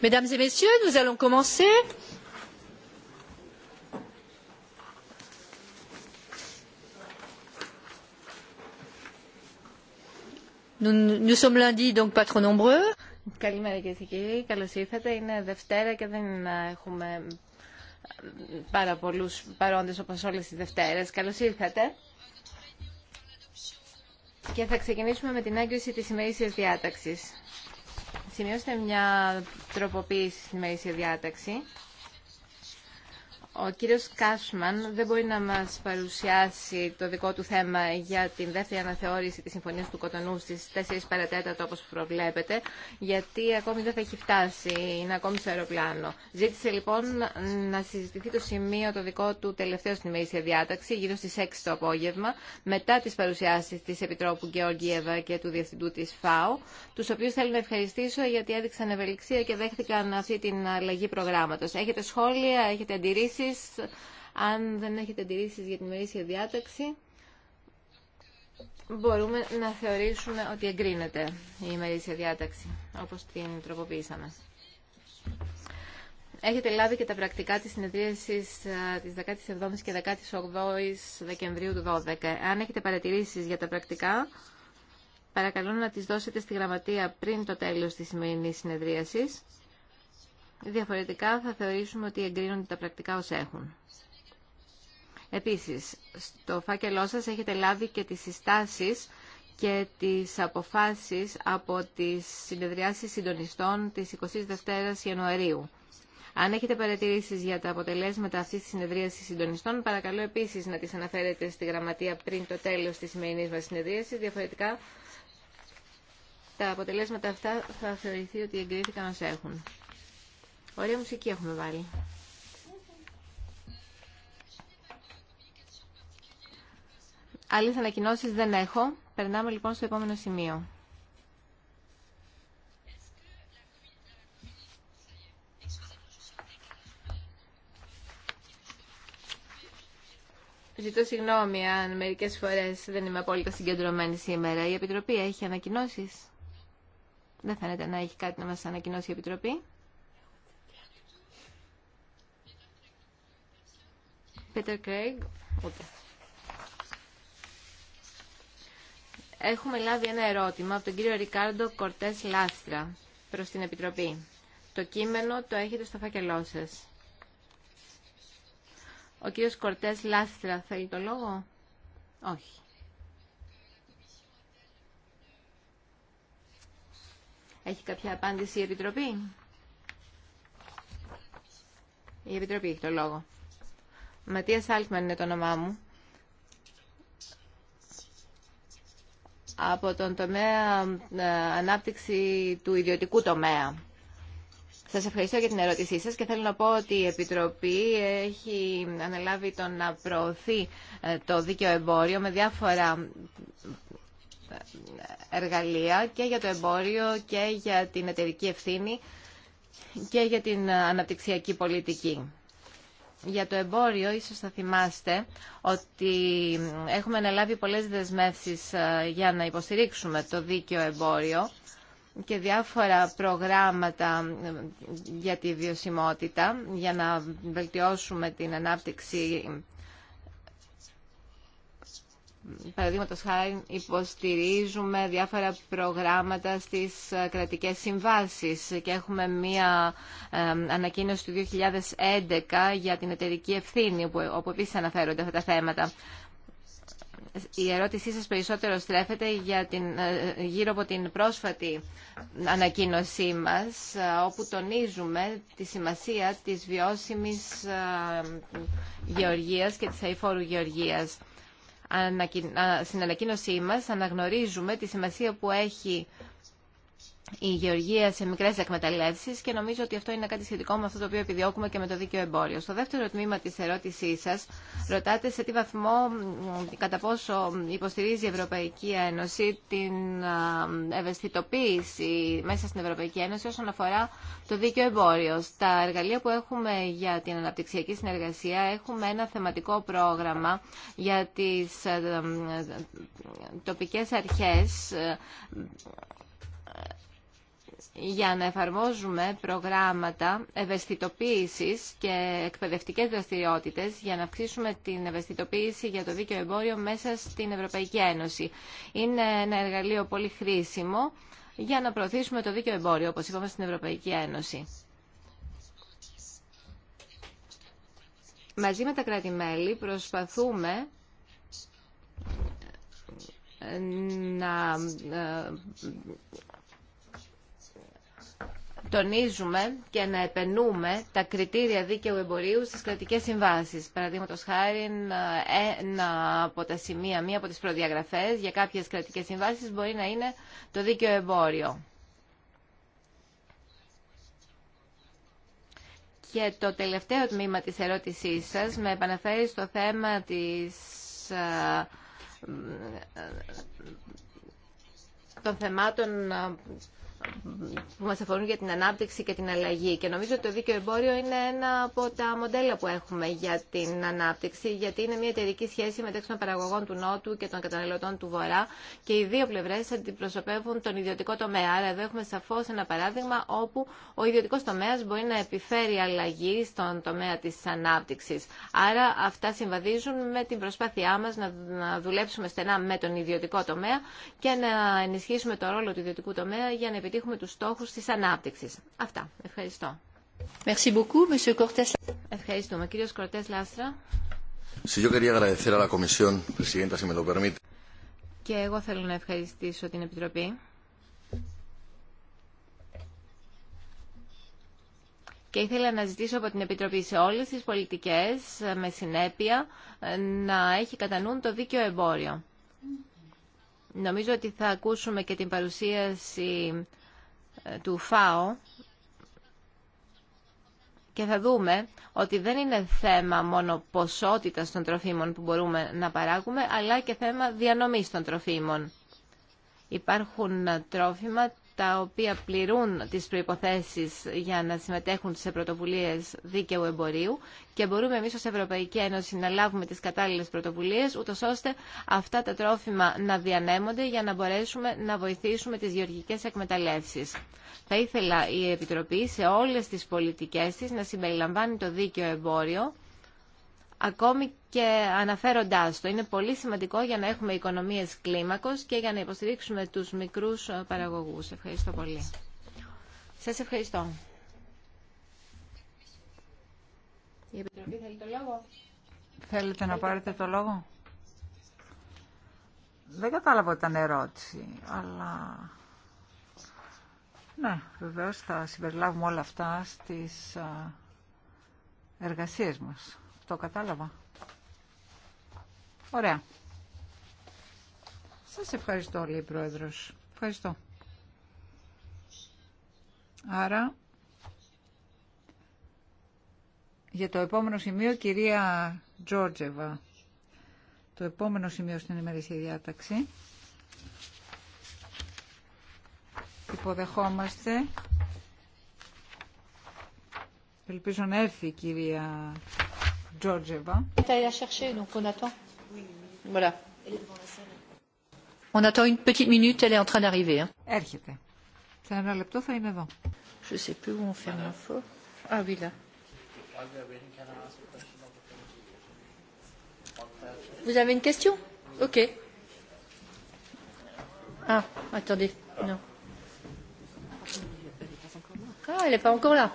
Mesdames et Messieurs, nous allons commencer. Nous sommes lundi, donc pas trop nombreux. και κύριοι, καλώς ήρθατε. Είναι Δευτέρα και δεν έχουμε πάρα πολλούς παρόντες όπως όλες τις Δευτέρες. Καλώς ήρθατε. Και θα ξεκινήσουμε με την έγκριση της ημερήσιας διάταξης σημείωσε μια τροποποίηση στη μέση διάταξη. Ο κύριος Κάσμαν δεν μπορεί να μας παρουσιάσει το δικό του θέμα για την δεύτερη αναθεώρηση της Συμφωνίας του Κοτονού στις 4 παρατέτατο όπως προβλέπετε, γιατί ακόμη δεν θα έχει φτάσει, είναι ακόμη στο αεροπλάνο. Ζήτησε λοιπόν να συζητηθεί το σημείο το δικό του τελευταίο στην ημερήσια διάταξη, γύρω στις 6 το απόγευμα, μετά τις παρουσιάσεις της Επιτρόπου Γεωργίευα και του Διευθυντού της ΦΑΟ, τους οποίους θέλω να ευχαριστήσω γιατί έδειξαν ευελιξία και δέχτηκαν αυτή την αλλαγή προγράμματος. Έχετε σχόλια, έχετε αντιρρήσει αν δεν έχετε αντιρρήσεις για την ημερήσια διάταξη, μπορούμε να θεωρήσουμε ότι εγκρίνεται η ημερήσια διάταξη, όπως την τροποποιήσαμε. Έχετε λάβει και τα πρακτικά της συνεδρίασης ε, της 17ης και 18ης Δεκεμβρίου του 2012. Αν έχετε παρατηρήσεις για τα πρακτικά, παρακαλώ να τις δώσετε στη γραμματεία πριν το τέλος της σημερινής συνεδρίασης. Διαφορετικά θα θεωρήσουμε ότι εγκρίνονται τα πρακτικά ως έχουν. Επίσης, στο φάκελό σας έχετε λάβει και τις συστάσεις και τις αποφάσεις από τις συνεδριάσεις συντονιστών της 22ης Ιανουαρίου. Αν έχετε παρατηρήσεις για τα αποτελέσματα αυτής της συνεδρίασης συντονιστών, παρακαλώ επίσης να τις αναφέρετε στη γραμματεία πριν το τέλος της σημερινής μας συνεδρίασης. Διαφορετικά, τα αποτελέσματα αυτά θα θεωρηθεί ότι εγκρίθηκαν ως έχουν. Ωραία μουσική έχουμε βάλει. Άλλες ανακοινώσεις δεν έχω. Περνάμε λοιπόν στο επόμενο σημείο. Ζητώ συγγνώμη αν μερικές φορές δεν είμαι απόλυτα συγκεντρωμένη σήμερα. Η Επιτροπή έχει ανακοινώσεις. Δεν φαίνεται να έχει κάτι να μας ανακοινώσει η Επιτροπή. Έχουμε λάβει ένα ερώτημα από τον κύριο Ρικάρντο Κορτές Λάστρα προς την Επιτροπή. Το κείμενο το έχετε στο φάκελό σας. Ο κύριος Κορτές Λάστρα θέλει το λόγο? Όχι. Έχει κάποια απάντηση η Επιτροπή? Η Επιτροπή έχει το λόγο. Ματία Σάλτμαν είναι το όνομά μου. Από τον τομέα ε, ανάπτυξη του ιδιωτικού τομέα. Σας ευχαριστώ για την ερώτησή σας και θέλω να πω ότι η Επιτροπή έχει αναλάβει το να προωθεί ε, το δίκαιο εμπόριο με διάφορα ε, εργαλεία και για το εμπόριο και για την εταιρική ευθύνη και για την αναπτυξιακή πολιτική για το εμπόριο, ίσως θα θυμάστε ότι έχουμε αναλάβει πολλές δεσμεύσεις ε, για να υποστηρίξουμε το δίκαιο εμπόριο και διάφορα προγράμματα ε, για τη βιωσιμότητα, για να βελτιώσουμε την ανάπτυξη Παραδείγματο χάρη υποστηρίζουμε διάφορα προγράμματα στις ε, κρατικές συμβάσεις και έχουμε μία ε, ανακοίνωση του 2011 για την εταιρική ευθύνη όπου επίσης αναφέρονται αυτά τα θέματα. Η ερώτησή σας περισσότερο στρέφεται για την, ε, γύρω από την πρόσφατη ανακοίνωσή μας όπου τονίζουμε τη σημασία της βιώσιμης γεωργίας και της αηφόρου γεωργίας στην ανακοίνωσή μας αναγνωρίζουμε τη σημασία που έχει η γεωργία σε μικρές εκμεταλλεύσεις και νομίζω ότι αυτό είναι κάτι σχετικό με αυτό το οποίο επιδιώκουμε και με το δίκαιο εμπόριο. Στο δεύτερο τμήμα της ερώτησής σας ρωτάτε σε τι βαθμό, κατά πόσο υποστηρίζει η Ευρωπαϊκή Ένωση την ευαισθητοποίηση μέσα στην Ευρωπαϊκή Ένωση όσον αφορά το δίκαιο εμπόριο. Στα εργαλεία που έχουμε για την αναπτυξιακή συνεργασία έχουμε ένα θεματικό πρόγραμμα για τις τοπικές αρχές για να εφαρμόζουμε προγράμματα ευαισθητοποίησης και εκπαιδευτικές δραστηριότητες για να αυξήσουμε την ευαισθητοποίηση για το δίκαιο εμπόριο μέσα στην Ευρωπαϊκή Ένωση. Είναι ένα εργαλείο πολύ χρήσιμο για να προωθήσουμε το δίκαιο εμπόριο, όπως είπαμε, στην Ευρωπαϊκή Ένωση. Μαζί με τα κράτη-μέλη προσπαθούμε να ε, τονίζουμε και να επενούμε τα κριτήρια δίκαιου εμπορίου στις κρατικές συμβάσεις. Παραδείγματο χάρη, ένα από τα σημεία, μία από τις προδιαγραφές για κάποιες κρατικές συμβάσεις μπορεί να είναι το δίκαιο εμπόριο. Και το τελευταίο τμήμα της ερώτησής σας με επαναφέρει στο θέμα της ε, ε, των θεμάτων που μας αφορούν για την ανάπτυξη και την αλλαγή. Και νομίζω ότι το δίκαιο εμπόριο είναι ένα από τα μοντέλα που έχουμε για την ανάπτυξη, γιατί είναι μια εταιρική σχέση μεταξύ των παραγωγών του Νότου και των καταναλωτών του Βορρά και οι δύο πλευρές αντιπροσωπεύουν τον ιδιωτικό τομέα. Άρα εδώ έχουμε σαφώς ένα παράδειγμα όπου ο ιδιωτικός τομέας μπορεί να επιφέρει αλλαγή στον τομέα της ανάπτυξης. Άρα αυτά συμβαδίζουν με την προσπάθειά μας να δουλέψουμε στενά με τον ιδιωτικό τομέα και να ενισχύσουμε το ρόλο του ιδιωτικού τομέα για να επιτύχουμε τους στόχους της ανάπτυξης. Αυτά. Ευχαριστώ. Merci beaucoup, Monsieur Cortés. Ευχαριστούμε. Κύριος Κορτές Λάστρα. Και εγώ θέλω να ευχαριστήσω την Επιτροπή. Και ήθελα να ζητήσω από την Επιτροπή σε όλες τις πολιτικές, με συνέπεια, να έχει κατά νου το δίκαιο εμπόριο. Νομίζω ότι θα ακούσουμε και την παρουσίαση ε, του ΦΑΟ και θα δούμε ότι δεν είναι θέμα μόνο ποσότητας των τροφίμων που μπορούμε να παράγουμε, αλλά και θέμα διανομής των τροφίμων. Υπάρχουν τρόφιμα τα οποία πληρούν τις προϋποθέσεις για να συμμετέχουν σε πρωτοβουλίες δίκαιου εμπορίου και μπορούμε εμείς ως Ευρωπαϊκή Ένωση να λάβουμε τις κατάλληλες πρωτοβουλίες ούτω ώστε αυτά τα τρόφιμα να διανέμονται για να μπορέσουμε να βοηθήσουμε τις γεωργικές εκμεταλλεύσεις. Θα ήθελα η Επιτροπή σε όλες τις πολιτικές της να συμπεριλαμβάνει το δίκαιο εμπόριο ακόμη και αναφέροντάς το. Είναι πολύ σημαντικό για να έχουμε οικονομίες κλίμακος και για να υποστηρίξουμε τους μικρούς ε, παραγωγούς. Ευχαριστώ πολύ. Σας ευχαριστώ. Η Επιτροπή θέλει το λόγο. Θέλετε να πάρετε το λόγο. Δεν κατάλαβα ότι ήταν ερώτηση, αλλά... Ναι, βεβαίως θα συμπεριλάβουμε όλα αυτά στις ε, εργασίες μας. Το κατάλαβα. Ωραία. Σας ευχαριστώ, λέει Πρόεδρος. Ευχαριστώ. Άρα, για το επόμενο σημείο, κυρία Τζόρτζεβα, το επόμενο σημείο στην ημερήσια διάταξη, υποδεχόμαστε, ελπίζω να έρθει η κυρία Georgieva. Est allé la chercher, donc on attend. Oui, oui. Voilà. Elle est devant la salle. On attend une petite minute, elle est en train d'arriver. Elle hein. était. C'est un verre laptop, il m'avance. Je ne sais plus où on ferme l'info. Ah oui, là. Vous avez une question Ok. Ah, attendez. Non. Ah, elle n'est pas encore là.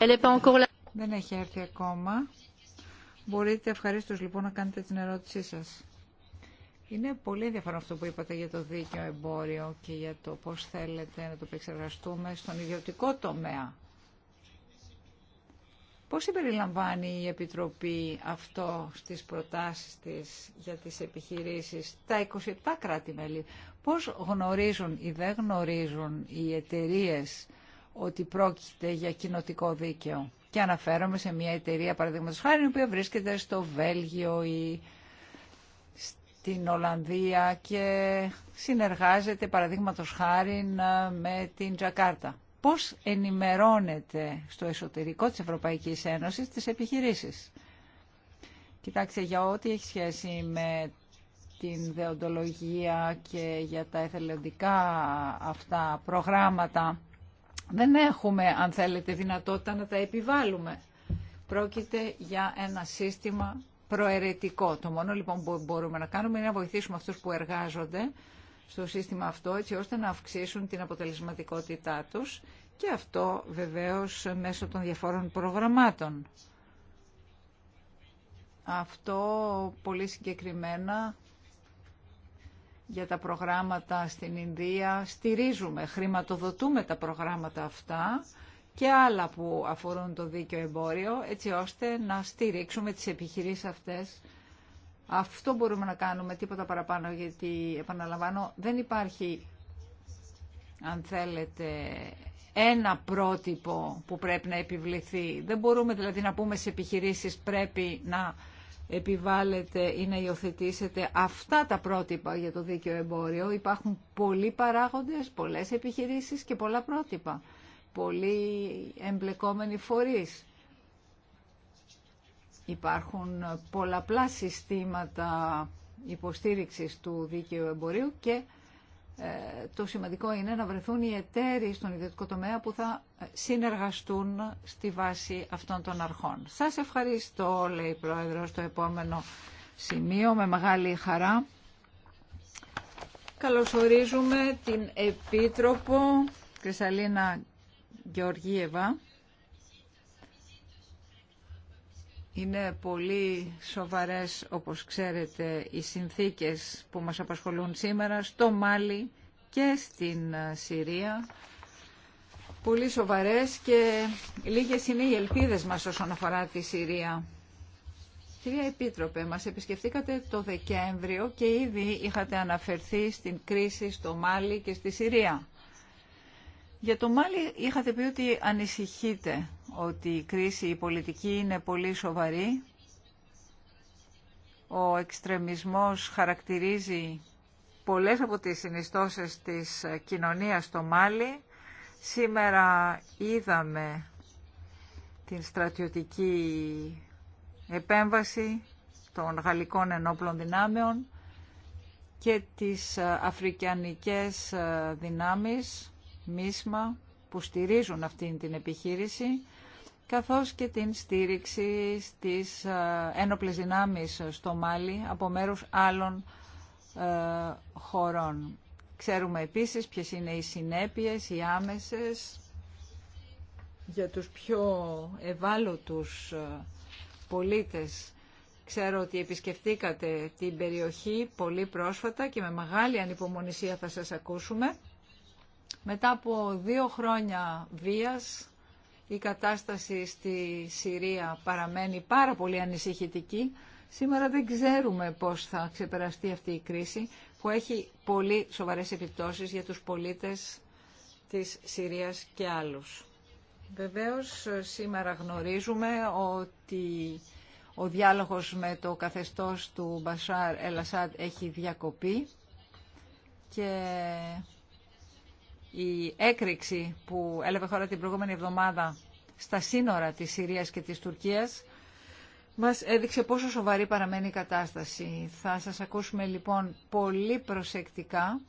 Elle n'est pas encore là. Elle n'est pas encore là. Μπορείτε ευχαρίστω λοιπόν να κάνετε την ερώτησή σας. Είναι πολύ ενδιαφέρον αυτό που είπατε για το δίκαιο εμπόριο και για το πώς θέλετε να το επεξεργαστούμε στον ιδιωτικό τομέα. Πώς συμπεριλαμβάνει η Επιτροπή αυτό στις προτάσεις της για τις επιχειρήσεις τα 27 κράτη-μέλη. Πώς γνωρίζουν ή δεν γνωρίζουν οι εταιρείε ότι πρόκειται για κοινοτικό δίκαιο και αναφέρομαι σε μια εταιρεία παραδείγματο χάρη η οποία βρίσκεται στο Βέλγιο ή στην Ολλανδία και συνεργάζεται παραδείγματο χάρη με την Τζακάρτα. Πώς ενημερώνεται στο εσωτερικό της Ευρωπαϊκής Ένωσης τις επιχειρήσεις. Κοιτάξτε, για ό,τι έχει σχέση με την δεοντολογία και για τα εθελοντικά αυτά προγράμματα δεν έχουμε, αν θέλετε, δυνατότητα να τα επιβάλλουμε. Πρόκειται για ένα σύστημα προαιρετικό. Το μόνο λοιπόν που μπορούμε να κάνουμε είναι να βοηθήσουμε αυτούς που εργάζονται στο σύστημα αυτό έτσι ώστε να αυξήσουν την αποτελεσματικότητά τους και αυτό βεβαίως μέσω των διαφόρων προγραμμάτων. Αυτό πολύ συγκεκριμένα για τα προγράμματα στην Ινδία. Στηρίζουμε, χρηματοδοτούμε τα προγράμματα αυτά και άλλα που αφορούν το δίκαιο εμπόριο, έτσι ώστε να στηρίξουμε τις επιχειρήσεις αυτές. Αυτό μπορούμε να κάνουμε, τίποτα παραπάνω, γιατί επαναλαμβάνω, δεν υπάρχει, αν θέλετε, ένα πρότυπο που πρέπει να επιβληθεί. Δεν μπορούμε δηλαδή να πούμε σε επιχειρήσεις πρέπει να επιβάλλετε ή να υιοθετήσετε αυτά τα πρότυπα για το δίκαιο εμπόριο. Υπάρχουν πολλοί παράγοντες, πολλές επιχειρήσεις και πολλά πρότυπα. Πολλοί εμπλεκόμενοι φορείς. Υπάρχουν πολλαπλά συστήματα υποστήριξης του δίκαιου εμπορίου και ε, το σημαντικό είναι να βρεθούν οι εταίροι στον ιδιωτικό τομέα που θα συνεργαστούν στη βάση αυτών των αρχών. Σας ευχαριστώ, λέει η Πρόεδρο, στο επόμενο σημείο με μεγάλη χαρά. Καλωσορίζουμε την Επίτροπο Κρυσταλίνα Γεωργίεβα. Είναι πολύ σοβαρές, όπως ξέρετε, οι συνθήκες που μας απασχολούν σήμερα στο Μάλι και στην ε, Συρία. Πολύ σοβαρές και λίγες είναι οι ελπίδες μας όσον αφορά τη Συρία. Κυρία Επίτροπε, μας επισκεφτήκατε το Δεκέμβριο και ήδη είχατε αναφερθεί στην κρίση στο Μάλι και στη Συρία. Για το Μάλι είχατε πει ότι ανησυχείτε ότι η κρίση η πολιτική είναι πολύ σοβαρή. Ο εξτρεμισμός χαρακτηρίζει πολλές από τις συνιστώσεις της κοινωνίας στο Μάλι. Σήμερα είδαμε την στρατιωτική επέμβαση των γαλλικών ενόπλων δυνάμεων και τις αφρικανικές δυνάμεις μίσμα που στηρίζουν αυτήν την επιχείρηση καθώς και την στήριξη στις ε, ένοπλες δυνάμεις στο Μάλι από μέρους άλλων ε, χωρών. Ξέρουμε επίσης ποιες είναι οι συνέπειες, οι άμεσες για τους πιο ευάλωτους ε, πολίτες. Ξέρω ότι επισκεφτήκατε την περιοχή πολύ πρόσφατα και με μεγάλη ανυπομονησία θα σας ακούσουμε. Μετά από δύο χρόνια βίας, η κατάσταση στη Συρία παραμένει πάρα πολύ ανησυχητική. Σήμερα δεν ξέρουμε πώς θα ξεπεραστεί αυτή η κρίση που έχει πολύ σοβαρές επιπτώσεις για τους πολίτες της Συρίας και άλλους. Βεβαίως σήμερα γνωρίζουμε ότι ο διάλογος με το καθεστώς του Μπασάρ Ελασάντ έχει διακοπεί η έκρηξη που έλαβε χώρα την προηγούμενη εβδομάδα στα σύνορα της Συρίας και της Τουρκίας μας έδειξε πόσο σοβαρή παραμένει η κατάσταση. Θα σας ακούσουμε λοιπόν πολύ προσεκτικά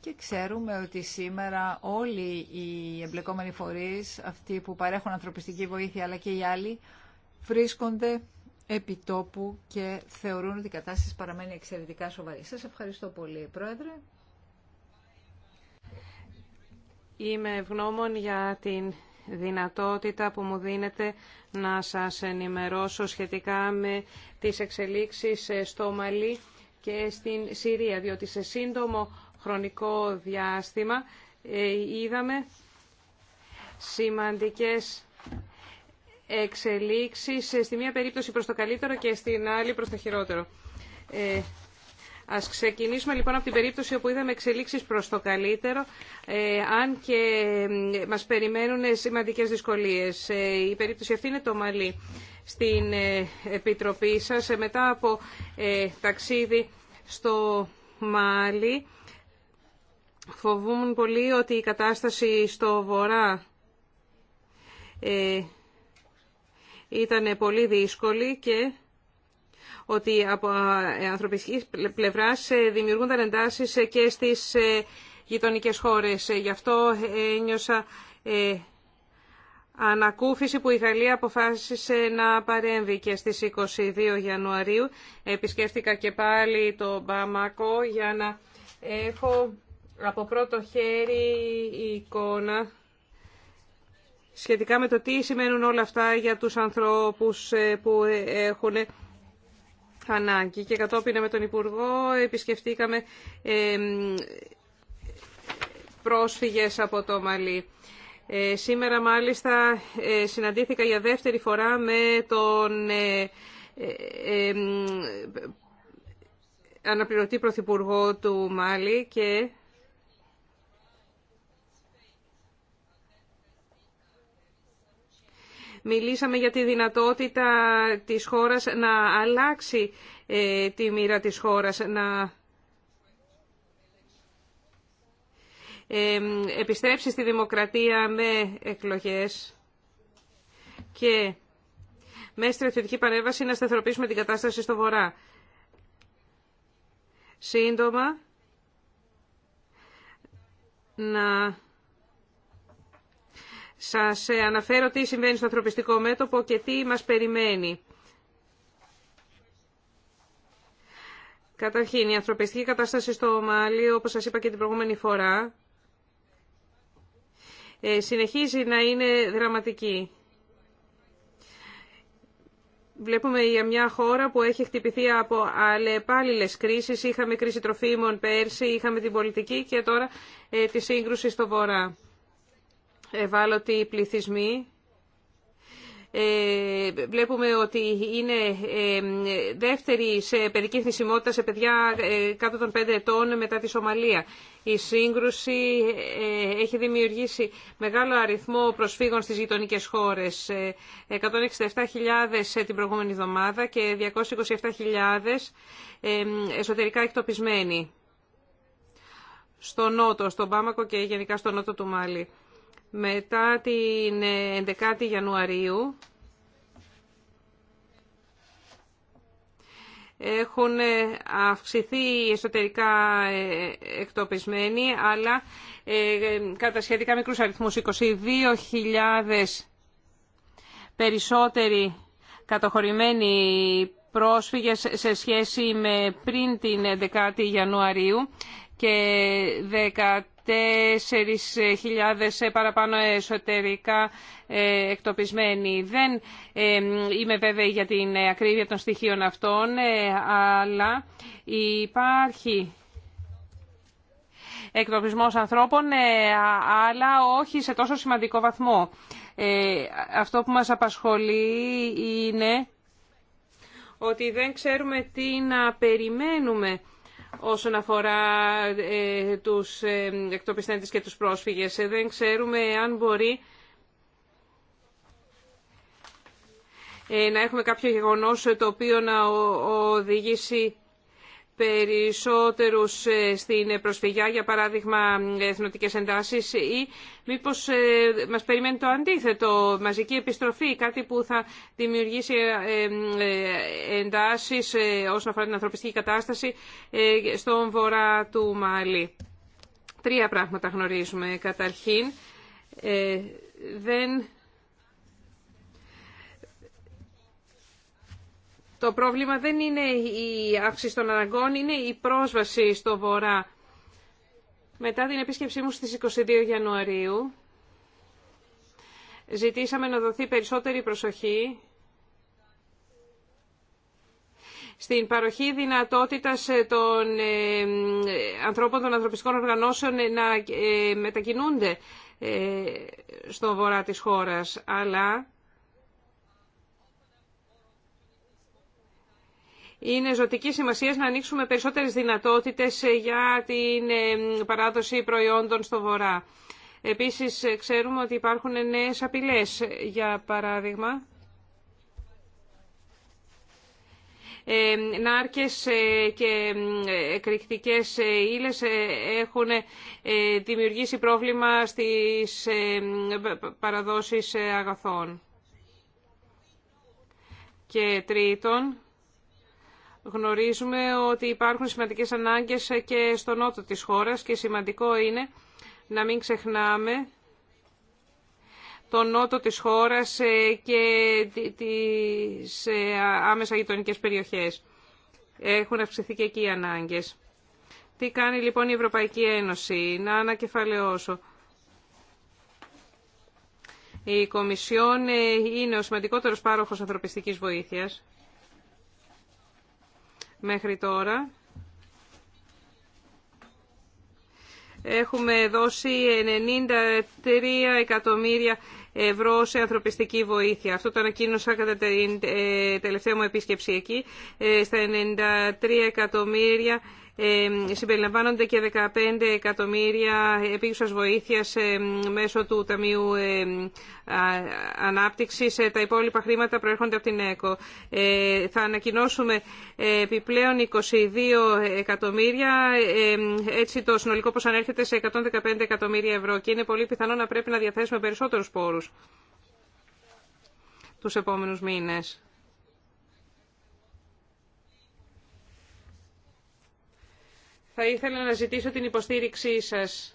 και ξέρουμε ότι σήμερα όλοι οι εμπλεκόμενοι φορείς, αυτοί που παρέχουν ανθρωπιστική βοήθεια αλλά και οι άλλοι, βρίσκονται επί τόπου και θεωρούν ότι η κατάσταση παραμένει εξαιρετικά σοβαρή. Σας ευχαριστώ πολύ, Πρόεδρε. Είμαι ευγνώμων για την δυνατότητα που μου δίνετε να σας ενημερώσω σχετικά με τις εξελίξεις ε, στο Μαλί και στην Συρία, διότι σε σύντομο χρονικό διάστημα ε, είδαμε σημαντικές εξελίξεις ε, στη μία περίπτωση προς το καλύτερο και στην άλλη προς το χειρότερο. Ας ξεκινήσουμε λοιπόν από την περίπτωση όπου είδαμε εξελίξει προς το καλύτερο, ε, αν και μας περιμένουν σημαντικές δυσκολίες. Ε, η περίπτωση αυτή είναι το Μαλί. Στην ε, Επιτροπή σας, μετά από ταξίδι στο Μάλι, φοβούμουν πολύ ότι η κατάσταση στο Βορρά ε, ήταν πολύ δύσκολη και ότι από ε, ανθρωπιστικής πλευράς ε, δημιουργούνταν εντάσεις ε, και στις γειτονικέ χώρες. Γι' αυτό ένιωσα ανακούφιση που η Γαλλία αποφάσισε να παρέμβει και στις 22 Ιανουαρίου. Επισκέφτηκα και πάλι το Μπαμακό για να έχω από πρώτο χέρι εικόνα σχετικά με το τι σημαίνουν όλα αυτά για τους ανθρώπους που έχουν ανάγκη. Και κατόπιν με τον Υπουργό επισκεφτήκαμε ε, πρόσφυγες από το Μαλί. Ε, σήμερα μάλιστα ε, συναντήθηκα για δεύτερη φορά με τον ε, αναπληρωτή πρωθυπουργό του Μάλι και Μιλήσαμε για τη δυνατότητα της χώρας να αλλάξει ε, τη μοίρα της χώρας, να ε, επιστρέψει στη δημοκρατία με εκλογές και με στρατιωτική παρέμβαση να σταθεροποιήσουμε την κατάσταση στο Βορρά. Σύντομα, να σας ε, αναφέρω τι συμβαίνει στο ανθρωπιστικό μέτωπο και τι μας περιμένει. Καταρχήν, η ανθρωπιστική κατάσταση στο Μάλι, όπως σας είπα και την προηγούμενη φορά, ε, συνεχίζει να είναι δραματική. Βλέπουμε για μια χώρα που έχει χτυπηθεί από αλλεπάλληλες κρίσεις. Είχαμε κρίση τροφίμων πέρσι, είχαμε την πολιτική και τώρα ε, τη σύγκρουση στο βορρά ευάλωτοι πληθυσμοί. Ε, βλέπουμε ότι είναι ε, δεύτερη σε παιδική θνησιμότητα σε παιδιά ε, κάτω των 5 ετών μετά τη Σομαλία. Η σύγκρουση έχει δημιουργήσει μεγάλο αριθμό προσφύγων στις γειτονικές χώρες. 167.000 την προηγούμενη εβδομάδα και 227.000 εσωτερικά εκτοπισμένοι στο νότο, στον Πάμακο και γενικά στο νότο του Μάλι μετά την 11η ε, Ιανουαρίου έχουν ε, αυξηθεί εσωτερικά ε, εκτοπισμένοι, αλλά κατά σχετικά μικρούς αριθμούς 22.000 περισσότεροι κατοχωρημένοι πρόσφυγες σε σχέση με πριν την 11η Ιανουαρίου και 4.000 ε, παραπάνω εσωτερικά ε, εκτοπισμένοι. Δεν ε, είμαι βέβαιη για την ακρίβεια των στοιχείων αυτών, αλλά υπάρχει εκτοπισμός ανθρώπων, αλλά όχι σε τόσο σημαντικό βαθμό. Αυτό που μας απασχολεί είναι ότι δεν ξέρουμε τι να περιμένουμε όσον αφορά ε, τους ε, εκτοπιστέντες και τους πρόσφυγες. Ε, δεν ξέρουμε αν μπορεί να έχουμε κάποιο γεγονός το οποίο να οδηγήσει περισσότερους ε, στην προσφυγιά, για παράδειγμα εθνοτικές εντάσεις ή μήπως ε, μας περιμένει το αντίθετο, μαζική επιστροφή, κάτι που θα δημιουργήσει ε, εντάσεις όσον αφορά την ανθρωπιστική κατάσταση στον βορρά του Μάλι. Τρία πράγματα γνωρίζουμε. Καταρχήν, δεν Το πρόβλημα δεν είναι η αύξηση των αναγκών, είναι η πρόσβαση στο βορρά. Μετά την επίσκεψή μου στις 22 Ιανουαρίου, ζητήσαμε να δοθεί περισσότερη προσοχή στην παροχή δυνατότητας ε, των ε, ε, ανθρώπων των ανθρωπιστικών οργανώσεων να μετακινούνται στο βορρά της χώρας. Αλλά Είναι ζωτική σημασία να ανοίξουμε περισσότερες δυνατότητες ε, για την ε, παράδοση προϊόντων στο βορρά. Επίσης, ε, ξέρουμε ότι υπάρχουν νέε απειλέ, Για παράδειγμα, νάρκες και εκρηκτικές ύλες έχουν δημιουργήσει πρόβλημα στις παραδόσεις αγαθών. Και τρίτον, Γνωρίζουμε ότι υπάρχουν σημαντικές ανάγκες και στο νότο της χώρας και σημαντικό είναι να μην ξεχνάμε τον νότο της χώρας ε, και τις ε, άμεσα γειτονικές περιοχές. Έχουν αυξηθεί και εκεί οι ανάγκες. Τι κάνει λοιπόν η Ευρωπαϊκή Ένωση, να ανακεφαλαιώσω. Η Κομισιόν ε, είναι ο σημαντικότερος πάροχος ανθρωπιστικής βοήθειας μέχρι τώρα. Έχουμε δώσει 93 εκατομμύρια ευρώ σε ανθρωπιστική βοήθεια. Αυτό το ανακοίνωσα κατά την ε, τελευταία μου επίσκεψη εκεί. Ε, στα 93 εκατομμύρια ε, συμπεριλαμβάνονται και 15 εκατομμύρια επίγουσας βοήθειας ε, μέσω του Ταμείου ε, Ανάπτυξης. Τα υπόλοιπα χρήματα προέρχονται από την ΕΚΟ. Θα ανακοινώσουμε επιπλέον 22 εκατομμύρια. Έτσι το συνολικό ποσό ανέρχεται σε 115 εκατομμύρια ευρώ και είναι πολύ πιθανό να πρέπει να διαθέσουμε περισσότερους πόρους τους επόμενους μήνες. Θα ήθελα να ζητήσω την υποστήριξή σας.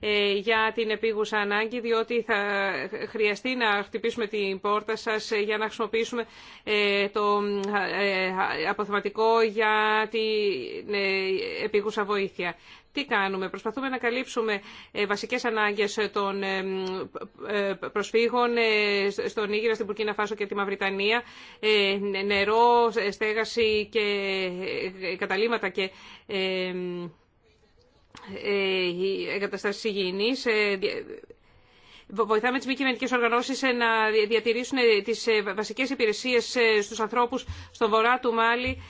Ε, για την επίγουσα ανάγκη, διότι θα χρειαστεί να χτυπήσουμε την πόρτα σας ε, για να χρησιμοποιήσουμε ε, το αποθεματικό για την επίγουσα βοήθεια. Τι κάνουμε. Προσπαθούμε να καλύψουμε βασικές ανάγκες των προσφύγων στον Ήγηρα, στην Πουρκίνα Φάσο και τη Μαυριτανία. Νερό, στέγαση και καταλήματα και ε, εγκαταστάσεις υγιεινής, ε, βοηθάμε τις μη κυβερνητικές οργανώσεις ε, να διατηρήσουν ε, τις ε, βασικές υπηρεσίες στους ανθρώπους στον βορρά του Μάλι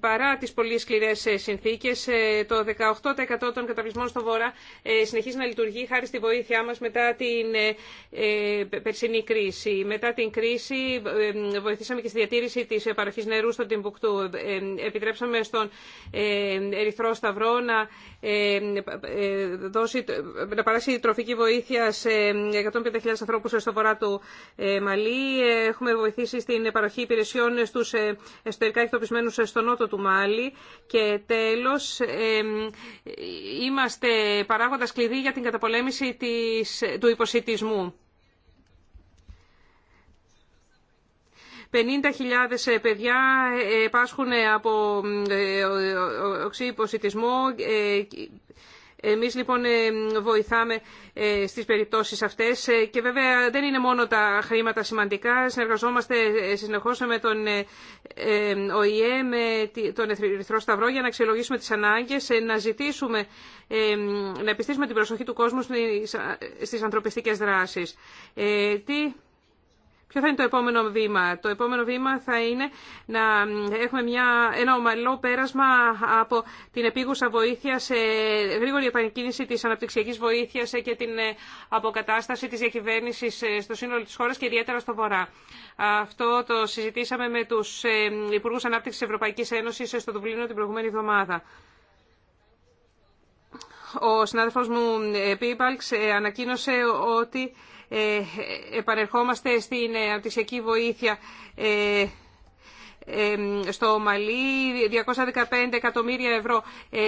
παρά τις πολύ σκληρές συνθήκες. Το 18% των καταβλισμών στο βορρά συνεχίζει να λειτουργεί χάρη στη βοήθειά μας μετά την περσινή κρίση. Μετά την κρίση βοηθήσαμε και στη διατήρηση της παροχής νερού στον Τιμπουκτού. Επιτρέψαμε στον Ερυθρό Σταυρό να, δώσει, να παράσει τροφική βοήθεια 150.000 ε, ανθρώπου στο βορρά του ε, Μαλή. Έχουμε βοηθήσει στην παροχή υπηρεσιών στους ε, εσωτερικά εκτοπισμένου στο νότο του Μάλι. Και τέλος, είμαστε παράγοντα κλειδί για την καταπολέμηση της, του υποσυτισμού. 50.000 παιδιά πάσχουν από οξύ υποσυτισμό εμείς λοιπόν ε, βοηθάμε ε, στις περιπτώσεις αυτές ε, και βέβαια δεν είναι μόνο τα χρήματα σημαντικά. Συνεργαζόμαστε συνεχώς με τον ΟΗΕ, με τον Ερυθρό Σταυρό για να αξιολογήσουμε τις ανάγκες, να ζητήσουμε, να επιστήσουμε την προσοχή του κόσμου στις ανθρωπιστικές δράσεις. Τι Ποιο θα είναι το επόμενο βήμα. Το επόμενο βήμα θα είναι να έχουμε μια, ένα ομαλό πέρασμα από την επίγουσα βοήθεια σε γρήγορη επανεκκίνηση της αναπτυξιακής βοήθειας ε, και την ε, αποκατάσταση της διακυβέρνησης ε, στο σύνολο της χώρας και ιδιαίτερα στο Βορρά. Αυτό το συζητήσαμε με τους Υπουργούς Ανάπτυξης της Ευρωπαϊκής Ένωσης στο Δουβλίνο την προηγούμενη εβδομάδα ο συνάδελφος μου Πίμπαλξ ανακοίνωσε ότι ε, επανερχόμαστε στην ε, αντιστοιχική βοήθεια ε, στο Μαλί 215 εκατομμύρια ευρώ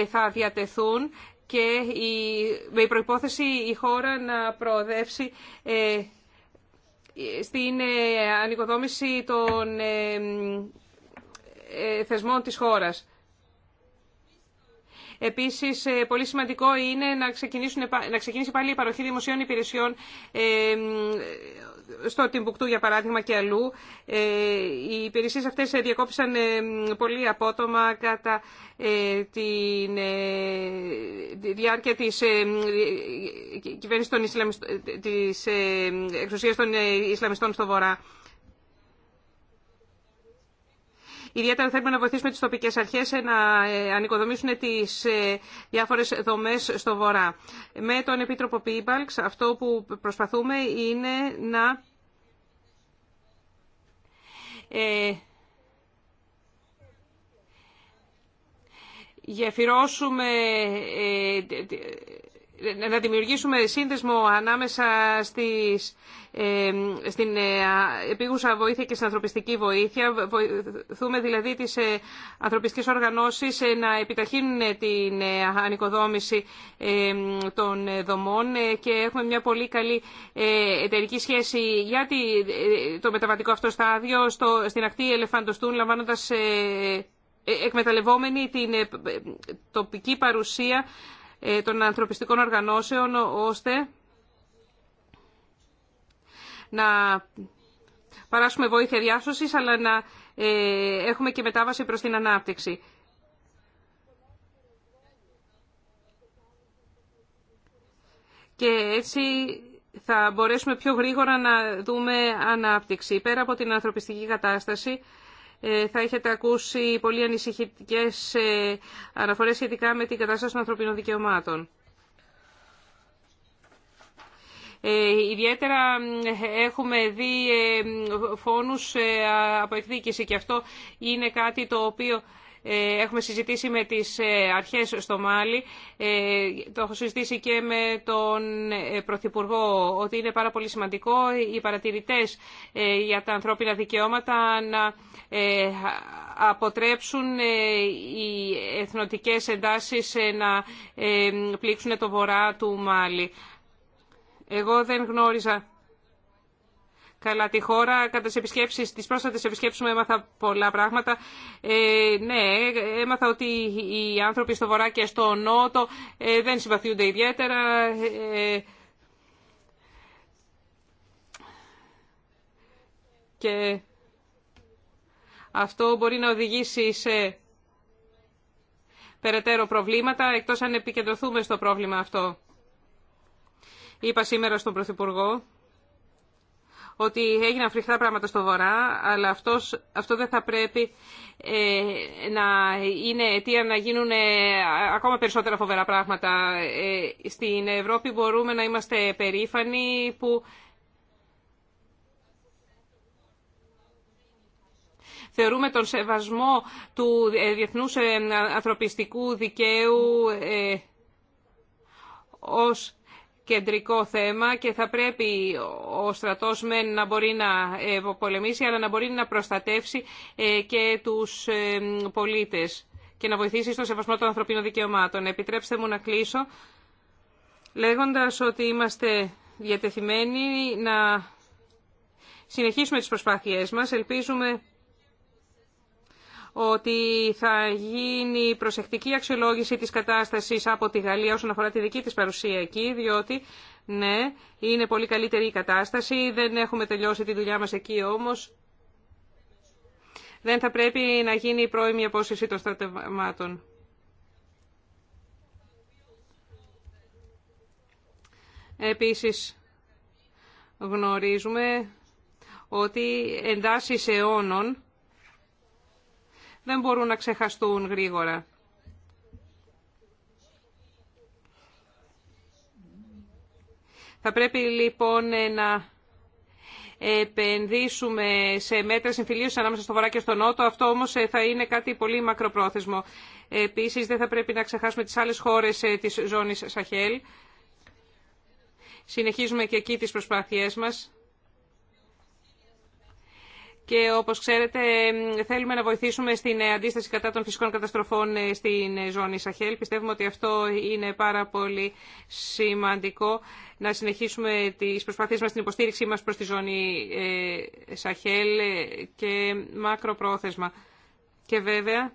θα διατεθούν και με προϋπόθεση η χώρα να προοδεύσει στην ανοικοδόμηση των θεσμών της χώρας. Επίσης, ε, πολύ σημαντικό είναι να, ξεκινήσουν, να ξεκινήσει πάλι η παροχή δημοσίων υπηρεσιών ε, στο Τιμπουκτού, για παράδειγμα, και αλλού. Ε, οι υπηρεσίες αυτές διακόπησαν πολύ απότομα κατά τη διάρκεια τη κυβέρνηση εξουσίας των Ισλαμιστών στο Βορρά. Ιδιαίτερα θέλουμε να βοηθήσουμε τις τοπικές αρχές ε, να ε, ανοικοδομήσουν τις ε, διάφορες δομές στο βορρά. Με τον Επίτροπο Πίμπαλξ αυτό που προσπαθούμε είναι να γεφυρώσουμε να δημιουργήσουμε σύνδεσμο ανάμεσα στις, ε, στην ε, επίγουσα βοήθεια και στην ανθρωπιστική βοήθεια. Βοηθούμε δηλαδή τις ε, ανθρωπιστικές οργανώσεις ε, να επιταχύνουν ε, την ανοικοδόμηση των δομών και έχουμε μια πολύ καλή εταιρική σχέση για το μεταβατικό αυτό στάδιο στην ακτή Ελεφαντοστούν λαμβάνοντας εκμεταλλευόμενη την τοπική παρουσία ε, των ανθρωπιστικών οργανώσεων, ώστε να παράσουμε βοήθεια διάσωσης, αλλά να ε, έχουμε και μετάβαση προς την ανάπτυξη. Και έτσι θα μπορέσουμε πιο γρήγορα να δούμε ανάπτυξη. Πέρα από την ανθρωπιστική κατάσταση, ε, θα έχετε ακούσει πολύ ανησυχητικές ε, αναφορές σχετικά με την κατάσταση των ανθρωπίνων δικαιωμάτων. Ε, ιδιαίτερα έχουμε δει φόνους από εκδίκηση και αυτό είναι κάτι το οποίο ε, έχουμε συζητήσει με τις ε, αρχές στο Μάλι, ε, το έχω συζητήσει και με τον Πρωθυπουργό, ότι είναι πάρα πολύ σημαντικό οι παρατηρητές για τα ανθρώπινα δικαιώματα να αποτρέψουν οι εθνοτικές εντάσεις να πλήξουν το βορρά του Μάλι. Εγώ δεν γνώριζα καλά τη χώρα. Κατά τις, επισκέψεις, τις πρόσφατες επισκέψεις μου έμαθα πολλά πράγματα. Ε, ναι, έμαθα ότι οι άνθρωποι στο βορρά και στο νότο ε, δεν συμπαθιούνται ιδιαίτερα. Ε, και αυτό μπορεί να οδηγήσει σε περαιτέρω προβλήματα, εκτός αν επικεντρωθούμε στο πρόβλημα αυτό. Είπα σήμερα στον Πρωθυπουργό ότι έγιναν φρικτά πράγματα στο Βορρά, αλλά αυτός, αυτό δεν θα πρέπει ε, να είναι αιτία να γίνουν ε, ακόμα περισσότερα φοβερά πράγματα. Ε, στην Ευρώπη μπορούμε να είμαστε περήφανοι που θεωρούμε τον σεβασμό του ε, διεθνούς ανθρωπιστικού δικαίου ως κεντρικό θέμα και θα πρέπει ο στρατός μεν να μπορεί να πολεμήσει αλλά να μπορεί να προστατεύσει ε, και τους ε, πολίτες και να βοηθήσει στο σεβασμό των ανθρωπίνων δικαιωμάτων. Επιτρέψτε μου να κλείσω λέγοντας ότι είμαστε διατεθειμένοι να συνεχίσουμε τις προσπάθειές μας. Ελπίζουμε ότι θα γίνει προσεκτική αξιολόγηση της κατάστασης από τη Γαλλία όσον αφορά τη δική της παρουσία εκεί, διότι ναι, είναι πολύ καλύτερη η κατάσταση, δεν έχουμε τελειώσει τη δουλειά μας εκεί όμως. Δεν θα πρέπει να γίνει η πρώιμη απόσυρση των στρατευμάτων. Επίσης, γνωρίζουμε ότι εντάσεις αιώνων δεν μπορούν να ξεχαστούν γρήγορα. Θα πρέπει λοιπόν ε, να επενδύσουμε σε μέτρα συμφιλίωσης ανάμεσα στο βορρά και στο νότο. Αυτό όμως ε, θα είναι κάτι πολύ μακροπρόθεσμο. Επίσης δεν θα πρέπει να ξεχάσουμε τις άλλες χώρες ε, της ζώνης Σαχέλ. Συνεχίζουμε και εκεί τις προσπάθειές μας και όπως ξέρετε θέλουμε να βοηθήσουμε στην ε, αντίσταση κατά των φυσικών καταστροφών ε, στην ε, ζώνη Σαχέλ. Πιστεύουμε ότι αυτό είναι πάρα πολύ σημαντικό να συνεχίσουμε τις προσπάθειες μας, την υποστήριξή μας προς τη ζώνη Σαχέλ και μακροπρόθεσμα. Και βέβαια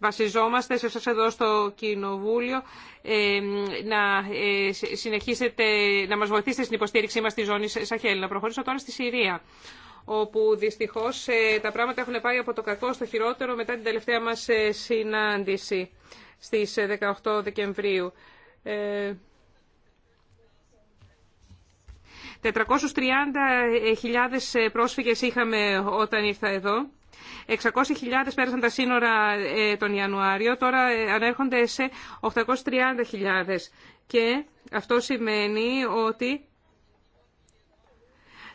βασιζόμαστε σε εσάς εδώ στο Κοινοβούλιο ε, να ε, συνεχίσετε να μας βοηθήσετε στην υποστήριξή μας στη ζώνη Σαχέλ. Να προχωρήσω τώρα στη Συρία όπου δυστυχώς ε, τα πράγματα έχουν πάει από το κακό στο χειρότερο μετά την τελευταία μας συνάντηση στις 18 Δεκεμβρίου. 430.000 πρόσφυγες είχαμε όταν ήρθα εδώ 600.000 πέρασαν τα σύνορα ε, τον Ιανουάριο, τώρα ε, ανέρχονται σε 830.000. Και αυτό σημαίνει ότι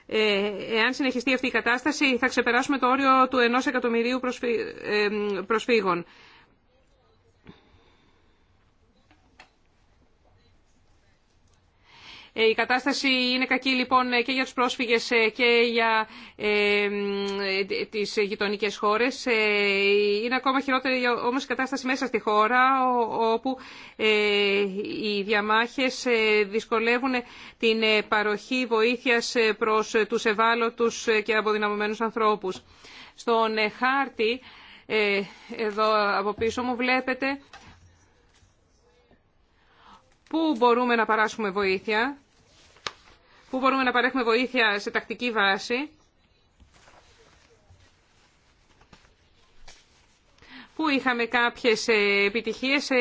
ε, εάν συνεχιστεί αυτή η κατάσταση θα ξεπεράσουμε το όριο του 1 εκατομμυρίου προσφύγων. Ε, η κατάσταση είναι κακή λοιπόν ε, και για τους πρόσφυγες ε, και για τις γειτονικές χώρες. Είναι ακόμα χειρότερη όμως η κατάσταση μέσα στη χώρα όπου οι διαμάχες δυσκολεύουν την παροχή βοήθειας προς τους ευάλωτους και αποδυναμωμένους ανθρώπους. Στον χάρτη, εδώ από πίσω μου βλέπετε πού μπορούμε να παράσχουμε βοήθεια πού μπορούμε να παρέχουμε βοήθεια σε τακτική βάση, πού είχαμε κάποιες ε, επιτυχίες, ε,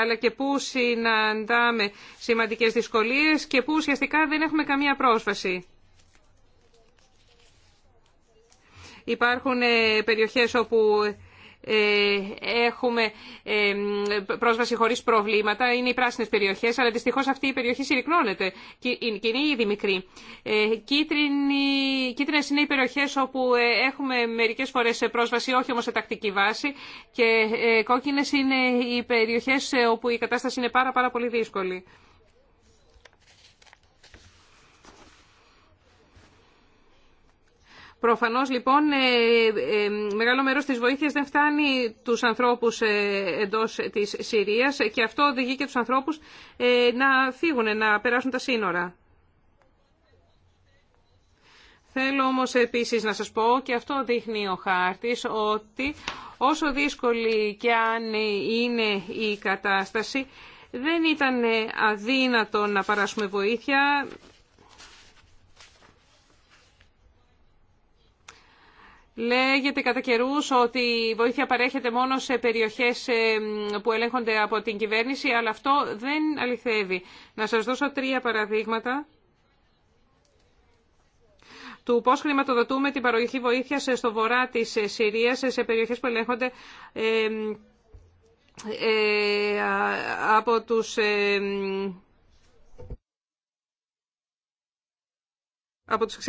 αλλά και πού συναντάμε σημαντικές δυσκολίες και πού ουσιαστικά δεν έχουμε καμία πρόσβαση. Υπάρχουν ε, περιοχές όπου ε, έχουμε ε, πρόσβαση χωρίς προβλήματα. Είναι οι πράσινε περιοχέ, αλλά δυστυχώ αυτή η περιοχή συρρυκνώνεται και είναι ήδη μικρή. Ε, κίτρινες είναι οι περιοχές όπου ε, έχουμε μερικές φορές πρόσβαση, όχι όμως σε τακτική βάση και κόκκινες είναι οι περιοχές όπου η κατάσταση είναι πάρα, πάρα πολύ δύσκολη. Προφανώς λοιπόν ε, ε, μεγάλο μέρος της βοήθειας δεν φτάνει τους ανθρώπους ε, εντός της Συρίας και αυτό οδηγεί και τους ανθρώπους να φύγουν, να περάσουν τα σύνορα. Θέλω όμως επίσης να σας πω και αυτό δείχνει ο χάρτης ότι όσο δύσκολη και αν είναι η κατάσταση δεν ήταν αδύνατο να παράσουμε βοήθεια Λέγεται κατά καιρού ότι η βοήθεια παρέχεται μόνο σε περιοχές ε, που ελέγχονται από την κυβέρνηση, αλλά αυτό δεν αληθεύει. Να σας δώσω τρία παραδείγματα του πώ χρηματοδοτούμε την παροχή βοήθειας στο βορρά της Συρίας, σε περιοχές που ελέγχονται ε, ε, από τους από τους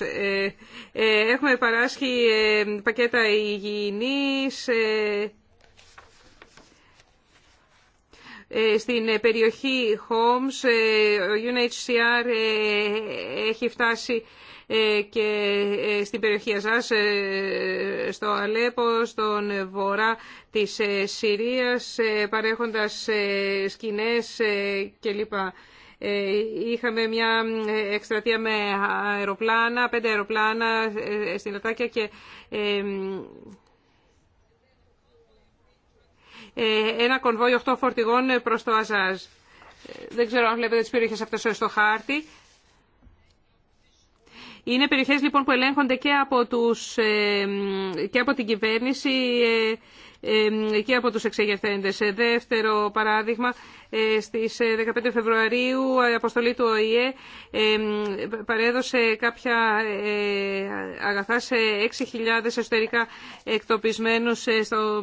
ε, ε, έχουμε παράσχει ε, πακέτα υγιεινής στην περιοχή Homes. Ο UNHCR έχει φτάσει και στην περιοχή Αζάς, στο Αλέπο, στον βορρά της Συρίας, παρέχοντας σκηνές κλπ. Είχαμε μια ε, εκστρατεία με αεροπλάνα, πέντε αεροπλάνα ε, στην Λατάκια και ε, ένα κονβόι 8 φορτηγών προς το Αζάζ. Δεν ξέρω αν βλέπετε τις περιοχές αυτές στο χάρτη. Είναι περιοχές λοιπόν που ελέγχονται και από, τους, και από την κυβέρνηση και από τους εξεγερθέντες. Δεύτερο παράδειγμα, ε, στις 15 ε, Φεβρουαρίου η ε, αποστολή του ΟΗΕ παρέδωσε κάποια αγαθά σε 6.000 εσωτερικά εκτοπισμένους στο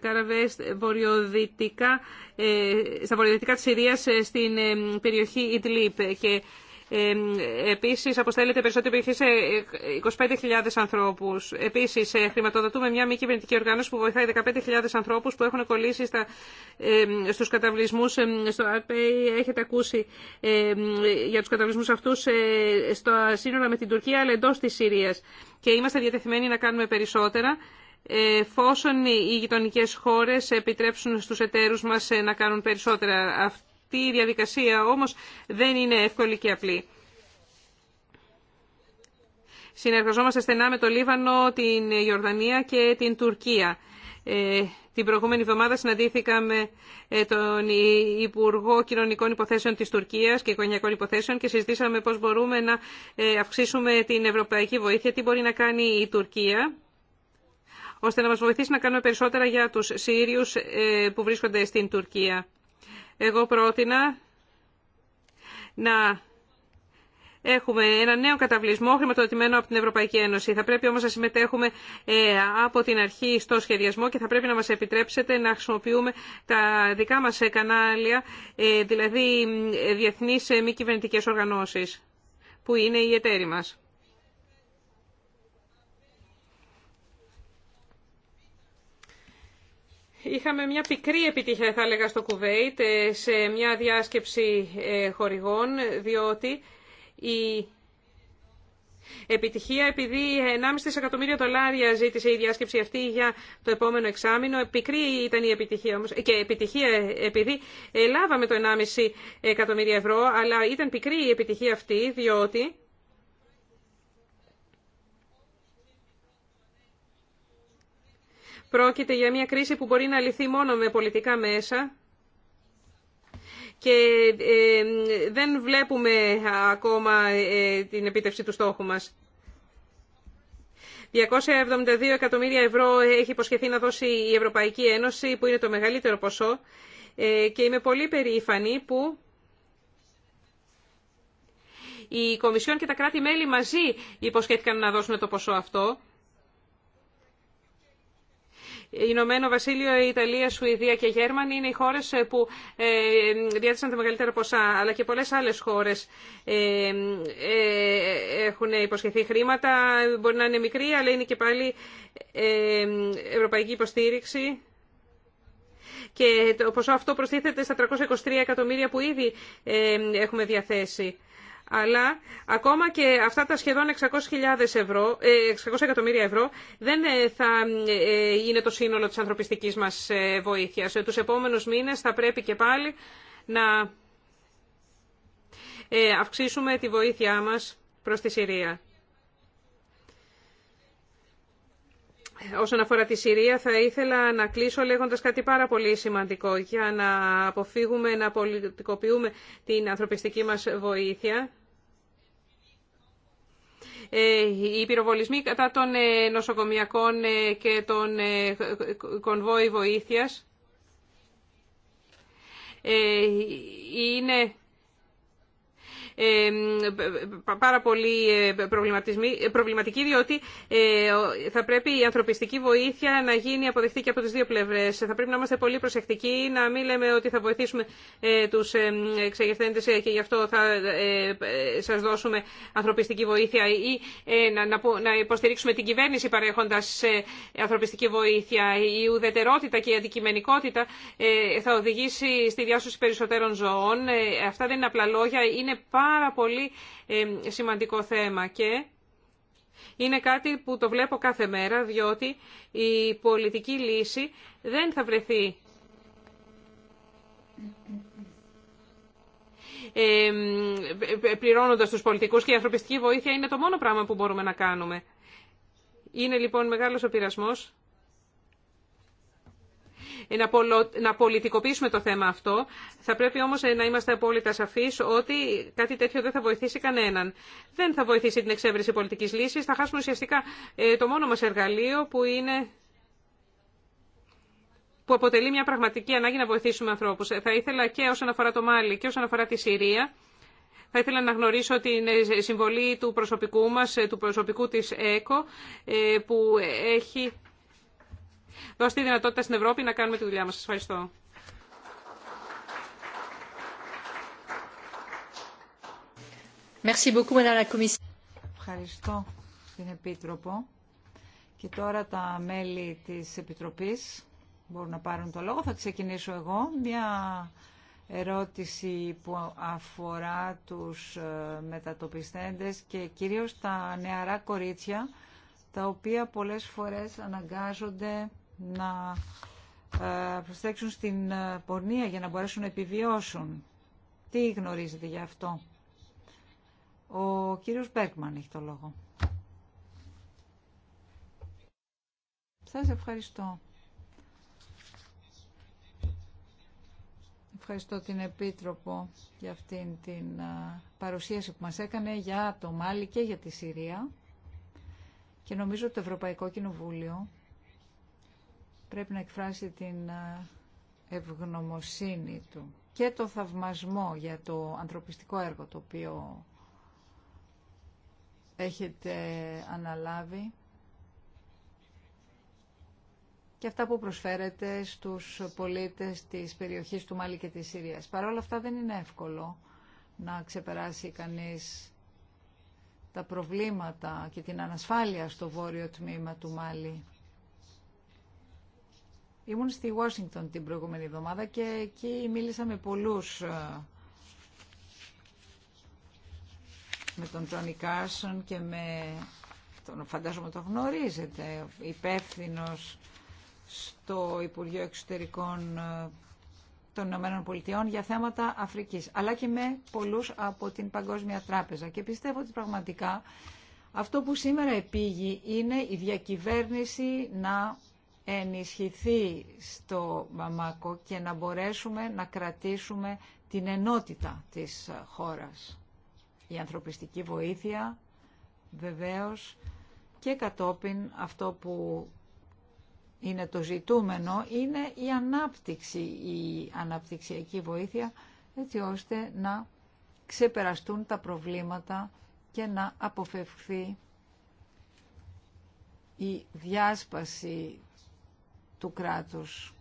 Καραβέ βορειοδυτικά, στα βορειοδυτικά της Συρίας στην περιοχή Ιτλίπ. Και Επίσης, αποστέλλεται περισσότερη περιοχή σε 25.000 ε, ανθρώπους. Επίσης, ε, χρηματοδοτούμε μια μη κυβερνητική οργάνωση που βοηθάει 15.000 ανθρώπους που έχουν κολλήσει στα, στους καταβλισμούς. Στο ΑΡΠΕΙ έχετε ακούσει για τους καταβλισμούς αυτούς ε, στο σύνολο με την Τουρκία, αλλά εντός της Συρίας. Και είμαστε διατεθειμένοι να κάνουμε περισσότερα εφόσον οι γειτονικέ χώρες επιτρέψουν στους εταίρους μας να κάνουν περισσότερα. Αυτή διαδικασία όμως δεν είναι εύκολη και απλή. Συνεργαζόμαστε στενά με το Λίβανο, την Ιορδανία και την Τουρκία. Ε, την προηγούμενη εβδομάδα συναντήθηκα με ε, τον Υπουργό Κοινωνικών Υποθέσεων της Τουρκίας και Οικογενειακών Υποθέσεων και συζητήσαμε πώς μπορούμε να ε, αυξήσουμε την ευρωπαϊκή βοήθεια, τι μπορεί να κάνει η Τουρκία ώστε να μας βοηθήσει να κάνουμε περισσότερα για τους Σύριους που βρίσκονται στην Τουρκία. Εγώ πρότεινα να έχουμε ένα νέο καταβλισμό χρηματοδοτημένο από την Ευρωπαϊκή Ένωση. Θα πρέπει όμως να συμμετέχουμε ε, από την αρχή στο σχεδιασμό και θα πρέπει να μας επιτρέψετε να χρησιμοποιούμε τα δικά μας κανάλια, ε, δηλαδή ε, διεθνείς μη κυβερνητικές οργανώσεις, που είναι οι εταίροι μας. Είχαμε μια πικρή επιτυχία, θα έλεγα, στο Κουβέιτ, ε, σε μια διάσκεψη ε, χορηγών, διότι η επιτυχία, επειδή 1,5 εκατομμύρια δολάρια ζήτησε η διάσκεψη αυτή για το επόμενο εξάμεινο, πικρή ήταν η επιτυχία όμως, και επιτυχία επειδή ε, λάβαμε το 1,5 εκατομμύρια ευρώ, αλλά ήταν πικρή η επιτυχία αυτή, διότι... Πρόκειται για μια κρίση που μπορεί να λυθεί μόνο με πολιτικά μέσα και ε, δεν βλέπουμε ακόμα ε, την επίτευξη του στόχου μας. 272 εκατομμύρια ευρώ έχει υποσχεθεί να δώσει η Ευρωπαϊκή Ένωση, που είναι το μεγαλύτερο ποσό, ε, και είμαι πολύ περήφανη που η Κομισιόν και τα κράτη-μέλη μαζί υποσχέθηκαν να δώσουν το ποσό αυτό. Ηνωμένο Βασίλειο, Ιταλία, Σουηδία και Γέρμανη είναι οι χώρες ε, που ε, διέθεσαν τα μεγαλύτερα ποσά, αλλά και πολλές άλλες χώρες ε, έχουν υποσχεθεί χρήματα. Μπορεί να είναι μικρή, αλλά είναι και πάλι ευρωπαϊκή υποστήριξη. Και το ποσό αυτό προστίθεται στα 323 εκατομμύρια που ήδη έχουμε διαθέσει αλλά ακόμα και αυτά τα σχεδόν 600, ευρώ, 600 ε, εκατομμύρια ευρώ δεν ε, θα ε, είναι το σύνολο της ανθρωπιστικής μας βοήθειας. Τους επόμενους μήνες θα πρέπει και πάλι να αυξήσουμε τη βοήθειά μας προς τη Συρία. Όσον αφορά τη Συρία θα ήθελα να κλείσω λέγοντας κάτι πάρα πολύ σημαντικό για να αποφύγουμε να πολιτικοποιούμε την ανθρωπιστική μας βοήθεια. Ε, οι πυροβολισμοί κατά των ε, νοσοκομιακών ε, και των κονβόι βοήθειας είναι πάρα πολύ ε, ε, προβληματική, διότι ε, θα πρέπει η ανθρωπιστική βοήθεια να γίνει αποδεκτή και από τις δύο πλευρές. Θα πρέπει να είμαστε πολύ προσεκτικοί, να μην λέμε ότι θα βοηθήσουμε τους εξεγερθέντες και γι' αυτό θα σας δώσουμε ανθρωπιστική βοήθεια ή να υποστηρίξουμε την κυβέρνηση παρέχοντας ανθρωπιστική βοήθεια. Η ουδετερότητα και η αντικειμενικότητα θα οδηγήσει στη διάσωση περισσότερων ζωών. Αυτά δεν είναι απλά λόγια, είναι πάρα πάρα πολύ σημαντικό θέμα και είναι κάτι που το βλέπω κάθε μέρα, διότι η πολιτική λύση δεν θα βρεθεί ε, πληρώνοντας τους πολιτικούς και η ανθρωπιστική βοήθεια είναι το μόνο πράγμα που μπορούμε να κάνουμε. Είναι λοιπόν μεγάλος ο πειρασμός ε, να πολιτικοποιήσουμε το θέμα αυτό. Θα πρέπει όμως ε, να είμαστε απόλυτα σαφείς ότι κάτι τέτοιο δεν θα βοηθήσει κανέναν. Δεν θα βοηθήσει την εξέβρεση πολιτικής λύσης. Θα χάσουμε ουσιαστικά ε, το μόνο μας εργαλείο που είναι που αποτελεί μια πραγματική ανάγκη να βοηθήσουμε ανθρώπου. Θα ήθελα και όσον αφορά το Μάλι και όσον αφορά τη Συρία, θα ήθελα να γνωρίσω την συμβολή του προσωπικού μας, του προσωπικού της ΕΚΟ, που έχει δώστε τη δυνατότητα στην Ευρώπη να κάνουμε τη δουλειά μας. Σας ευχαριστώ. Ευχαριστώ την Επίτροπο. Και τώρα τα μέλη της Επιτροπής μπορούν να πάρουν το λόγο. Θα ξεκινήσω εγώ. Μια ερώτηση που αφορά τους ε, μετατοπιστέντες και κυρίως τα νεαρά κορίτσια, τα οποία πολλές φορές αναγκάζονται να ε, προσθέξουν στην ε, πορνεία για να μπορέσουν να επιβιώσουν. Τι γνωρίζετε γι' αυτό. Ο κύριος Μπέρκμαν έχει το λόγο. Σας ευχαριστώ. Ευχαριστώ την Επίτροπο για αυτήν την ε, παρουσίαση που μας έκανε για το Μάλι και για τη Συρία. Και νομίζω ότι το Ευρωπαϊκό Κοινοβούλιο πρέπει να εκφράσει την ε, ευγνωμοσύνη του και το θαυμασμό για το ανθρωπιστικό έργο το οποίο έχετε αναλάβει και αυτά που προσφέρετε στους πολίτες της περιοχής του Μάλι και της Συρίας. Παρ' όλα αυτά δεν είναι εύκολο να ξεπεράσει κανείς τα προβλήματα και την ανασφάλεια στο βόρειο τμήμα του Μάλι. Ήμουν στη Washington την προηγούμενη εβδομάδα και εκεί μίλησα με πολλούς ε, με τον Τζόνι Κάρσον και με τον φαντάζομαι το γνωρίζετε υπεύθυνο στο Υπουργείο Εξωτερικών ε, των Ηνωμένων Πολιτειών για θέματα Αφρικής αλλά και με πολλούς από την Παγκόσμια Τράπεζα και πιστεύω ότι πραγματικά αυτό που σήμερα επήγει είναι η διακυβέρνηση να ενισχυθεί στο Μαμάκο και να μπορέσουμε να κρατήσουμε την ενότητα της χώρας. Η ανθρωπιστική βοήθεια βεβαίως και κατόπιν αυτό που είναι το ζητούμενο είναι η ανάπτυξη, η αναπτυξιακή βοήθεια έτσι ώστε να ξεπεραστούν τα προβλήματα και να αποφευχθεί η διάσπαση του κράτους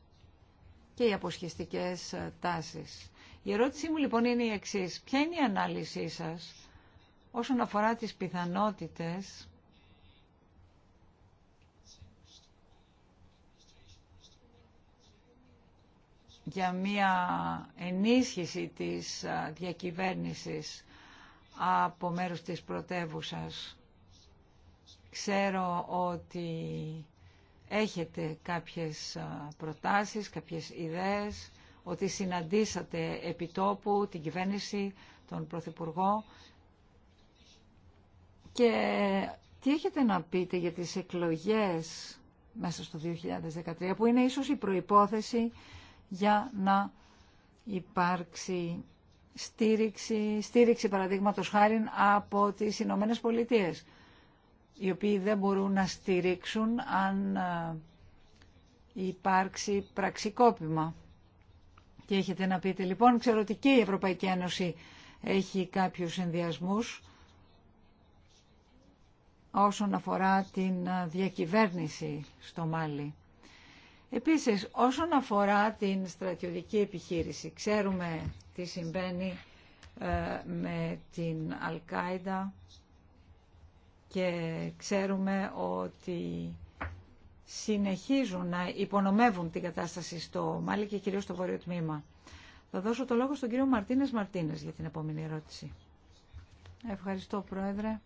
και οι αποσχιστικές ε, τάσεις. Η ερώτησή μου λοιπόν είναι η εξής. Ποια είναι η ανάλυση σας όσον αφορά τις πιθανότητες για μια ενίσχυση της ε, διακυβέρνησης από μέρους της πρωτεύουσας. Ξέρω ότι έχετε κάποιες προτάσεις, κάποιες ιδέες, ότι συναντήσατε επί τόπου την κυβέρνηση, τον Πρωθυπουργό και τι έχετε να πείτε για τις εκλογές μέσα στο 2013 που είναι ίσως η προϋπόθεση για να υπάρξει στήριξη, στήριξη παραδείγματος χάρη από τις Ηνωμένε Πολιτείες οι οποίοι δεν μπορούν να στηρίξουν αν ε, υπάρξει πραξικόπημα. Και έχετε να πείτε λοιπόν, ξέρω ότι και η Ευρωπαϊκή Ένωση έχει κάποιους ενδιασμούς όσον αφορά την ε, διακυβέρνηση στο Μάλι. Επίσης, όσον αφορά την στρατιωτική επιχείρηση, ξέρουμε τι συμβαίνει ε, με την Αλκάιδα και ξέρουμε ότι συνεχίζουν να υπονομεύουν την κατάσταση στο Μάλι και κυρίως στο βόρειο τμήμα. Θα δώσω το λόγο στον κύριο Μαρτίνες Μαρτίνες για την επόμενη ερώτηση. Ευχαριστώ Πρόεδρε.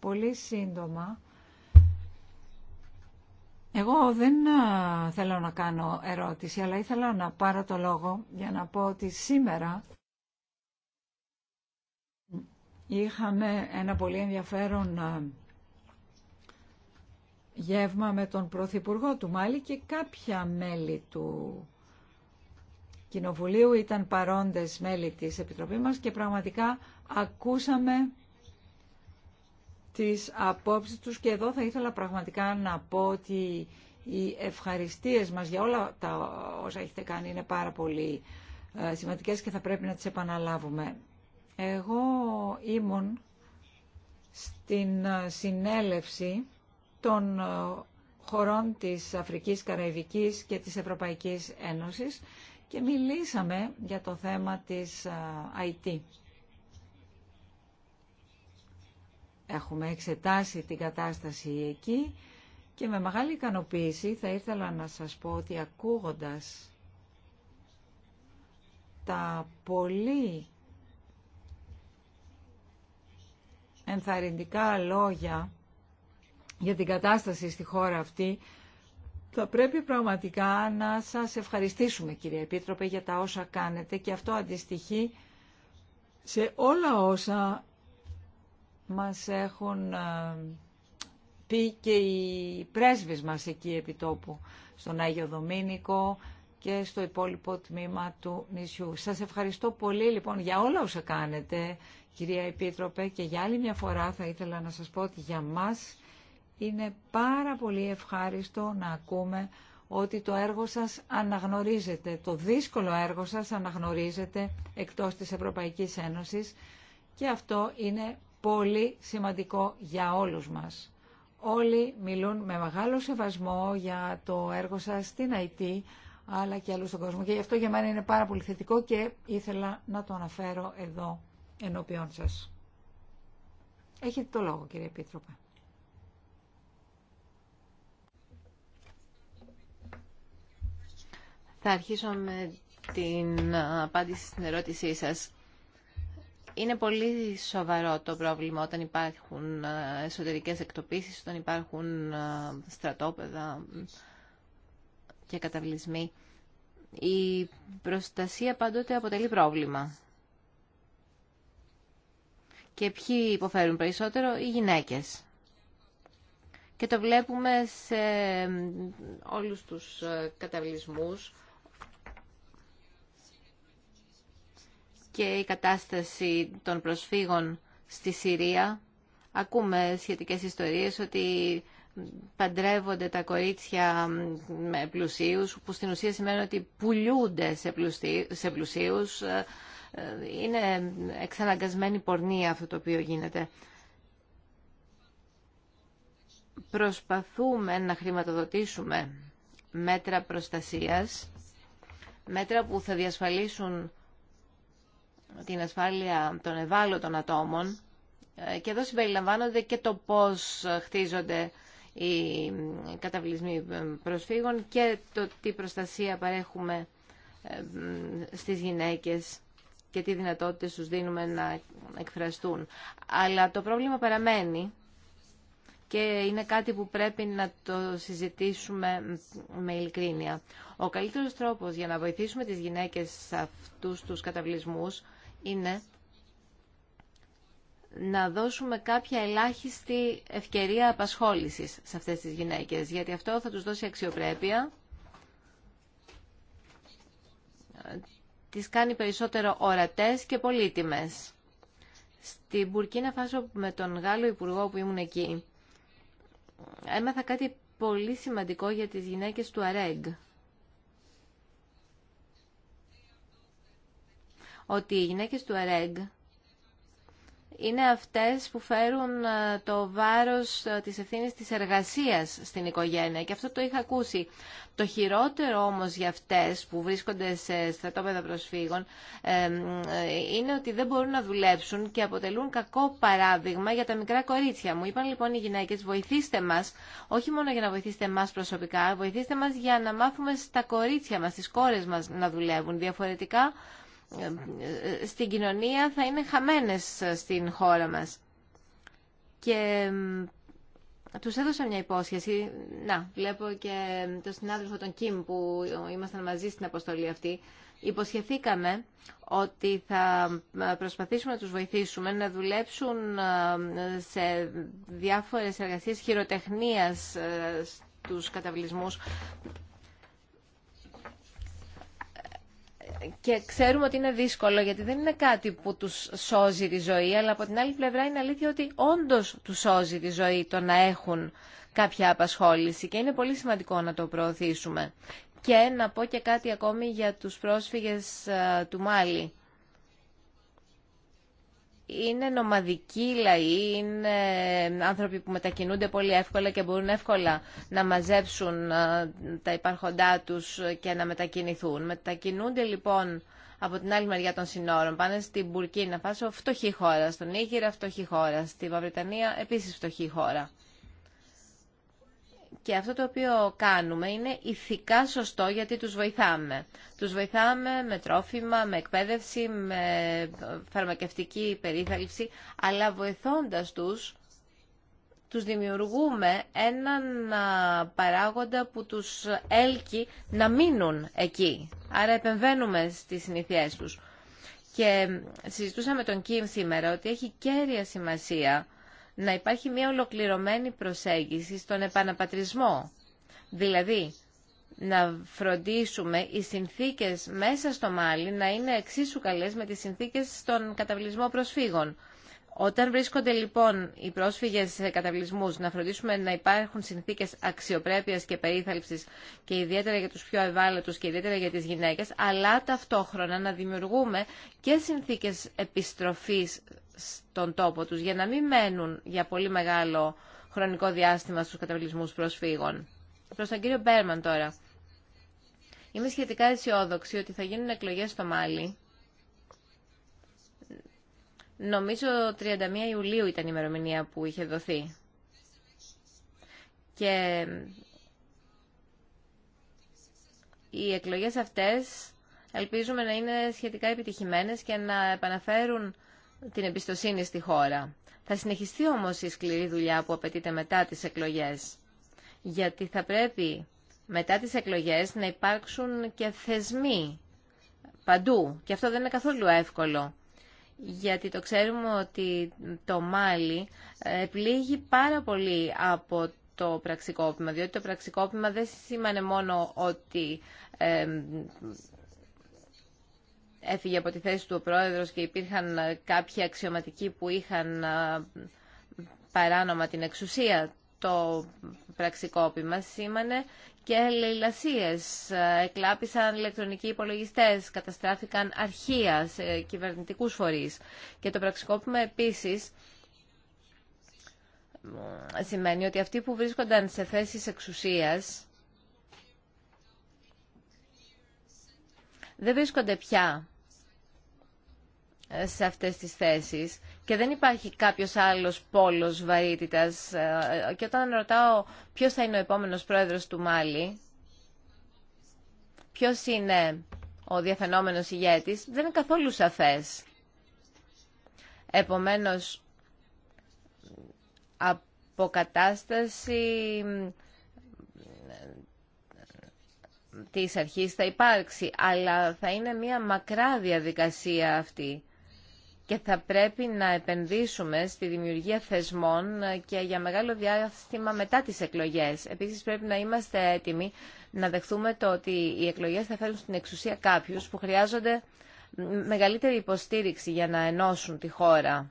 Πολύ σύντομα. Εγώ δεν θέλω να κάνω ερώτηση, αλλά ήθελα να πάρω το λόγο για να πω ότι σήμερα Είχαμε ένα πολύ ενδιαφέρον ε, γεύμα με τον Πρωθυπουργό του Μάλι και κάποια μέλη του Κοινοβουλίου ήταν παρόντες μέλη της Επιτροπής μας και πραγματικά ακούσαμε τις απόψεις τους και εδώ θα ήθελα πραγματικά να πω ότι οι ευχαριστίες μας για όλα τα όσα έχετε κάνει είναι πάρα πολύ ε, σημαντικές και θα πρέπει να τις επαναλάβουμε. Εγώ ήμουν στην ε, συνέλευση των ε, χωρών της Αφρικής, Καραϊβικής και της Ευρωπαϊκής Ένωσης και μιλήσαμε για το θέμα της IT. Ε, Έχουμε εξετάσει την κατάσταση εκεί και με μεγάλη ικανοποίηση θα ήθελα να σας πω ότι ακούγοντας τα πολύ ενθαρρυντικά λόγια για την κατάσταση στη χώρα αυτή, θα πρέπει πραγματικά να σας ευχαριστήσουμε κύριε Επίτροπε για τα όσα κάνετε και αυτό αντιστοιχεί σε όλα όσα μας έχουν ε, πει και οι πρέσβεις μας εκεί επιτόπου στον Άγιο Δομήνικο, και στο υπόλοιπο τμήμα του νησιού. Σας ευχαριστώ πολύ λοιπόν για όλα όσα κάνετε κυρία Επίτροπε και για άλλη μια φορά θα ήθελα να σας πω ότι για μας είναι πάρα πολύ ευχάριστο να ακούμε ότι το έργο σας αναγνωρίζεται, το δύσκολο έργο σας αναγνωρίζεται εκτός της Ευρωπαϊκής Ένωσης και αυτό είναι πολύ σημαντικό για όλους μας. Όλοι μιλούν με μεγάλο σεβασμό για το έργο σας στην IT αλλά και αλλού στον κόσμο. Και γι' αυτό για μένα είναι πάρα πολύ θετικό και ήθελα να το αναφέρω εδώ ενώπιον σας. Έχετε το λόγο κύριε Επίτροπε. Θα αρχίσω με την απάντηση στην ερώτησή σας. Είναι πολύ σοβαρό το πρόβλημα όταν υπάρχουν εσωτερικές εκτοπίσεις, όταν υπάρχουν στρατόπεδα, και καταβλισμοί. Η προστασία πάντοτε αποτελεί πρόβλημα. Και ποιοι υποφέρουν περισσότερο, οι γυναίκες. Και το βλέπουμε σε όλους τους ε, καταβλισμούς. Και η κατάσταση των προσφύγων στη Συρία. Ακούμε σχετικές ιστορίες ότι παντρεύονται τα κορίτσια με πλουσίους, που στην ουσία σημαίνει ότι πουλιούνται σε πλουσίους. Ε, είναι εξαναγκασμένη πορνεία αυτό το οποίο γίνεται. Προσπαθούμε να χρηματοδοτήσουμε μέτρα προστασίας, μέτρα που θα διασφαλίσουν την ασφάλεια των ευάλωτων ατόμων ε, και εδώ συμπεριλαμβάνονται και το πώς χτίζονται οι καταβλισμοί προσφύγων και το τι προστασία παρέχουμε στις γυναίκες και τι δυνατότητες τους δίνουμε να εκφραστούν. Αλλά το πρόβλημα παραμένει και είναι κάτι που πρέπει να το συζητήσουμε με ειλικρίνεια. Ο καλύτερος τρόπος για να βοηθήσουμε τις γυναίκες σε αυτούς τους καταβλισμούς είναι να δώσουμε κάποια ελάχιστη ευκαιρία απασχόλησης σε αυτές τις γυναίκες, γιατί αυτό θα τους δώσει αξιοπρέπεια, ε, τις κάνει περισσότερο ορατές και πολύτιμες. Στην Μπουρκίνα Φάσο με τον Γάλλο Υπουργό που ήμουν εκεί, έμαθα κάτι πολύ σημαντικό για τις γυναίκες του ΑΡΕΓ. Ότι οι γυναίκες του ΑΡΕΓ είναι αυτές που φέρουν ε, το βάρος ε, της ευθύνης της εργασίας στην οικογένεια και αυτό το είχα ακούσει. Το χειρότερο όμως για αυτές που βρίσκονται σε στρατόπεδα προσφύγων ε, είναι ότι δεν μπορούν να δουλέψουν και αποτελούν κακό παράδειγμα για τα μικρά κορίτσια. Μου είπαν λοιπόν οι γυναίκες βοηθήστε μας, όχι μόνο για να βοηθήσετε μας προσωπικά, βοηθήστε μας για να μάθουμε στα κορίτσια μας, στις κόρες μας να δουλεύουν. Διαφορετικά ε, ε, στην κοινωνία θα είναι χαμένες ε, στην χώρα μας. Και τους έδωσα μια υπόσχεση. Να, βλέπω και τον συνάδελφο τον Κιμ που ήμασταν μαζί στην αποστολή αυτή. Υποσχεθήκαμε ότι θα προσπαθήσουμε να τους βοηθήσουμε να δουλέψουν σε διάφορες εργασίες χειροτεχνίας τους καταβλισμούς και ξέρουμε ότι είναι δύσκολο γιατί δεν είναι κάτι που τους σώζει τη ζωή, αλλά από την άλλη πλευρά είναι αλήθεια ότι όντως τους σώζει τη ζωή το να έχουν κάποια απασχόληση και είναι πολύ σημαντικό να το προωθήσουμε. Και να πω και κάτι ακόμη για τους πρόσφυγες ε, του Μάλι είναι νομαδικοί λαοί, είναι άνθρωποι που μετακινούνται πολύ εύκολα και μπορούν εύκολα να μαζέψουν ε, τα υπάρχοντά τους και να μετακινηθούν. Μετακινούνται λοιπόν από την άλλη μεριά των συνόρων. Πάνε στην Μπουρκίνα Φάσο, φτωχή χώρα. Στον Ήγηρα, φτωχή χώρα. Στη Βαβριτανία, επίσης φτωχή χώρα και αυτό το οποίο κάνουμε είναι ηθικά σωστό γιατί τους βοηθάμε. Τους βοηθάμε με τρόφιμα, με εκπαίδευση, με φαρμακευτική περίθαλψη, αλλά βοηθώντας τους, τους δημιουργούμε έναν παράγοντα που τους έλκει να μείνουν εκεί. Άρα επεμβαίνουμε στις συνήθειές τους. Και συζητούσαμε τον Κιμ σήμερα ότι έχει κέρια σημασία να υπάρχει μια ολοκληρωμένη προσέγγιση στον επαναπατρισμό. Δηλαδή, να φροντίσουμε οι συνθήκες μέσα στο Μάλι να είναι εξίσου καλές με τις συνθήκες στον καταβλισμό προσφύγων. Όταν βρίσκονται λοιπόν οι πρόσφυγες σε καταβλισμού, να φροντίσουμε να υπάρχουν συνθήκες αξιοπρέπειας και περίθαλψης και ιδιαίτερα για τους πιο ευάλωτου και ιδιαίτερα για τις γυναίκες, αλλά ταυτόχρονα να δημιουργούμε και συνθήκες επιστροφής στον τόπο τους για να μην μένουν για πολύ μεγάλο χρονικό διάστημα στου καταβλισμού προσφύγων. Προ τον κύριο Μπέρμαν τώρα. Είμαι σχετικά αισιόδοξη ότι θα γίνουν εκλογέ στο Μάλι Νομίζω 31 Ιουλίου ήταν η ημερομηνία που είχε δοθεί. Και οι εκλογές αυτές ελπίζουμε να είναι σχετικά επιτυχημένες και να επαναφέρουν την εμπιστοσύνη στη χώρα. Θα συνεχιστεί όμως η σκληρή δουλειά που απαιτείται μετά τις εκλογές, γιατί θα πρέπει μετά τις εκλογές να υπάρξουν και θεσμοί παντού και αυτό δεν είναι καθόλου εύκολο γιατί το ξέρουμε ότι το Μάλι ε, πλήγει πάρα πολύ από το πραξικόπημα, διότι το πραξικόπημα δεν σήμανε μόνο ότι έφυγε από τη θέση του ο πρόεδρος και υπήρχαν κάποιοι αξιωματικοί που είχαν παράνομα την εξουσία. Το πραξικόπημα σήμανε και λαιλασίε. Εκλάπησαν ηλεκτρονικοί υπολογιστές, καταστράφηκαν αρχεία σε κυβερνητικούς φορείς. Και το πραξικόπημα επίση σημαίνει ότι αυτοί που βρίσκονταν σε θέσει εξουσίας δεν βρίσκονται πια σε αυτές τις θέσεις και δεν υπάρχει κάποιος άλλος πόλος βαρύτητας. Ε, και όταν ρωτάω ποιος θα είναι ο επόμενος πρόεδρος του Μάλι, ποιος είναι ο διαφαινόμενος ηγέτης, δεν είναι καθόλου σαφές. Επομένως, αποκατάσταση της αρχής θα υπάρξει, αλλά θα είναι μια μακρά διαδικασία αυτή και θα πρέπει να επενδύσουμε στη δημιουργία θεσμών και για μεγάλο διάστημα μετά τις εκλογές. Επίσης πρέπει να είμαστε έτοιμοι να δεχθούμε το ότι οι εκλογές θα φέρουν στην εξουσία κάποιους που χρειάζονται μεγαλύτερη υποστήριξη για να ενώσουν τη χώρα.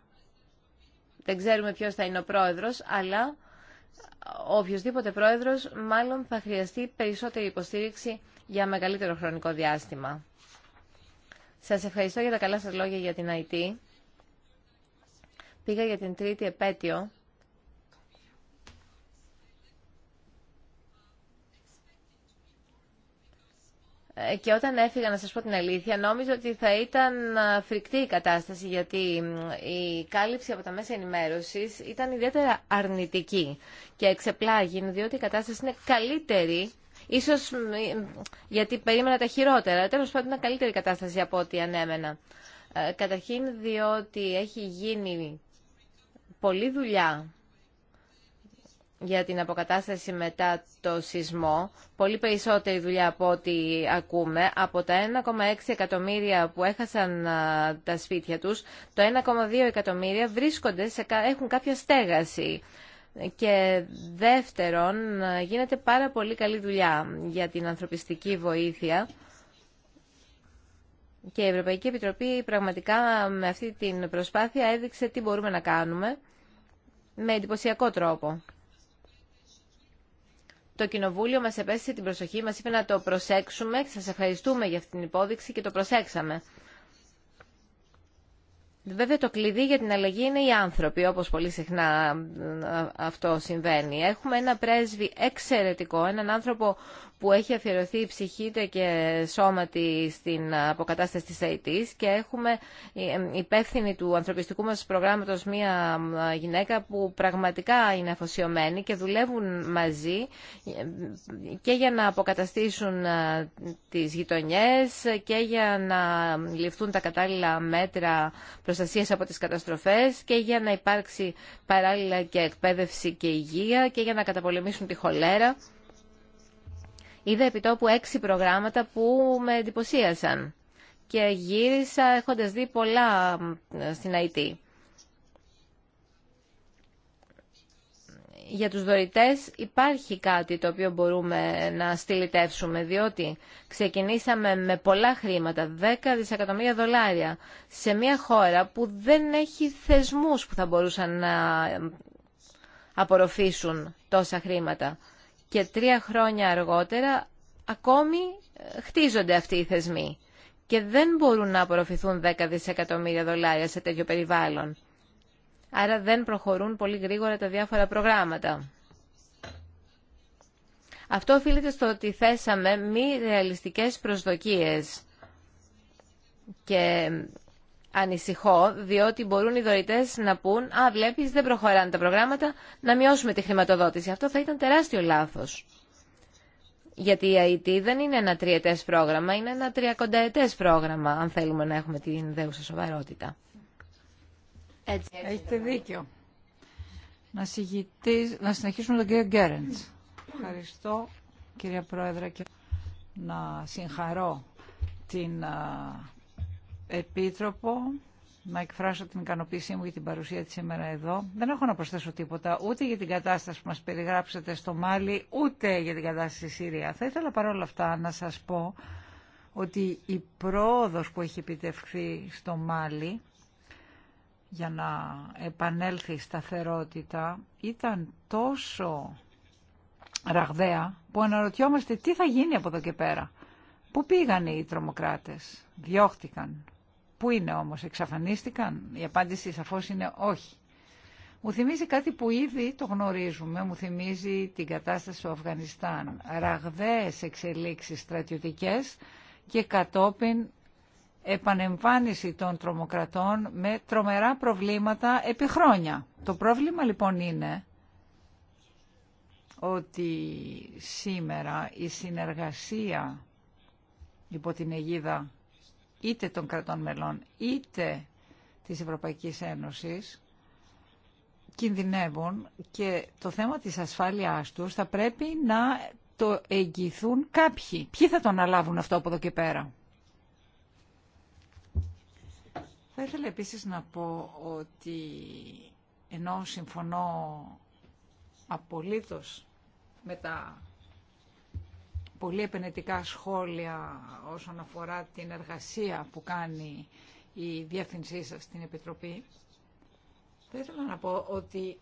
Δεν ξέρουμε ποιος θα είναι ο πρόεδρος, αλλά ο οποιοδήποτε πρόεδρος μάλλον θα χρειαστεί περισσότερη υποστήριξη για μεγαλύτερο χρονικό διάστημα. Σας ευχαριστώ για τα καλά σας λόγια για την IT. Πήγα για την τρίτη επέτειο ε, Και όταν έφυγα, να σας πω την αλήθεια, νόμιζα ότι θα ήταν φρικτή η κατάσταση, γιατί η κάλυψη από τα μέσα ενημέρωσης ήταν ιδιαίτερα αρνητική και εξεπλάγει, διότι η κατάσταση είναι καλύτερη Ίσως γιατί περίμενα τα χειρότερα. Τέλος πάντων είναι καλύτερη κατάσταση από ό,τι ανέμενα. Ε, καταρχήν διότι έχει γίνει πολλή δουλειά για την αποκατάσταση μετά το σεισμό, πολύ περισσότερη δουλειά από ό,τι ακούμε. Από τα 1,6 εκατομμύρια που έχασαν τα σπίτια τους, το 1,2 εκατομμύρια βρίσκονται σε, έχουν κάποια στέγαση. Και δεύτερον, γίνεται πάρα πολύ καλή δουλειά για την ανθρωπιστική βοήθεια. Και η Ευρωπαϊκή Επιτροπή πραγματικά με αυτή την προσπάθεια έδειξε τι μπορούμε να κάνουμε με εντυπωσιακό τρόπο. Το Κοινοβούλιο μας επέστησε την προσοχή, μας είπε να το προσέξουμε. Σας ευχαριστούμε για αυτή την υπόδειξη και το προσέξαμε. Βέβαια το κλειδί για την αλλαγή είναι οι άνθρωποι, όπως πολύ συχνά ε, ε, αυτό συμβαίνει. Έχουμε ένα πρέσβη εξαιρετικό, έναν άνθρωπο που έχει αφιερωθεί ψυχή και σώματι στην αποκατάσταση της ΑΕΤΗΣ και έχουμε ε, ε, υπεύθυνη του ανθρωπιστικού μας προγράμματος μία ε, γυναίκα που πραγματικά είναι αφοσιωμένη και δουλεύουν μαζί και για να αποκαταστήσουν τις γειτονιές και για να ληφθούν τα κατάλληλα μέτρα προστασίας από τις καταστροφές και για να υπάρξει παράλληλα και εκπαίδευση και υγεία και για να καταπολεμήσουν τη χολέρα. Είδα επιτόπου έξι προγράμματα που με εντυπωσίασαν και γύρισα έχοντας δει πολλά στην IT. για τους δωρητές υπάρχει κάτι το οποίο μπορούμε να στυλιτεύσουμε, διότι ξεκινήσαμε με πολλά χρήματα, 10 δισεκατομμύρια δολάρια, σε μια χώρα που δεν έχει θεσμούς που θα μπορούσαν να απορροφήσουν τόσα χρήματα και τρία χρόνια αργότερα ακόμη ε, χτίζονται αυτοί οι θεσμοί και δεν μπορούν να απορροφηθούν 10 δισεκατομμύρια δολάρια σε τέτοιο περιβάλλον. Άρα δεν προχωρούν πολύ γρήγορα τα διάφορα προγράμματα. Αυτό οφείλεται στο ότι θέσαμε μη ρεαλιστικές προσδοκίες και ανησυχώ, διότι μπορούν οι δωρητέ να πούν «Α, βλέπεις, δεν προχωράνε τα προγράμματα, να μειώσουμε τη χρηματοδότηση». Αυτό θα ήταν τεράστιο λάθος. Γιατί η IT δεν είναι ένα τριετέ πρόγραμμα, είναι ένα τριακονταετέ πρόγραμμα, αν θέλουμε να έχουμε την δέουσα σοβαρότητα. Έτσι, έτσι Έχετε λοιπόν. δίκιο. Να, να συνεχίσουμε τον κύριο Γκέρεντς. Ευχαριστώ, κυρία Πρόεδρε, και να συγχαρώ την Επίτροπο, να εκφράσω την ικανοποίησή μου για την παρουσία της σήμερα εδώ. Δεν έχω να προσθέσω τίποτα, ούτε για την κατάσταση που μας περιγράψατε στο Μάλι, ούτε για την κατάσταση στη Συρία. Θα ήθελα παρόλα αυτά να σας πω ότι η πρόοδος που έχει επιτευχθεί στο Μάλι για να επανέλθει η σταθερότητα ήταν τόσο ραγδαία που αναρωτιόμαστε τι θα γίνει από εδώ και πέρα. Πού πήγαν οι τρομοκράτες, διώχτηκαν, Πού είναι όμως, εξαφανίστηκαν. Η απάντηση σαφώς είναι όχι. Μου θυμίζει κάτι που ήδη το γνωρίζουμε, μου θυμίζει την κατάσταση του Αφγανιστάν. Ραγδαίες εξελίξεις στρατιωτικές και κατόπιν επανεμφάνιση των τρομοκρατών με τρομερά προβλήματα επί χρόνια. Το πρόβλημα λοιπόν είναι ότι σήμερα η συνεργασία υπό την αιγίδα είτε των κρατών μελών είτε της Ευρωπαϊκής Ένωσης κινδυνεύουν και το θέμα της ασφάλειάς τους θα πρέπει να το εγγυηθούν κάποιοι. Ποιοι θα το αναλάβουν αυτό από εδώ και πέρα. Θα ήθελα επίσης να πω ότι ενώ συμφωνώ απολύτως με τα πολύ επενετικά σχόλια όσον αφορά την εργασία που κάνει η διεύθυνσή σας στην Επιτροπή. Θα ήθελα να πω ότι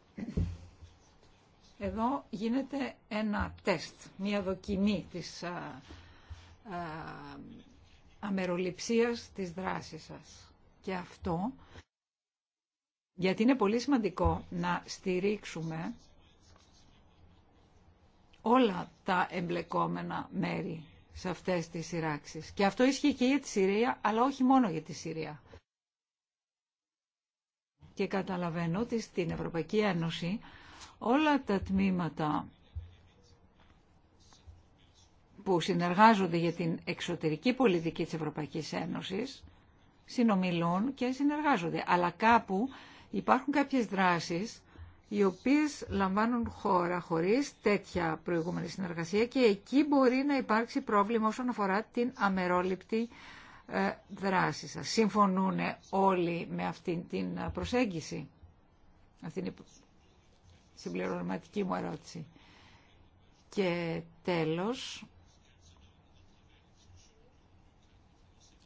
εδώ γίνεται ένα τεστ, μία δοκιμή της α, ε, ε, αμεροληψίας της δράσης σας. Και αυτό γιατί είναι πολύ σημαντικό να στηρίξουμε όλα τα εμπλεκόμενα μέρη σε αυτές τις σειράξεις. Και αυτό ισχύει και για τη Συρία, αλλά όχι μόνο για τη Συρία. Και καταλαβαίνω ότι στην Ευρωπαϊκή Ένωση όλα τα τμήματα που συνεργάζονται για την εξωτερική πολιτική της Ευρωπαϊκής Ένωσης συνομιλούν και συνεργάζονται. Αλλά κάπου υπάρχουν κάποιες δράσεις οι οποίες λαμβάνουν χώρα χωρίς τέτοια προηγούμενη συνεργασία και εκεί μπορεί να υπάρξει πρόβλημα όσον αφορά την αμερόληπτη ε, δράση σας. Συμφωνούν όλοι με αυτή την προσέγγιση. Αυτή είναι η συμπληρωματική μου ερώτηση. Και τέλος,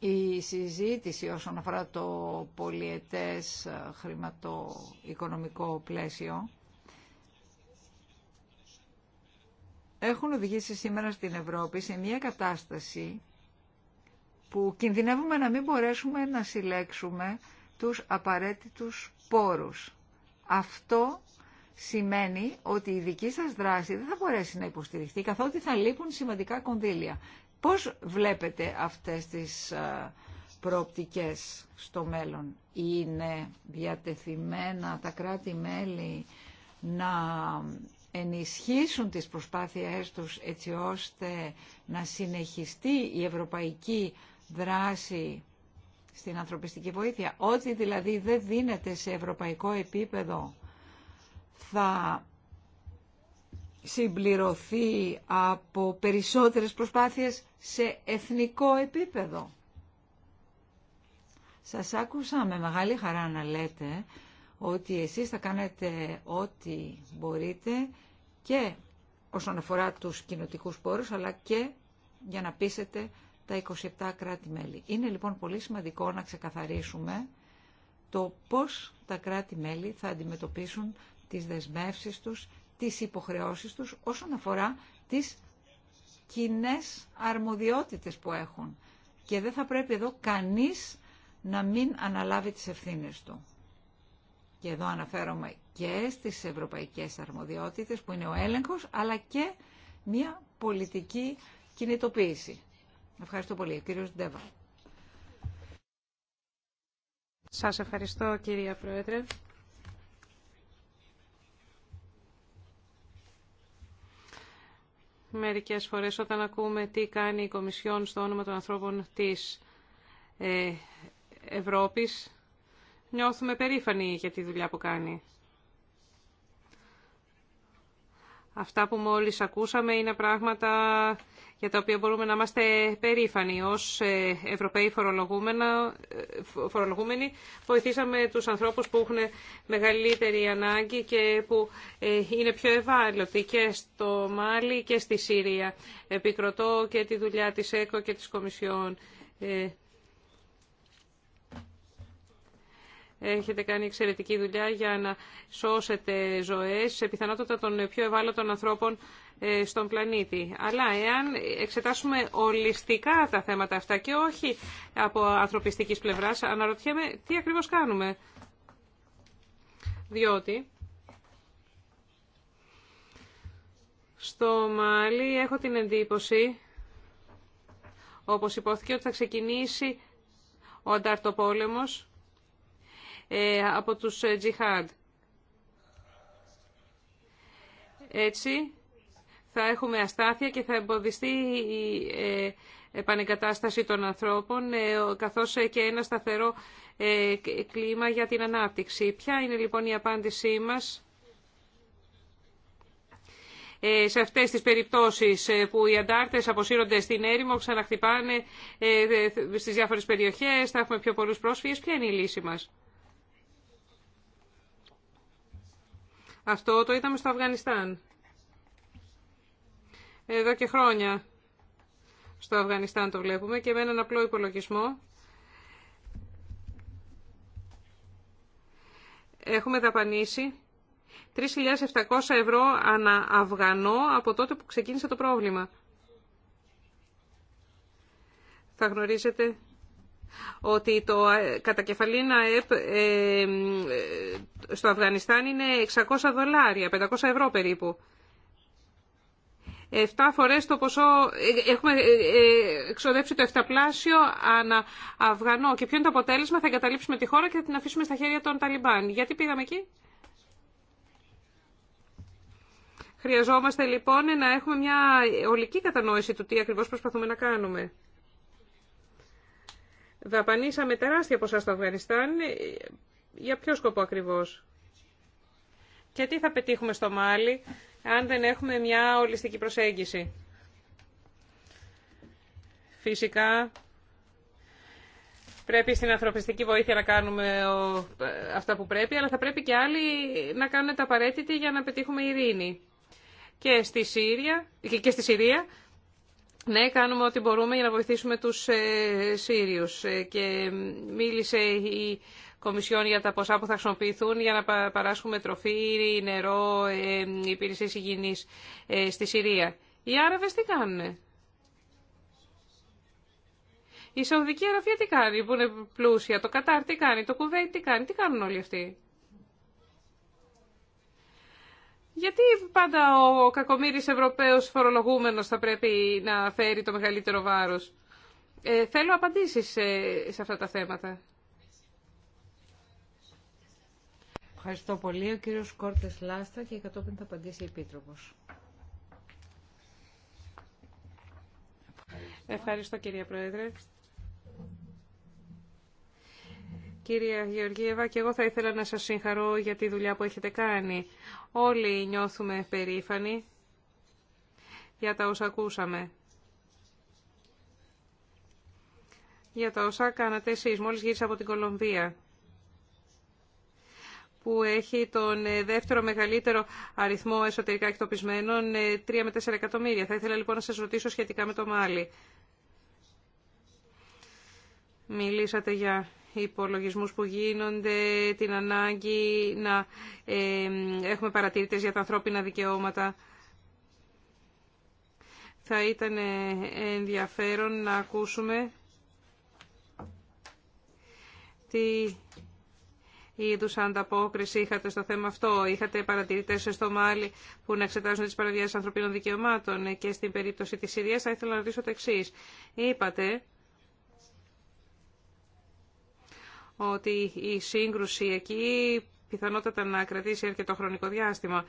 Η συζήτηση όσον αφορά το πολιετές χρηματοοικονομικό πλαίσιο έχουν οδηγήσει σήμερα στην Ευρώπη σε μια κατάσταση που κινδυνεύουμε να μην μπορέσουμε να συλλέξουμε τους απαραίτητους πόρους. Αυτό σημαίνει ότι η δική σας δράση δεν θα μπορέσει να υποστηριχθεί καθότι θα λείπουν σημαντικά κονδύλια. Πώς βλέπετε αυτές τις προοπτικές στο μέλλον. Είναι διατεθειμένα τα κράτη-μέλη να ενισχύσουν τις προσπάθειές τους έτσι ώστε να συνεχιστεί η ευρωπαϊκή δράση στην ανθρωπιστική βοήθεια. Ό,τι δηλαδή δεν δίνεται σε ευρωπαϊκό επίπεδο θα συμπληρωθεί από περισσότερες προσπάθειες σε εθνικό επίπεδο. Σας άκουσα με μεγάλη χαρά να λέτε ότι εσείς θα κάνετε ό,τι μπορείτε και όσον αφορά τους κοινοτικού πόρους, αλλά και για να πείσετε τα 27 κράτη-μέλη. Είναι λοιπόν πολύ σημαντικό να ξεκαθαρίσουμε το πώς τα κράτη-μέλη θα αντιμετωπίσουν τις δεσμεύσεις τους τις υποχρεώσεις τους όσον αφορά τις κοινέ αρμοδιότητες που έχουν. Και δεν θα πρέπει εδώ κανείς να μην αναλάβει τις ευθύνες του. Και εδώ αναφέρομαι και στις ευρωπαϊκές αρμοδιότητες που είναι ο έλεγχος, αλλά και μια πολιτική κινητοποίηση. Ευχαριστώ πολύ. Κύριος Ντέβα. Σας ευχαριστώ κυρία Πρόεδρε. Μερικές φορές όταν ακούμε τι κάνει η Κομισιόν στο όνομα των ανθρώπων της ε, Ευρώπης, νιώθουμε περήφανοι για τη δουλειά που κάνει. Αυτά που μόλις ακούσαμε είναι πράγματα για τα οποία μπορούμε να είμαστε περήφανοι. Ως ε, Ευρωπαίοι ε, φορολογούμενοι βοηθήσαμε τους ανθρώπους που έχουν μεγαλύτερη ανάγκη και που ε, είναι πιο ευάλωτοι και στο Μάλι και στη Σύρια. Επικροτώ και τη δουλειά της ΕΚΟ και της Κομισιόν. Έχετε κάνει εξαιρετική δουλειά για να σώσετε ζωές, πιθανότητα των πιο ευάλωτων ανθρώπων ε, στον πλανήτη. Αλλά εάν εξετάσουμε ολιστικά τα θέματα αυτά και όχι από ανθρωπιστικής πλευράς, αναρωτιέμαι τι ακριβώς κάνουμε. Διότι... Στο Μάλι έχω την εντύπωση, όπως υπόθηκε, ότι θα ξεκινήσει ο ανταρτοπόλεμος ε, από τους ε, τζιχάντ. Έτσι θα έχουμε αστάθεια και θα εμποδιστεί η ε, επανεγκατάσταση των ανθρώπων, καθώς και ένα σταθερό κλίμα για την ανάπτυξη. Ποια είναι λοιπόν η απάντησή μας σε αυτές τις περιπτώσεις που οι αντάρτες αποσύρονται στην έρημο, ξαναχτυπάνε στις διάφορες περιοχές, θα έχουμε πιο πολλούς πρόσφυγες. Ποια είναι η λύση μας. Αυτό το είδαμε στο Αφγανιστάν. Εδώ και χρόνια στο Αφγανιστάν το βλέπουμε και με έναν απλό υπολογισμό έχουμε δαπανίσει 3.700 ευρώ ανά Αφγανό από τότε που ξεκίνησε το πρόβλημα. Θα γνωρίζετε ότι το ε, κατακεφαλήν ΑΕΠ ε, ε, στο Αφγανιστάν είναι 600 δολάρια, 500 ευρώ περίπου. Εφτά φορές το ποσό, έχουμε εξοδέψει το εφταπλάσιο ανα Αφγανό. Και ποιο είναι το αποτέλεσμα, θα εγκαταλείψουμε τη χώρα και θα την αφήσουμε στα χέρια των Ταλιμπάν. Γιατί πήγαμε εκεί. Χρειαζόμαστε λοιπόν να έχουμε μια ολική κατανόηση του τι ακριβώς προσπαθούμε να κάνουμε. Δαπανίσαμε τεράστια ποσά στο Αφγανιστάν. Για ποιο σκοπό ακριβώς. Και τι θα πετύχουμε στο Μάλι αν δεν έχουμε μια ολιστική προσέγγιση. Φυσικά πρέπει στην ανθρωπιστική βοήθεια να κάνουμε αυτά που πρέπει, αλλά θα πρέπει και άλλοι να κάνουν τα απαραίτητα για να πετύχουμε ειρήνη. Και στη, Σύρια, και στη Συρία ναι, κάνουμε ό,τι μπορούμε για να βοηθήσουμε τους ε, Σύριους. Ε, και μίλησε η Κομισιόν για τα ποσά που θα χρησιμοποιηθούν για να παράσχουμε τροφή, νερό, ε, υπηρεσίες υγιεινής στη Συρία. Οι Άραβες τι κάνουν, Η Σαουδική Αραβία τι κάνει που είναι πλούσια, το Κατάρ τι κάνει, το Κουβέιτ τι κάνει, τι κάνουν όλοι αυτοί. Γιατί πάντα ο κακομοίρη Ευρωπαίος φορολογούμενος θα πρέπει να φέρει το μεγαλύτερο βάρος. Ε, θέλω απαντήσεις σε, αυτά τα θέματα. Ευχαριστώ πολύ. Ο κύριος Κόρτες Λάστα και κατόπιν θα απαντήσει η Επίτροπος. Ευχαριστώ κυρία Πρόεδρε. Κυρία Γεωργίευα, και εγώ θα ήθελα να σας συγχαρώ για τη δουλειά που έχετε κάνει. Όλοι νιώθουμε περήφανοι για τα όσα ακούσαμε. Για τα όσα κάνατε εσείς, μόλις γύρισα από την Κολομβία που έχει τον ε, δεύτερο μεγαλύτερο αριθμό εσωτερικά εκτοπισμένων, 3 ε, με 4 εκατομμύρια. Θα ήθελα λοιπόν να σας ρωτήσω σχετικά με το Μάλι. Μιλήσατε για υπολογισμούς που γίνονται, την ανάγκη να έχουμε παρατηρητές για τα ανθρώπινα δικαιώματα. Θα ήταν ε, ενδιαφέρον να ακούσουμε τι είδους ανταπόκριση είχατε στο θέμα αυτό. Είχατε παρατηρητές στο Μάλι που να εξετάζουν τις παραβιάσεις ανθρωπίνων δικαιωμάτων ε, και στην περίπτωση της Συρίας θα ήθελα να ρωτήσω το εξή. Είπατε ότι η σύγκρουση εκεί πιθανότατα να κρατήσει αρκετό χρονικό διάστημα.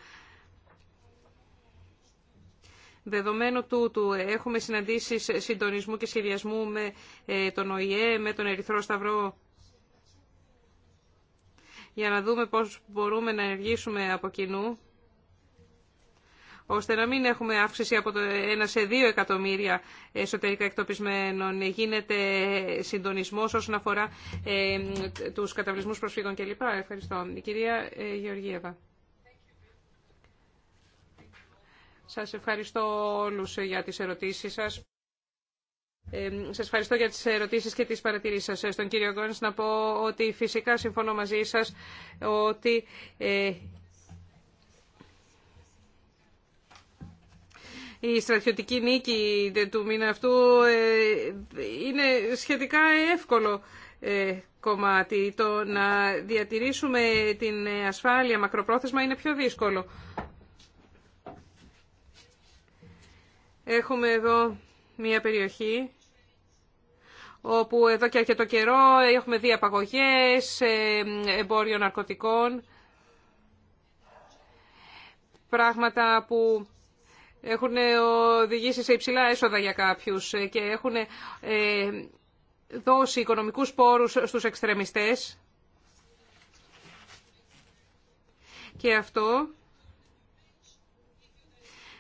Δεδομένου τούτου, έχουμε συναντήσεις συντονισμού και σχεδιασμού με ε, τον ΟΗΕ, με τον Ερυθρό Σταυρό, για να δούμε πώς μπορούμε να ενεργήσουμε από κοινού ώστε να μην έχουμε αύξηση από το 1 σε 2 εκατομμύρια εσωτερικά εκτοπισμένων. Γίνεται συντονισμός όσον αφορά ε, τους καταβλισμούς προσφύγων κλπ. Ευχαριστώ. Η κυρία ε, Γεωργίεβα. Σας ευχαριστώ όλους για τις ερωτήσεις σας. Ε, σας ευχαριστώ για τις ερωτήσεις και τις παρατηρήσεις σας. Ε, στον κύριο Γκόνη, να πω ότι φυσικά συμφωνώ μαζί σα ότι ε, η στρατιωτική νίκη του μήνα αυτού ε, είναι σχετικά εύκολο ε, κομμάτι. Το να διατηρήσουμε την ασφάλεια μακροπρόθεσμα είναι πιο δύσκολο. Έχουμε εδώ μία περιοχή όπου εδώ και αρκετό καιρό έχουμε δει απαγωγές, ε, εμπόριο ναρκωτικών, πράγματα που έχουν ε, οδηγήσει σε υψηλά έσοδα για κάποιους ε, και έχουν ε, δώσει οικονομικούς πόρους στους εξτρεμιστές. Και αυτό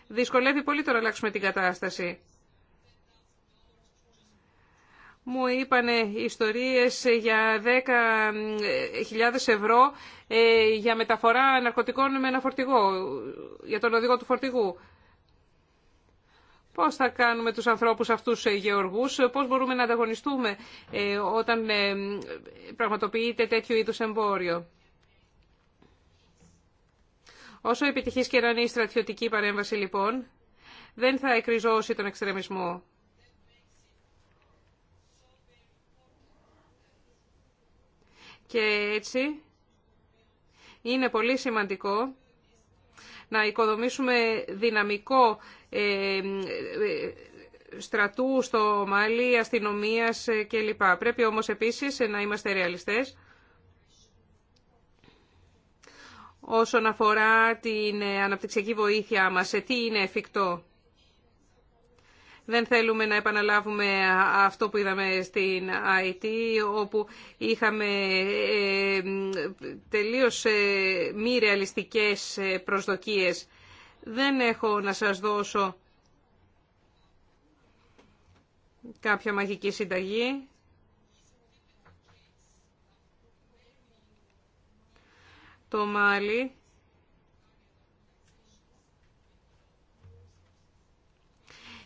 δυσκολεύει πολύ το να αλλάξουμε την κατάσταση. Μου είπανε ιστορίες για 10.000 ευρώ για μεταφορά ναρκωτικών με ένα φορτηγό, για τον οδηγό του φορτηγού. Πώς θα κάνουμε τους ανθρώπους αυτούς ε, γεωργούς, πώς μπορούμε να ανταγωνιστούμε ε, όταν ε, πραγματοποιείται τέτοιο είδους εμπόριο. Όσο επιτυχής και να είναι η στρατιωτική παρέμβαση λοιπόν, δεν θα εκριζώσει τον εξτρεμισμό. Και έτσι είναι πολύ σημαντικό να οικοδομήσουμε δυναμικό ε, ε, στρατού στο Μάλι, αστυνομίας ε, κλπ. Πρέπει όμως επίσης να είμαστε ρεαλιστές όσον αφορά την αναπτυξιακή βοήθεια μας. Τι είναι εφικτό. Δεν θέλουμε να επαναλάβουμε αυτό που είδαμε στην IT, όπου είχαμε τελείως μη ρεαλιστικές προσδοκίες δεν έχω να σας δώσω κάποια μαγική συνταγή. Το Μάλι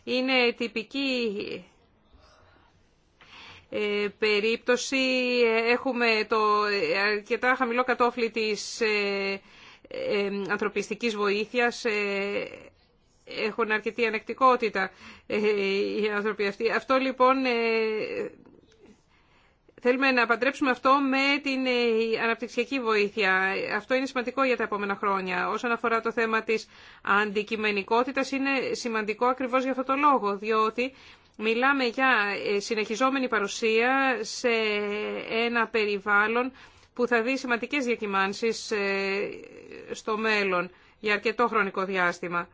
είναι τυπική ε, περίπτωση. Έχουμε το ε, αρκετά χαμηλό κατόφλι της ε, ανθρωπιστικής βοήθειας ε, έχουν αρκετή ανεκτικότητα ε, οι άνθρωποι αυτοί. Αυτό λοιπόν ε, θέλουμε να παντρέψουμε αυτό με την αναπτυξιακή βοήθεια. Αυτό είναι σημαντικό για τα επόμενα χρόνια. Όσον αφορά το θέμα της αντικειμενικότητας είναι σημαντικό ακριβώς για αυτό το λόγο, διότι μιλάμε για συνεχιζόμενη παρουσία σε ένα περιβάλλον που θα δει σημαντικές διακυμάνσεις ε, στο μέλλον για αρκετό χρονικό διάστημα.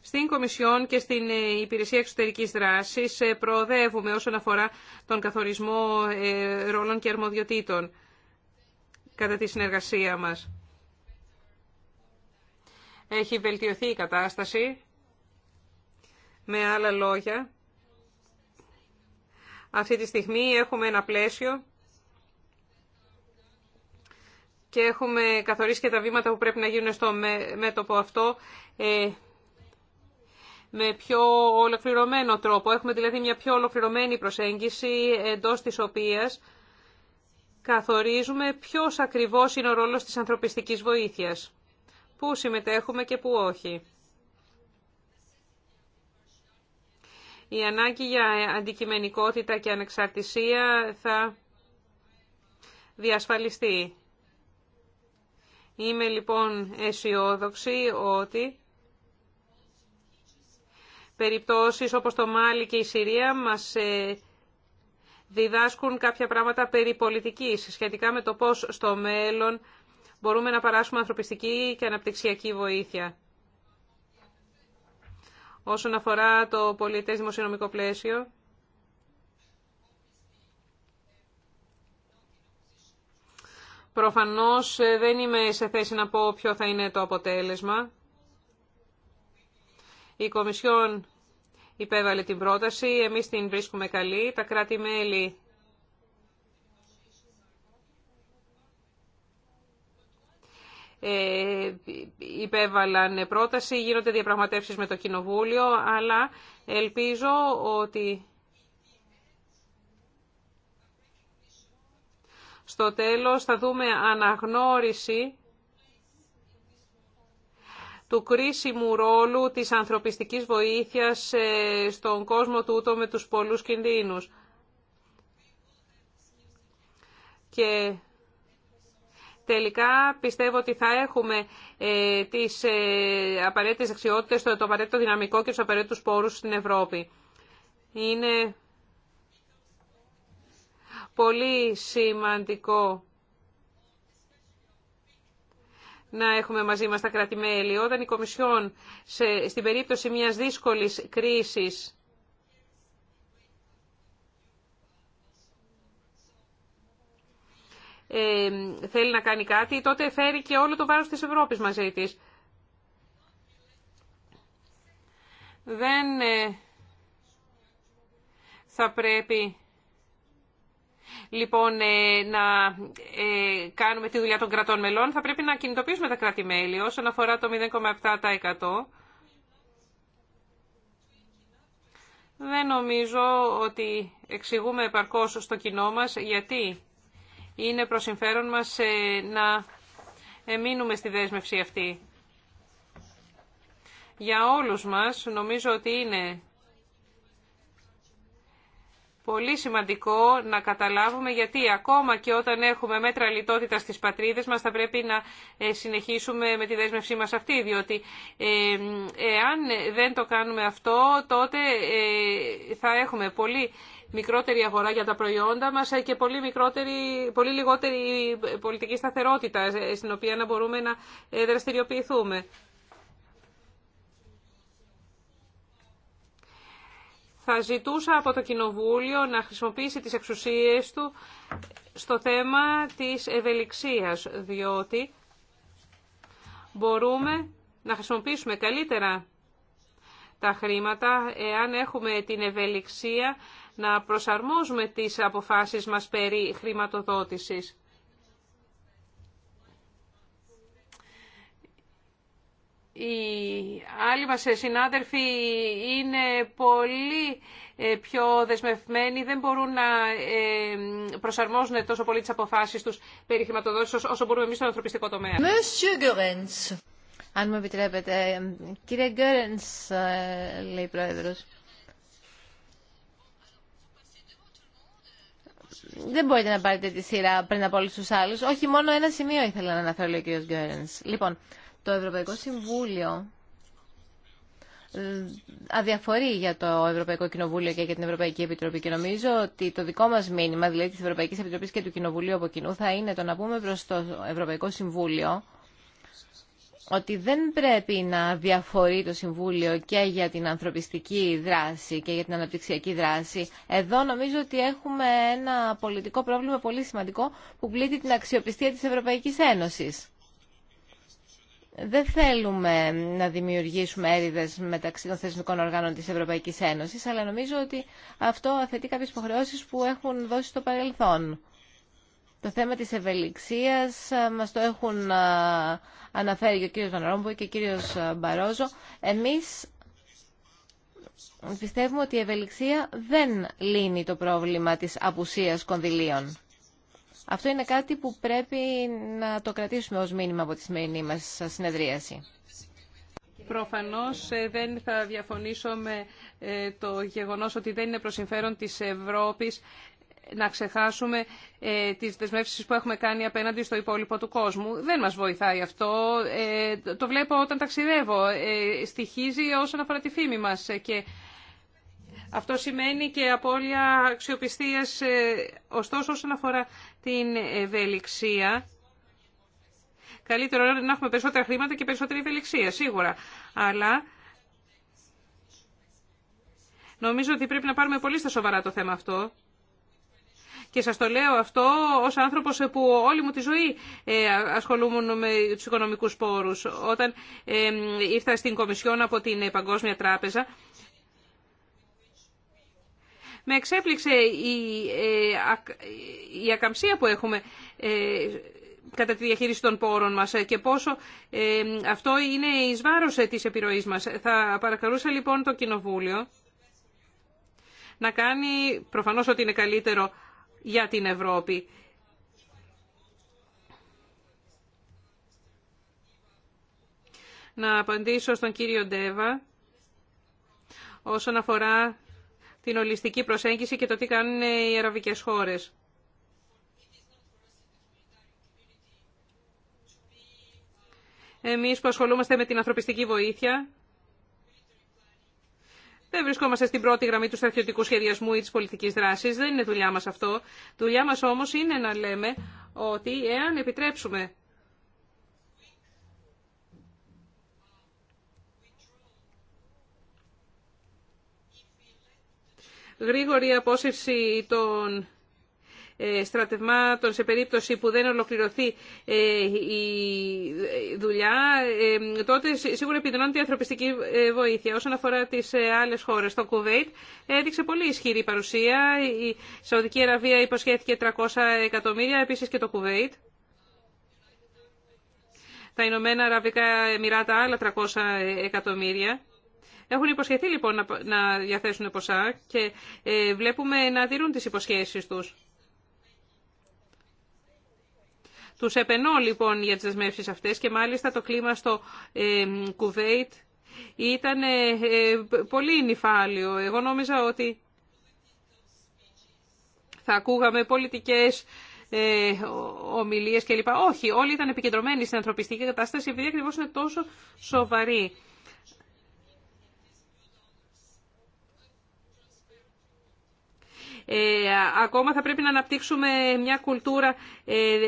Στην Κομισιόν και στην ε, Υπηρεσία Εξωτερικής Δράσης ε, προοδεύουμε όσον αφορά τον καθορισμό ρόλων και αρμοδιοτήτων κατά τη συνεργασία μας. Έχει βελτιωθεί η κατάσταση με άλλα λόγια, αυτή τη στιγμή έχουμε ένα πλαίσιο και έχουμε καθορίσει και τα βήματα που πρέπει να γίνουν στο μέτωπο αυτό ε, με πιο ολοκληρωμένο τρόπο. Έχουμε δηλαδή μια πιο ολοκληρωμένη προσέγγιση εντός της οποίας καθορίζουμε ποιος ακριβώς είναι ο ρόλος της ανθρωπιστικής βοήθειας, πού συμμετέχουμε και πού όχι. Η ανάγκη για αντικειμενικότητα και ανεξαρτησία θα διασφαλιστεί. Είμαι λοιπόν αισιόδοξη ότι περιπτώσεις όπως το Μάλι και η Συρία μας ε, διδάσκουν κάποια πράγματα περί πολιτικής, σχετικά με το πώς στο μέλλον μπορούμε να παράσουμε ανθρωπιστική και αναπτυξιακή βοήθεια. Όσον αφορά το πολιτές δημοσιονομικό πλαίσιο, προφανώς ε, δεν είμαι σε θέση να πω ποιο θα είναι το αποτέλεσμα. Η Κομισιόν υπέβαλε την πρόταση, εμείς την βρίσκουμε καλή, τα κράτη-μέλη Ε, υπέβαλαν πρόταση, γίνονται διαπραγματεύσεις με το Κοινοβούλιο, αλλά ελπίζω ότι στο τέλος θα δούμε αναγνώριση του κρίσιμου ρόλου της ανθρωπιστικής βοήθειας ε, στον κόσμο τούτο με τους πολλούς κινδύνους. Και Τελικά πιστεύω ότι θα έχουμε ε, τις ε, απαραίτητες το, απαραίτητο δυναμικό και τους απαραίτητους πόρους στην Ευρώπη. Είναι πολύ σημαντικό να έχουμε μαζί μας τα κράτη-μέλη. Όταν η Κομισιόν στην περίπτωση μιας δύσκολης κρίσης Ε, θέλει να κάνει κάτι, τότε φέρει και όλο το βάρος της Ευρώπης μαζί της. Δεν ε, θα πρέπει λοιπόν ε, να κάνουμε τη δουλειά των κρατών μελών. Θα πρέπει να κινητοποιήσουμε τα κράτη-μέλη όσον αφορά το 0,7%. Δεν νομίζω ότι εξηγούμε επαρκώς στο κοινό μας γιατί είναι προς συμφέρον μας ε, να εμείνουμε στη δέσμευση αυτή. Για όλους μας νομίζω ότι είναι πολύ σημαντικό να καταλάβουμε γιατί ακόμα και όταν έχουμε μέτρα λιτότητα στις πατρίδες μας θα πρέπει να ε, συνεχίσουμε με τη δέσμευσή μας αυτή, διότι ε, εάν δεν το κάνουμε αυτό τότε θα έχουμε πολύ μικρότερη αγορά για τα προϊόντα μας και πολύ, μικρότερη, πολύ λιγότερη πολιτική σταθερότητα στην οποία να μπορούμε να ε, δραστηριοποιηθούμε. Θα ζητούσα από το Κοινοβούλιο να χρησιμοποιήσει τις εξουσίες του στο θέμα της ευελιξίας, διότι μπορούμε να χρησιμοποιήσουμε καλύτερα τα χρήματα εάν έχουμε την ευελιξία να προσαρμόζουμε τις αποφάσεις μας περί χρηματοδότησης. οι άλλοι μας συνάδελφοι είναι πολύ ε, πιο δεσμευμένοι, δεν μπορούν να ε, προσαρμόζουν τόσο πολύ τις αποφάσεις τους περί χρηματοδότησης όσο μπορούμε εμείς στον ανθρωπιστικό τομέα. Αν μου επιτρέπετε, ε, κύριε Γκέρενς, λέει η Πρόεδρος. δεν μπορείτε να πάρετε τη σειρά πριν από όλου του άλλου. Όχι, μόνο ένα σημείο ήθελα να αναφέρω, λέει ο κ. Γκέρεν. Λοιπόν, το Ευρωπαϊκό Συμβούλιο ε, αδιαφορεί για το Ευρωπαϊκό Κοινοβούλιο και για την Ευρωπαϊκή Επιτροπή και νομίζω ότι το δικό μας μήνυμα, δηλαδή της Ευρωπαϊκής Επιτροπής και του Κοινοβουλίου από κοινού, θα είναι το να πούμε προς το Ευρωπαϊκό Συμβούλιο ότι δεν πρέπει να διαφορεί το Συμβούλιο και για την ανθρωπιστική δράση και για την αναπτυξιακή δράση. Εδώ νομίζω ότι έχουμε ένα πολιτικό πρόβλημα πολύ σημαντικό που πλήττει την αξιοπιστία της Ευρωπαϊκής Ένωσης. Δεν θέλουμε να δημιουργήσουμε έρηδες μεταξύ των θεσμικών οργάνων της Ευρωπαϊκής Ένωσης, αλλά νομίζω ότι αυτό αθετεί κάποιες υποχρεώσεις που έχουν δώσει στο παρελθόν. Το θέμα της ευελιξίας ε, μας το έχουν ε, αναφέρει και ο κύριος Βαναρόμπου και ο κύριος ε, Μπαρόζο. Εμείς πιστεύουμε ότι η ευελιξία δεν λύνει το πρόβλημα της απουσίας κονδυλίων. Αυτό είναι κάτι που πρέπει να το κρατήσουμε ως μήνυμα από τη σημερινή μας συνεδρίαση. Προφανώς δεν θα διαφωνήσω με το γεγονός ότι δεν είναι προσυμφέρον της Ευρώπης να ξεχάσουμε ε, τις δεσμεύσεις που έχουμε κάνει απέναντι στο υπόλοιπο του κόσμου. Δεν μας βοηθάει αυτό. Ε, το βλέπω όταν ταξιδεύω. Ε, στοιχίζει όσον αφορά τη φήμη μας. Ε, και αυτό σημαίνει και απώλεια αξιοπιστίας. Ε, ωστόσο, όσον αφορά την ευελιξία, καλύτερο είναι να έχουμε περισσότερα χρήματα και περισσότερη ευελιξία, σίγουρα. Αλλά νομίζω ότι πρέπει να πάρουμε πολύ στα σοβαρά το θέμα αυτό. Και σας το λέω αυτό ως άνθρωπος που όλη μου τη ζωή ε, ασχολούμουν με του οικονομικούς πόρους. Όταν ε, ήρθα στην Κομισιόν από την ε, Παγκόσμια Τράπεζα, με εξέπληξε η, η ακαμψία που έχουμε κατά τη διαχείριση των πόρων μας και πόσο αυτό είναι η βάρος της επιρροής μας. Θα παρακαλούσα λοιπόν το Κοινοβούλιο να κάνει, προφανώς ότι είναι καλύτερο για την Ευρώπη. Να απαντήσω στον κύριο Ντέβα όσον αφορά την ολιστική προσέγγιση και το τι κάνουν οι αραβικές χώρες. Εμείς που ασχολούμαστε με την ανθρωπιστική βοήθεια, δεν βρισκόμαστε στην πρώτη γραμμή του στρατιωτικού σχεδιασμού ή της πολιτικής δράσης. Δεν είναι δουλειά μας αυτό. Δουλειά μας όμως είναι να λέμε ότι εάν επιτρέψουμε γρήγορη απόσυρση των ε, στρατευμάτων σε περίπτωση που δεν ολοκληρωθεί ε, η δουλειά, ε, τότε σίγουρα επιδεινώνεται η ανθρωπιστική βοήθεια. Όσον αφορά τι άλλε χώρε. το Κουβέιτ έδειξε πολύ ισχυρή παρουσία. Η Σαουδική Αραβία υποσχέθηκε 300 εκατομμύρια, επίση και το Κουβέιτ. Τα Ηνωμένα Αραβικά Εμμυράτα άλλα 300 εκατομμύρια. Έχουν υποσχεθεί λοιπόν να διαθέσουν ποσά και βλέπουμε να τηρούν τις υποσχέσεις τους. Τους επενώ λοιπόν για τις δεσμεύσει αυτές και μάλιστα το κλίμα στο ε, Κουβέιτ ήταν ε, ε, πολύ νυφάλιο. Εγώ νόμιζα ότι θα ακούγαμε πολιτικές ε, ομιλίες κλπ. Όχι, όλοι ήταν επικεντρωμένοι στην ανθρωπιστική κατάσταση επειδή ακριβώς είναι τόσο σοβαρή. Ε, ακόμα θα πρέπει να αναπτύξουμε μια κουλτούρα ε,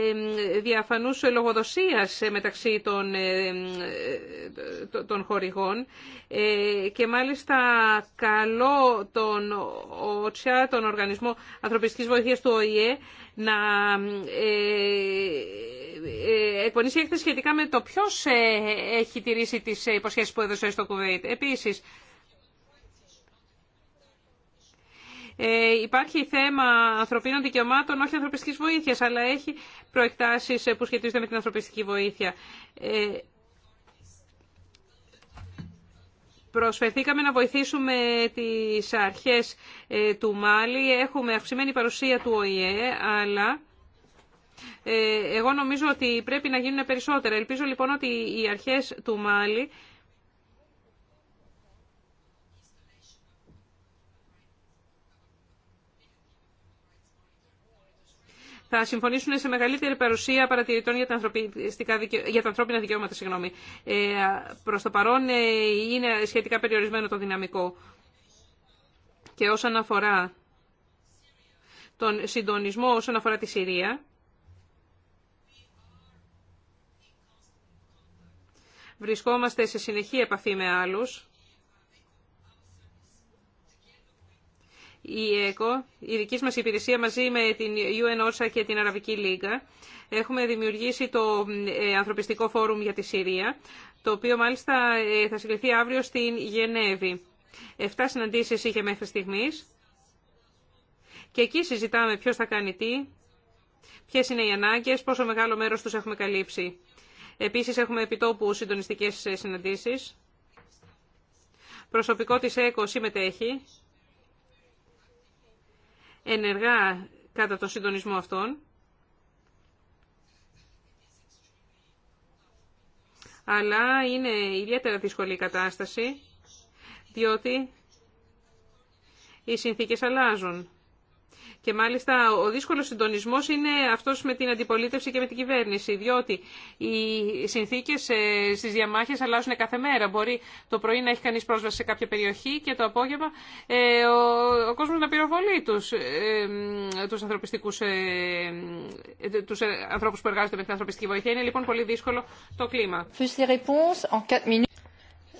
διαφανούς λογοδοσίας ε, μεταξύ των, των χορηγών και μάλιστα καλό τον ΟΤΣΑ, τον Οργανισμό Ανθρωπιστικής Βοήθειας του ΟΗΕ, να εκπονήσει έκθεση σχετικά με το ποιος έχει τηρήσει τις υποσχέσεις που έδωσε στο Κουβέιτ. Επίσης, Ε, υπάρχει θέμα ανθρωπίνων δικαιωμάτων, όχι ανθρωπιστικής βοήθειας, αλλά έχει προεκτάσεις ε, που σχετίζονται με την ανθρωπιστική βοήθεια. Ε, προσφερθήκαμε να βοηθήσουμε τις αρχές του Μάλι. Έχουμε αυξημένη παρουσία του ΟΗΕ, αλλά εγώ νομίζω ότι πρέπει να γίνουν περισσότερα. Ελπίζω λοιπόν ότι οι αρχές του Μάλι θα συμφωνήσουν σε μεγαλύτερη παρουσία παρατηρητών για τα, για ανθρώπινα δικαιώματα. Ε, προς το παρόν ε, είναι σχετικά περιορισμένο το δυναμικό. Και όσον αφορά τον συντονισμό όσον αφορά τη Συρία, βρισκόμαστε σε συνεχή επαφή με άλλους η ΕΚΟ, η δική μας υπηρεσία μαζί με την UNOSA και την Αραβική Λίγα, έχουμε δημιουργήσει το ε, Ανθρωπιστικό Φόρουμ για τη Συρία, το οποίο μάλιστα ε, θα συγκληθεί αύριο στην Γενέβη. Εφτά συναντήσεις είχε μέχρι στιγμής και εκεί συζητάμε ποιος θα κάνει τι, ποιες είναι οι ανάγκες, πόσο μεγάλο μέρος τους έχουμε καλύψει. Επίσης έχουμε επιτόπου συντονιστικές ε, συναντήσεις. Προσωπικό της ΕΚΟ συμμετέχει ενεργά κατά τον συντονισμό αυτών. Αλλά είναι ιδιαίτερα δύσκολη η κατάσταση, διότι οι συνθήκες αλλάζουν. Και μάλιστα ο δύσκολο συντονισμό είναι αυτό με την αντιπολίτευση και με την κυβέρνηση, διότι οι συνθήκες ε, στι διαμάχε αλλάζουν κάθε μέρα. Μπορεί το πρωί να έχει κανεί πρόσβαση σε κάποια περιοχή και το απόγευμα ε, ο κόσμο να πυροβολεί τους, ε, ανθρώπου ανθρώπους που εργάζονται με την ανθρωπιστική βοήθεια. Είναι λοιπόν πολύ δύσκολο το κλίμα.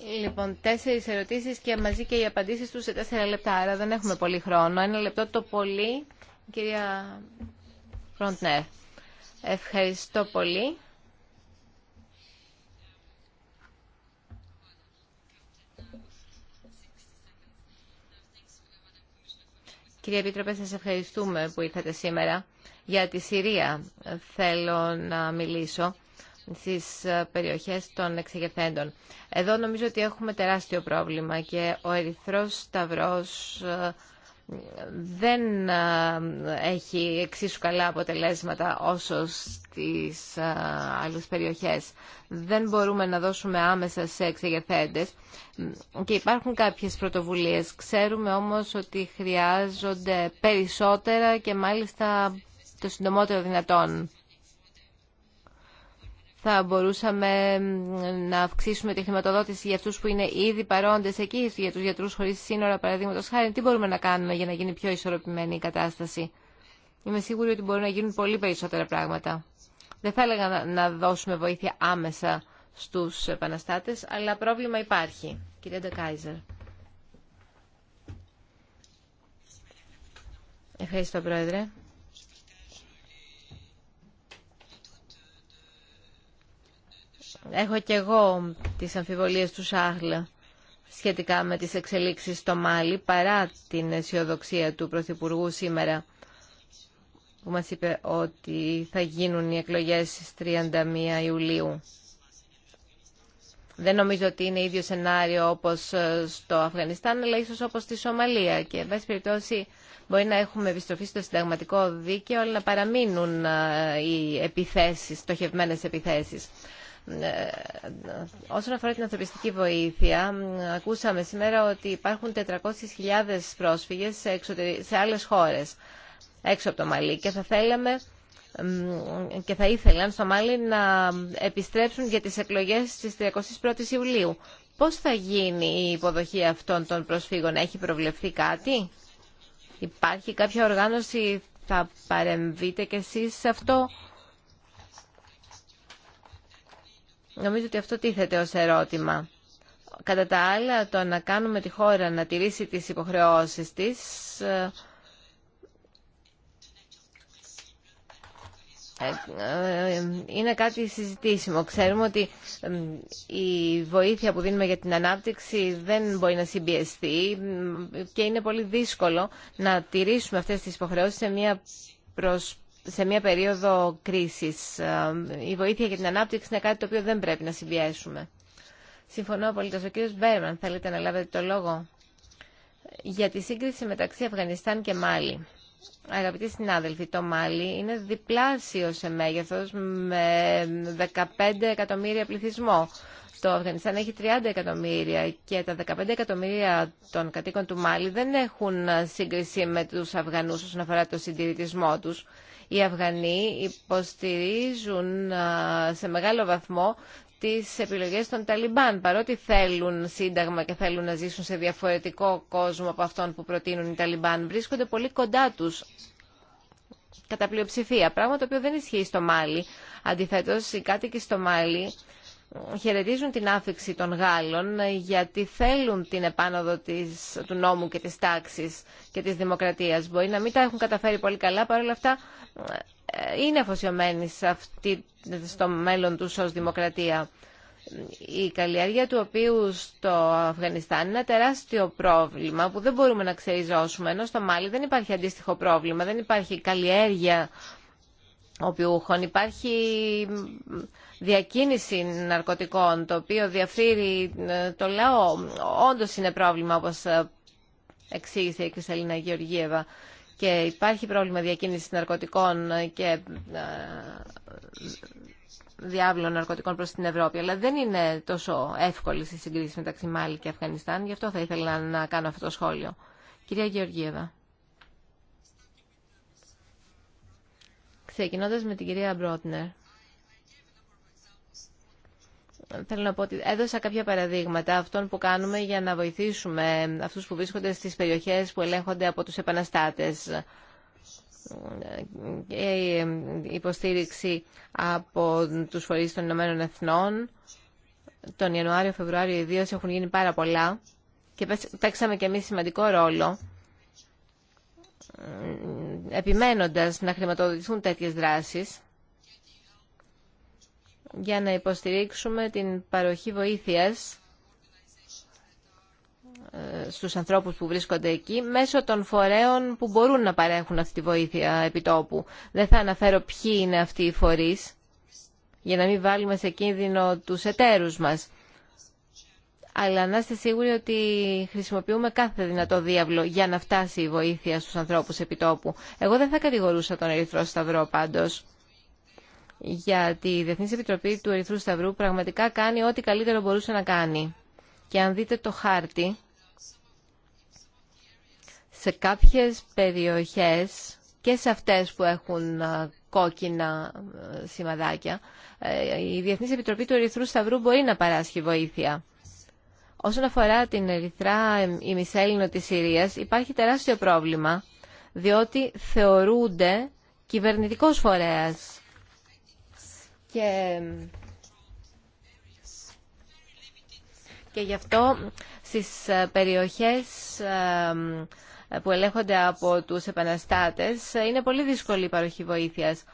Λοιπόν, τέσσερις ερωτήσεις και μαζί και οι απαντήσεις τους σε τέσσερα λεπτά, άρα δεν έχουμε πολύ χρόνο. Ένα λεπτό το πολύ, κυρία Φροντνέρ. Ευχαριστώ πολύ. Κυρία Επίτροπε, σας ευχαριστούμε που ήρθατε σήμερα. Για τη Συρία θέλω να μιλήσω στις ε, περιοχές των εξεγεθέντων. Εδώ νομίζω ότι έχουμε τεράστιο πρόβλημα και ο Ερυθρός Σταυρός ε, δεν ε, έχει εξίσου καλά αποτελέσματα όσο στις άλλες περιοχές. Δεν μπορούμε να δώσουμε άμεσα σε εξεγεθέντες και υπάρχουν κάποιες πρωτοβουλίες. Ξέρουμε όμως ότι χρειάζονται περισσότερα και μάλιστα το συντομότερο δυνατόν θα μπορούσαμε να αυξήσουμε τη χρηματοδότηση για αυτούς που είναι ήδη παρόντες εκεί, για τους γιατρούς χωρίς σύνορα παραδείγματος χάρη. Τι μπορούμε να κάνουμε για να γίνει πιο ισορροπημένη η κατάσταση. Είμαι σίγουρη ότι μπορούν να γίνουν πολύ περισσότερα πράγματα. Δεν θα έλεγα να δώσουμε βοήθεια άμεσα στους επαναστάτες, αλλά πρόβλημα υπάρχει. Κυρία Ντεκάιζερ. Ευχαριστώ, Πρόεδρε. Έχω και εγώ τις αμφιβολίες του Σάχλα σχετικά με τις εξελίξεις στο Μάλι παρά την αισιοδοξία του Πρωθυπουργού σήμερα που μας είπε ότι θα γίνουν οι εκλογές στις 31 Ιουλίου. Δεν νομίζω ότι είναι ίδιο σενάριο όπως στο Αφγανιστάν, αλλά ίσως όπως στη Σομαλία. Και, εν περιπτώσει, μπορεί να έχουμε επιστροφή στο συνταγματικό δίκαιο, αλλά να παραμείνουν ε, οι επιθέσεις, στοχευμένες επιθέσεις. Ε, όσον αφορά την ανθρωπιστική βοήθεια, ακούσαμε σήμερα ότι υπάρχουν 400.000 πρόσφυγες σε άλλες χώρες έξω από το Μαλί και θα θέλαμε και θα ήθελαν στο Μάλι να επιστρέψουν για τις εκλογές στις 31 η Ιουλίου. Πώς θα γίνει η υποδοχή αυτών των προσφύγων, έχει προβλεφθεί κάτι, υπάρχει κάποια οργάνωση, θα παρεμβείτε κι εσείς σε αυτό Νομίζω ότι αυτό τίθεται ως ερώτημα. Κατά τα άλλα, το να κάνουμε τη χώρα να τηρήσει τις υποχρεώσεις της ε, ε, είναι κάτι συζητήσιμο. Ξέρουμε ότι ε, η βοήθεια που δίνουμε για την ανάπτυξη δεν μπορεί να συμπιεστεί και είναι πολύ δύσκολο να τηρήσουμε αυτές τις υποχρεώσεις σε μια προσπάθεια σε μια περίοδο κρίσης. Ε, η βοήθεια για την ανάπτυξη είναι κάτι το οποίο δεν πρέπει να συμπιέσουμε. Συμφωνώ πολύ. Ο κύριος Μπέρμαν, θέλετε να λάβετε το λόγο για τη σύγκριση μεταξύ Αφγανιστάν και Μάλι. Αγαπητοί συνάδελφοι, το Μάλι είναι διπλάσιο σε μέγεθος με 15 εκατομμύρια πληθυσμό. Το Αφγανιστάν έχει 30 εκατομμύρια και τα 15 εκατομμύρια των κατοίκων του Μάλι δεν έχουν σύγκριση με τους Αφγανούς όσον αφορά το συντηρητισμό τους. Οι Αφγανοί υποστηρίζουν σε μεγάλο βαθμό τις επιλογές των Ταλιμπάν, παρότι θέλουν σύνταγμα και θέλουν να ζήσουν σε διαφορετικό κόσμο από αυτόν που προτείνουν οι Ταλιμπάν, βρίσκονται πολύ κοντά τους κατά πλειοψηφία, πράγμα το οποίο δεν ισχύει στο Μάλι. Αντιθέτως, οι κάτοικοι στο Μάλι χαιρετίζουν την άφηξη των Γάλλων ε, γιατί θέλουν την επάνωδο της, του νόμου και της τάξης και της δημοκρατίας. Μπορεί να μην τα έχουν καταφέρει πολύ καλά, παρόλα αυτά ε, είναι αφοσιωμένοι σε αυτή, στο μέλλον τους ως δημοκρατία. Η καλλιέργεια του οποίου στο Αφγανιστάν είναι ένα τεράστιο πρόβλημα που δεν μπορούμε να ξεριζώσουμε, ενώ στο Μάλι δεν υπάρχει αντίστοιχο πρόβλημα, δεν υπάρχει καλλιέργεια οπιούχων. Υπάρχει διακίνηση ναρκωτικών, το οποίο διαφύρει ε, το λαό. Όντως είναι πρόβλημα, όπως ε, εξήγησε η Κρυσταλίνα Γεωργίευα. Και υπάρχει πρόβλημα διακίνηση ναρκωτικών και ε, διάβλων ναρκωτικών προς την Ευρώπη. Αλλά δεν είναι τόσο εύκολη η συγκρίση μεταξύ Μάλι και Αφγανιστάν. Γι' αυτό θα ήθελα να κάνω αυτό το σχόλιο. Κυρία Γεωργίευα. ξεκινώντας με την κυρία Μπρότνερ. Θέλω να πω ότι έδωσα κάποια παραδείγματα αυτών που κάνουμε για να βοηθήσουμε αυτούς που βρίσκονται στις περιοχές που ελέγχονται από τους επαναστάτες και υποστήριξη από τους φορείς των Ηνωμένων Εθνών. Τον Ιανουάριο, Φεβρουάριο ιδίω έχουν γίνει πάρα πολλά και παίξαμε και εμείς σημαντικό ρόλο επιμένοντας να χρηματοδοτηθούν τέτοιες δράσεις για να υποστηρίξουμε την παροχή βοήθειας ε, στους ανθρώπους που βρίσκονται εκεί μέσω των φορέων που μπορούν να παρέχουν αυτή τη βοήθεια επιτόπου. Δεν θα αναφέρω ποιοι είναι αυτοί οι φορείς για να μην βάλουμε σε κίνδυνο τους εταίρους μας αλλά να είστε σίγουροι ότι χρησιμοποιούμε κάθε δυνατό διάβλο για να φτάσει η βοήθεια στους ανθρώπους επιτόπου. Εγώ δεν θα κατηγορούσα τον Ερυθρό Σταυρό πάντως γιατί η Διεθνής Επιτροπή του Ερυθρού Σταυρού πραγματικά κάνει ό,τι καλύτερο μπορούσε να κάνει. Και αν δείτε το χάρτη, σε κάποιες περιοχές και σε αυτές που έχουν κόκκινα σημαδάκια, ε, η Διεθνής Επιτροπή του Ερυθρού Σταυρού μπορεί να παράσχει βοήθεια. Όσον αφορά την Ερυθρά ημισέλινο της Συρίας, υπάρχει τεράστιο πρόβλημα, διότι θεωρούνται κυβερνητικός φορέας. Και, και γι' αυτό στις περιοχές που ελέγχονται από τους επαναστάτες είναι πολύ δύσκολη η παροχή βοήθειας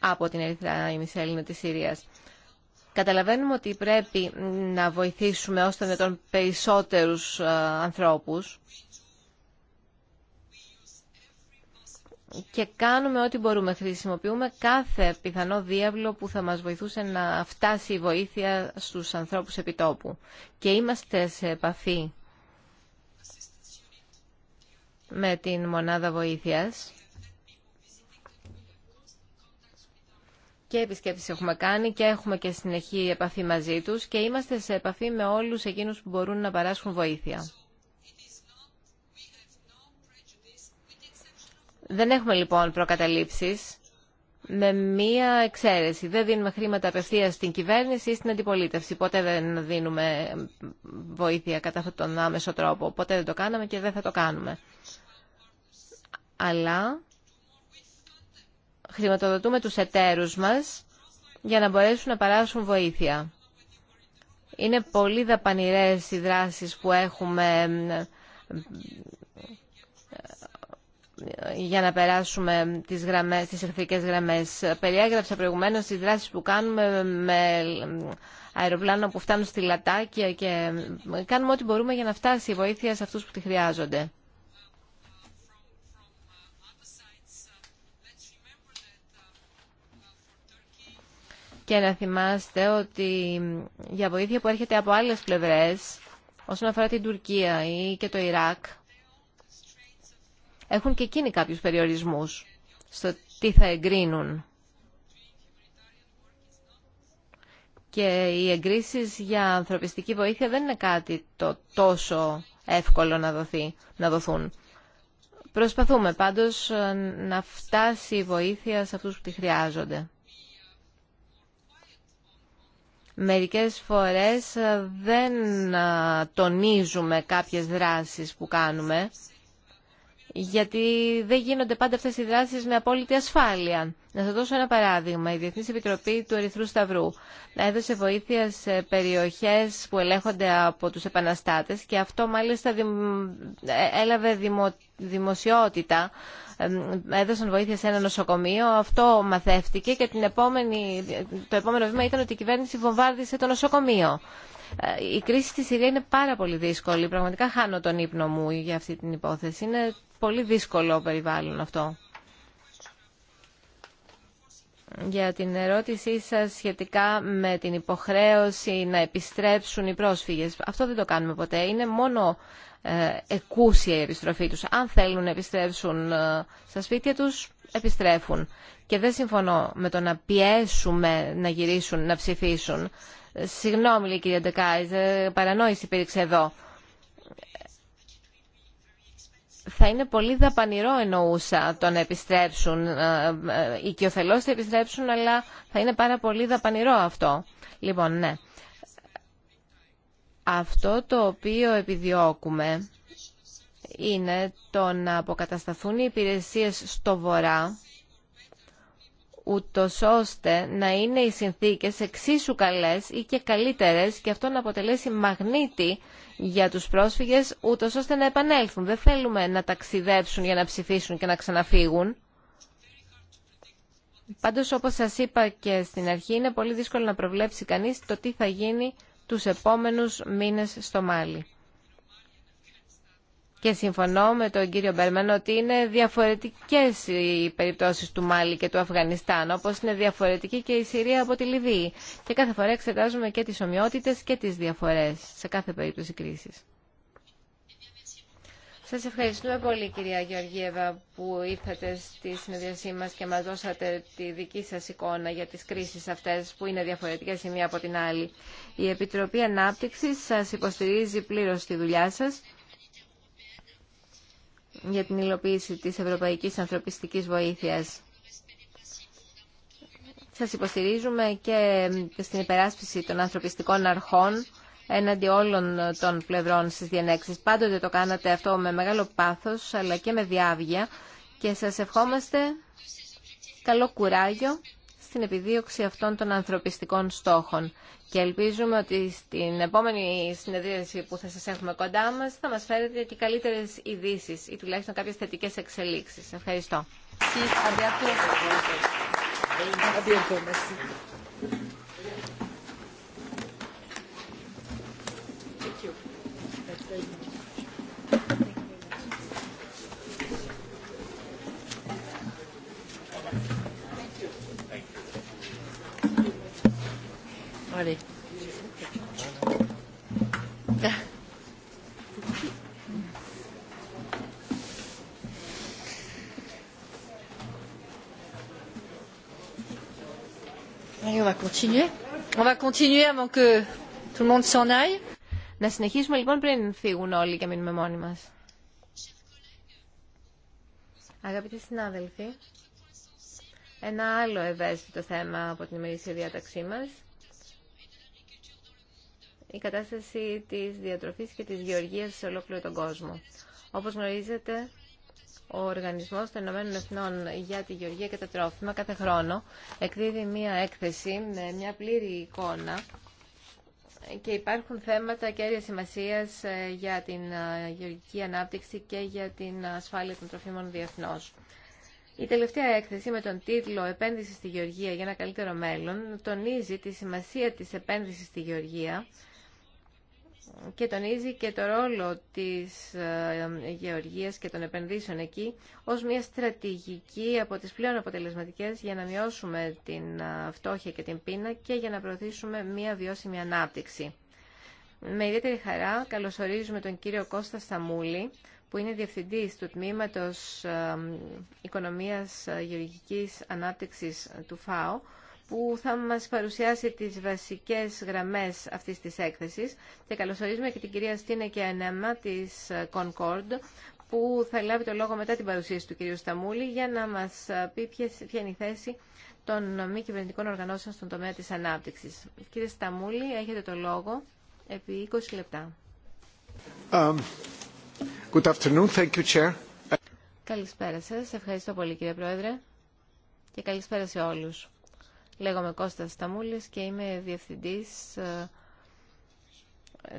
από την Ερυθρά ημισέλινο της Συρίας. Καταλαβαίνουμε ότι πρέπει να βοηθήσουμε ώστε με τον περισσότερους ε, ανθρώπους και κάνουμε ό,τι μπορούμε. Χρησιμοποιούμε κάθε πιθανό διάβλο που θα μας βοηθούσε να φτάσει η βοήθεια στους ανθρώπους επιτόπου. Και είμαστε σε επαφή με την μονάδα βοήθειας και επισκέψεις έχουμε κάνει και έχουμε και συνεχή επαφή μαζί τους και είμαστε σε επαφή με όλους εκείνους που μπορούν να παράσχουν βοήθεια. Δεν έχουμε λοιπόν προκαταλήψεις με μία εξαίρεση. Δεν δίνουμε χρήματα απευθεία στην κυβέρνηση ή στην αντιπολίτευση. Ποτέ δεν δίνουμε βοήθεια κατά αυτόν τον άμεσο τρόπο. Ποτέ δεν το κάναμε και δεν θα το κάνουμε. Αλλά χρηματοδοτούμε τους εταίρους μας για να μπορέσουν να παράσουν βοήθεια. Είναι πολύ δαπανηρές οι δράσεις που έχουμε για να περάσουμε τις, γραμμές, τις εχθρικές γραμμές. Περιέγραψα προηγουμένως τις δράσεις που κάνουμε με αεροπλάνο που φτάνουν στη Λατάκια και κάνουμε ό,τι μπορούμε για να φτάσει η βοήθεια σε αυτούς που τη χρειάζονται. και να θυμάστε ότι για βοήθεια που έρχεται από άλλες πλευρές, όσον αφορά την Τουρκία ή και το Ιράκ, έχουν και εκείνοι κάποιους περιορισμούς στο τι θα εγκρίνουν. Και οι εγκρίσεις για ανθρωπιστική βοήθεια δεν είναι κάτι το τόσο εύκολο να, δοθεί, να δοθούν. Προσπαθούμε πάντως να φτάσει η βοήθεια σε αυτούς που τη χρειάζονται. Μερικές φορές ε, δεν ε, τονίζουμε κάποιες δράσεις που κάνουμε, γιατί δεν γίνονται πάντα αυτές οι δράσεις με απόλυτη ασφάλεια. Να σας δώσω ένα παράδειγμα. Η Διεθνής Επιτροπή του Ερυθρού Σταυρού έδωσε βοήθεια σε περιοχές που ελέγχονται από τους επαναστάτες και αυτό μάλιστα ε, έλαβε δημοσιότητα έδωσαν βοήθεια σε ένα νοσοκομείο. Αυτό μαθεύτηκε και την επόμενη, το επόμενο βήμα ήταν ότι η κυβέρνηση βομβάρδισε το νοσοκομείο. Ε, η κρίση στη Συρία είναι πάρα πολύ δύσκολη. Πραγματικά χάνω τον ύπνο μου για αυτή την υπόθεση. Είναι πολύ δύσκολο περιβάλλον αυτό. Για την ερώτησή σας σχετικά με την υποχρέωση να επιστρέψουν οι πρόσφυγες. Αυτό δεν το κάνουμε ποτέ. Είναι μόνο ε, εκούσια η επιστροφή τους. Αν θέλουν να επιστρέψουν ε, στα σπίτια τους, επιστρέφουν. Και δεν συμφωνώ με το να πιέσουμε να γυρίσουν, να ψηφίσουν. Ε, συγγνώμη, λέει κυρία Ντεκάιζερ, παρανόηση υπήρξε εδώ. Θα είναι πολύ δαπανηρό εννοούσα το να επιστρέψουν. Οι οικειοθελώς θα επιστρέψουν, αλλά θα είναι πάρα πολύ δαπανηρό αυτό. Λοιπόν, ναι. Αυτό το οποίο επιδιώκουμε είναι το να αποκατασταθούν οι υπηρεσίες στο βορρά ούτω ώστε να είναι οι συνθήκες εξίσου καλές ή και καλύτερες και αυτό να αποτελέσει μαγνήτη για τους πρόσφυγες ούτω ώστε να επανέλθουν. Δεν θέλουμε να ταξιδέψουν για να ψηφίσουν και να ξαναφύγουν. Πάντως όπως σας είπα και στην αρχή είναι πολύ δύσκολο να προβλέψει κανείς το τι θα γίνει τους επόμενους μήνες στο Μάλι. Και συμφωνώ με τον κύριο Μπέρμαν ότι είναι διαφορετικές οι περιπτώσεις του Μάλι και του Αφγανιστάν, όπως είναι διαφορετική και η Συρία από τη Λιβύη. Και κάθε φορά εξετάζουμε και τις ομοιότητες και τις διαφορές σε κάθε περίπτωση κρίσης. Σας ευχαριστούμε πολύ κυρία Γεωργίευα που ήρθατε στη συνεδρίασή μας και μας δώσατε τη δική σας εικόνα για τις κρίσεις αυτές που είναι διαφορετικές η μία από την άλλη. Η Επιτροπή Ανάπτυξης σας υποστηρίζει πλήρως τη δουλειά σας για την υλοποίηση της Ευρωπαϊκής Ανθρωπιστικής Βοήθειας. Σας υποστηρίζουμε και στην υπεράσπιση των ανθρωπιστικών αρχών έναντι όλων των πλευρών στις διενέξεις. Πάντοτε το κάνατε αυτό με μεγάλο πάθος αλλά και με διάβγεια και σας ευχόμαστε καλό κουράγιο στην επιδίωξη αυτών των ανθρωπιστικών στόχων. Και ελπίζουμε ότι στην επόμενη συνεδρίαση που θα σας έχουμε κοντά μας θα μας φέρετε και καλύτερες ειδήσει ή τουλάχιστον κάποιες θετικές εξελίξεις. Ευχαριστώ. Allez. on va continuer. On va continuer avant que tout le monde s'en aille. Να συνεχίσουμε λοιπόν πριν φύγουν όλοι και μείνουμε μόνοι μας. Αγαπητοί συνάδελφοι, ένα άλλο ευαίσθητο θέμα από την ημερήσια διάταξή μας η κατάσταση της διατροφής και της γεωργίας σε ολόκληρο τον κόσμο. Όπως γνωρίζετε, ο Οργανισμός των Ηνωμένων Εθνών για τη Γεωργία και τα Τρόφιμα κάθε χρόνο εκδίδει μία έκθεση με μία πλήρη εικόνα και υπάρχουν θέματα κέρια σημασία ε, για την ε, γεωργική ανάπτυξη και για την ασφάλεια των τροφίμων διεθνώ. Η τελευταία έκθεση με τον τίτλο «Επένδυση στη Γεωργία για ένα καλύτερο μέλλον» τονίζει τη σημασία τη επένδυσης στη Γεωργία και τονίζει και το ρόλο της ε, γεωργίας και των επενδύσεων εκεί ως μια στρατηγική από τις πλέον αποτελεσματικές για να μειώσουμε την ε, φτώχεια και την πείνα και για να προωθήσουμε μια βιώσιμη ανάπτυξη. Με ιδιαίτερη χαρά καλωσορίζουμε τον κύριο Κώστα Σταμούλη που είναι Διευθυντής του Τμήματος ε, Οικονομίας Γεωργικής Ανάπτυξης του ΦΑΟ που θα μας παρουσιάσει τις βασικές γραμμές αυτής της έκθεσης και καλωσορίζουμε και την κυρία Στίνα και Ανέμα της Concord που θα λάβει το λόγο μετά την παρουσίαση του κυρίου Σταμούλη για να μας πει ποια είναι η θέση των μη κυβερνητικών οργανώσεων στον τομέα της ανάπτυξης. Κύριε Σταμούλη, έχετε το λόγο επί 20 λεπτά. Um, good afternoon. Thank you, Chair. Καλησπέρα σας. Ευχαριστώ πολύ κύριε Πρόεδρε και καλησπέρα σε όλους. Λέγομαι Κώστας Σταμούλης και είμαι διευθυντής ε,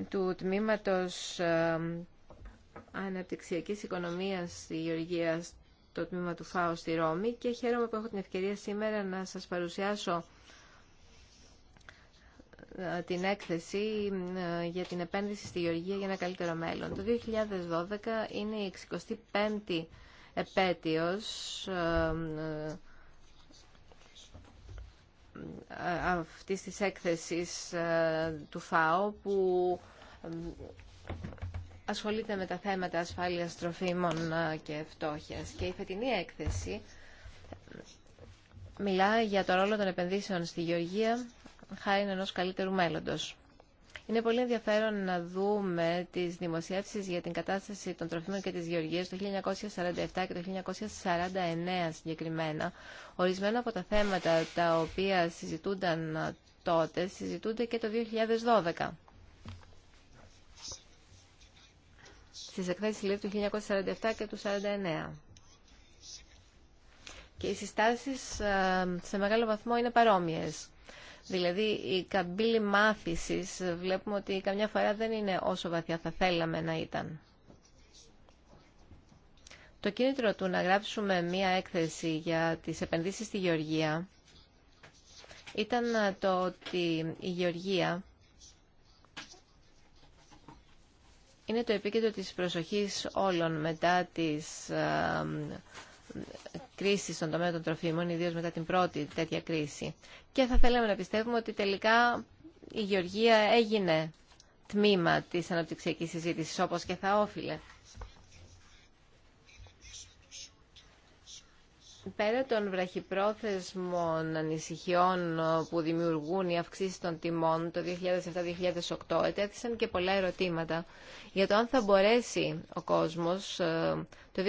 του τμήματος ε, αναπτυξιακής οικονομίας στη Γεωργία το τμήμα του ΦΑΟ στη Ρώμη και χαίρομαι που έχω την ευκαιρία σήμερα να σας παρουσιάσω ε, την έκθεση για την επένδυση στη Γεωργία για ένα καλύτερο μέλλον. Το 2012 είναι η 65η επέτειος αυτής της έκθεσης ε, του ΦΑΟ που ε, ασχολείται με τα θέματα ασφάλειας τροφίμων ε, και φτώχειας. Και η φετινή έκθεση μιλά για το ρόλο των επενδύσεων στη γεωργία χάρη ενός καλύτερου μέλλοντος. Είναι πολύ ενδιαφέρον να δούμε τις δημοσιεύσεις για την κατάσταση των τροφίμων και τη γεωργία το 1947 και το 1949 συγκεκριμένα. Ορισμένα από τα θέματα τα οποία συζητούνταν τότε συζητούνται και το 2012. Στις εκθέσεις λέει του 1947 και του 1949. Και οι συστάσεις ε, σε μεγάλο βαθμό είναι παρόμοιες. Δηλαδή η καμπύλη μάθησης βλέπουμε ότι καμιά φορά δεν είναι όσο βαθιά θα θέλαμε να ήταν. Το κίνητρο του να γράψουμε μία έκθεση για τις επενδύσεις στη Γεωργία ήταν το ότι η Γεωργία είναι το επίκεντρο της προσοχής όλων μετά τις ε, κρίση στον τομέα των τροφίμων, ιδίω μετά την πρώτη τέτοια κρίση. Και θα θέλαμε να πιστεύουμε ότι τελικά η γεωργία έγινε τμήμα της αναπτυξιακής συζήτησης, όπως και θα όφιλε. Πέρα των βραχυπρόθεσμων ανησυχιών που δημιουργούν οι αυξήσει των τιμών το 2007-2008, ετέθησαν και πολλά ερωτήματα για το αν θα μπορέσει ο κόσμος ε, το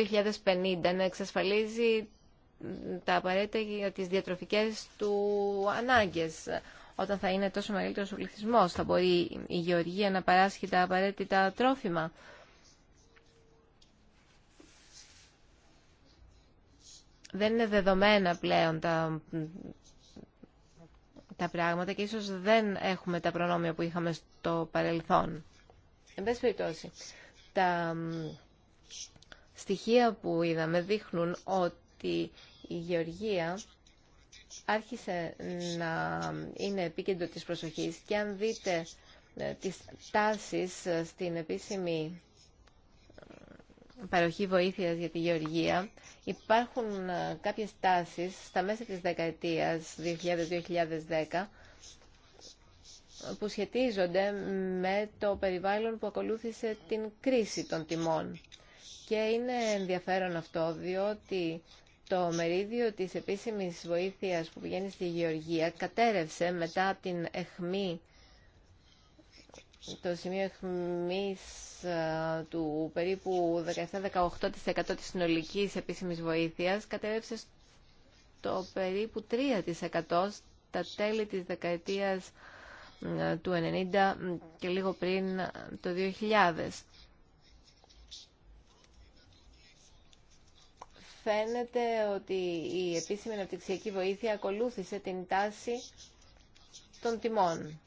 2050 να εξασφαλίζει τα απαραίτητα για τις διατροφικές του ανάγκες. Όταν θα είναι τόσο μεγαλύτερος ο πληθυσμός, θα μπορεί η γεωργία να παράσχει τα απαραίτητα τρόφιμα. δεν είναι δεδομένα πλέον τα, τα πράγματα και ίσως δεν έχουμε τα προνόμια που είχαμε στο παρελθόν. Εν τα στοιχεία που είδαμε δείχνουν ότι η γεωργία άρχισε να είναι επίκεντρο της προσοχής και αν δείτε ε, τις τάσεις ε, στην επίσημη παροχή βοήθειας για τη γεωργία, υπάρχουν ε, κάποιες τάσεις στα μέσα της δεκαετίας 2000-2010 που σχετίζονται με το περιβάλλον που ακολούθησε την κρίση των τιμών. Και είναι ενδιαφέρον αυτό, διότι το μερίδιο της επίσημης βοήθειας που πηγαίνει στη Γεωργία κατέρευσε μετά την εχμή το σημείο εχμής ε, του περίπου 17-18% της συνολικής επίσημης βοήθειας κατέρευσε στο περίπου 3% στα τέλη της δεκαετίας ε, του 90 και λίγο πριν ε, το 2000. Φαίνεται ότι η επίσημη αναπτυξιακή βοήθεια ακολούθησε την τάση των τιμών.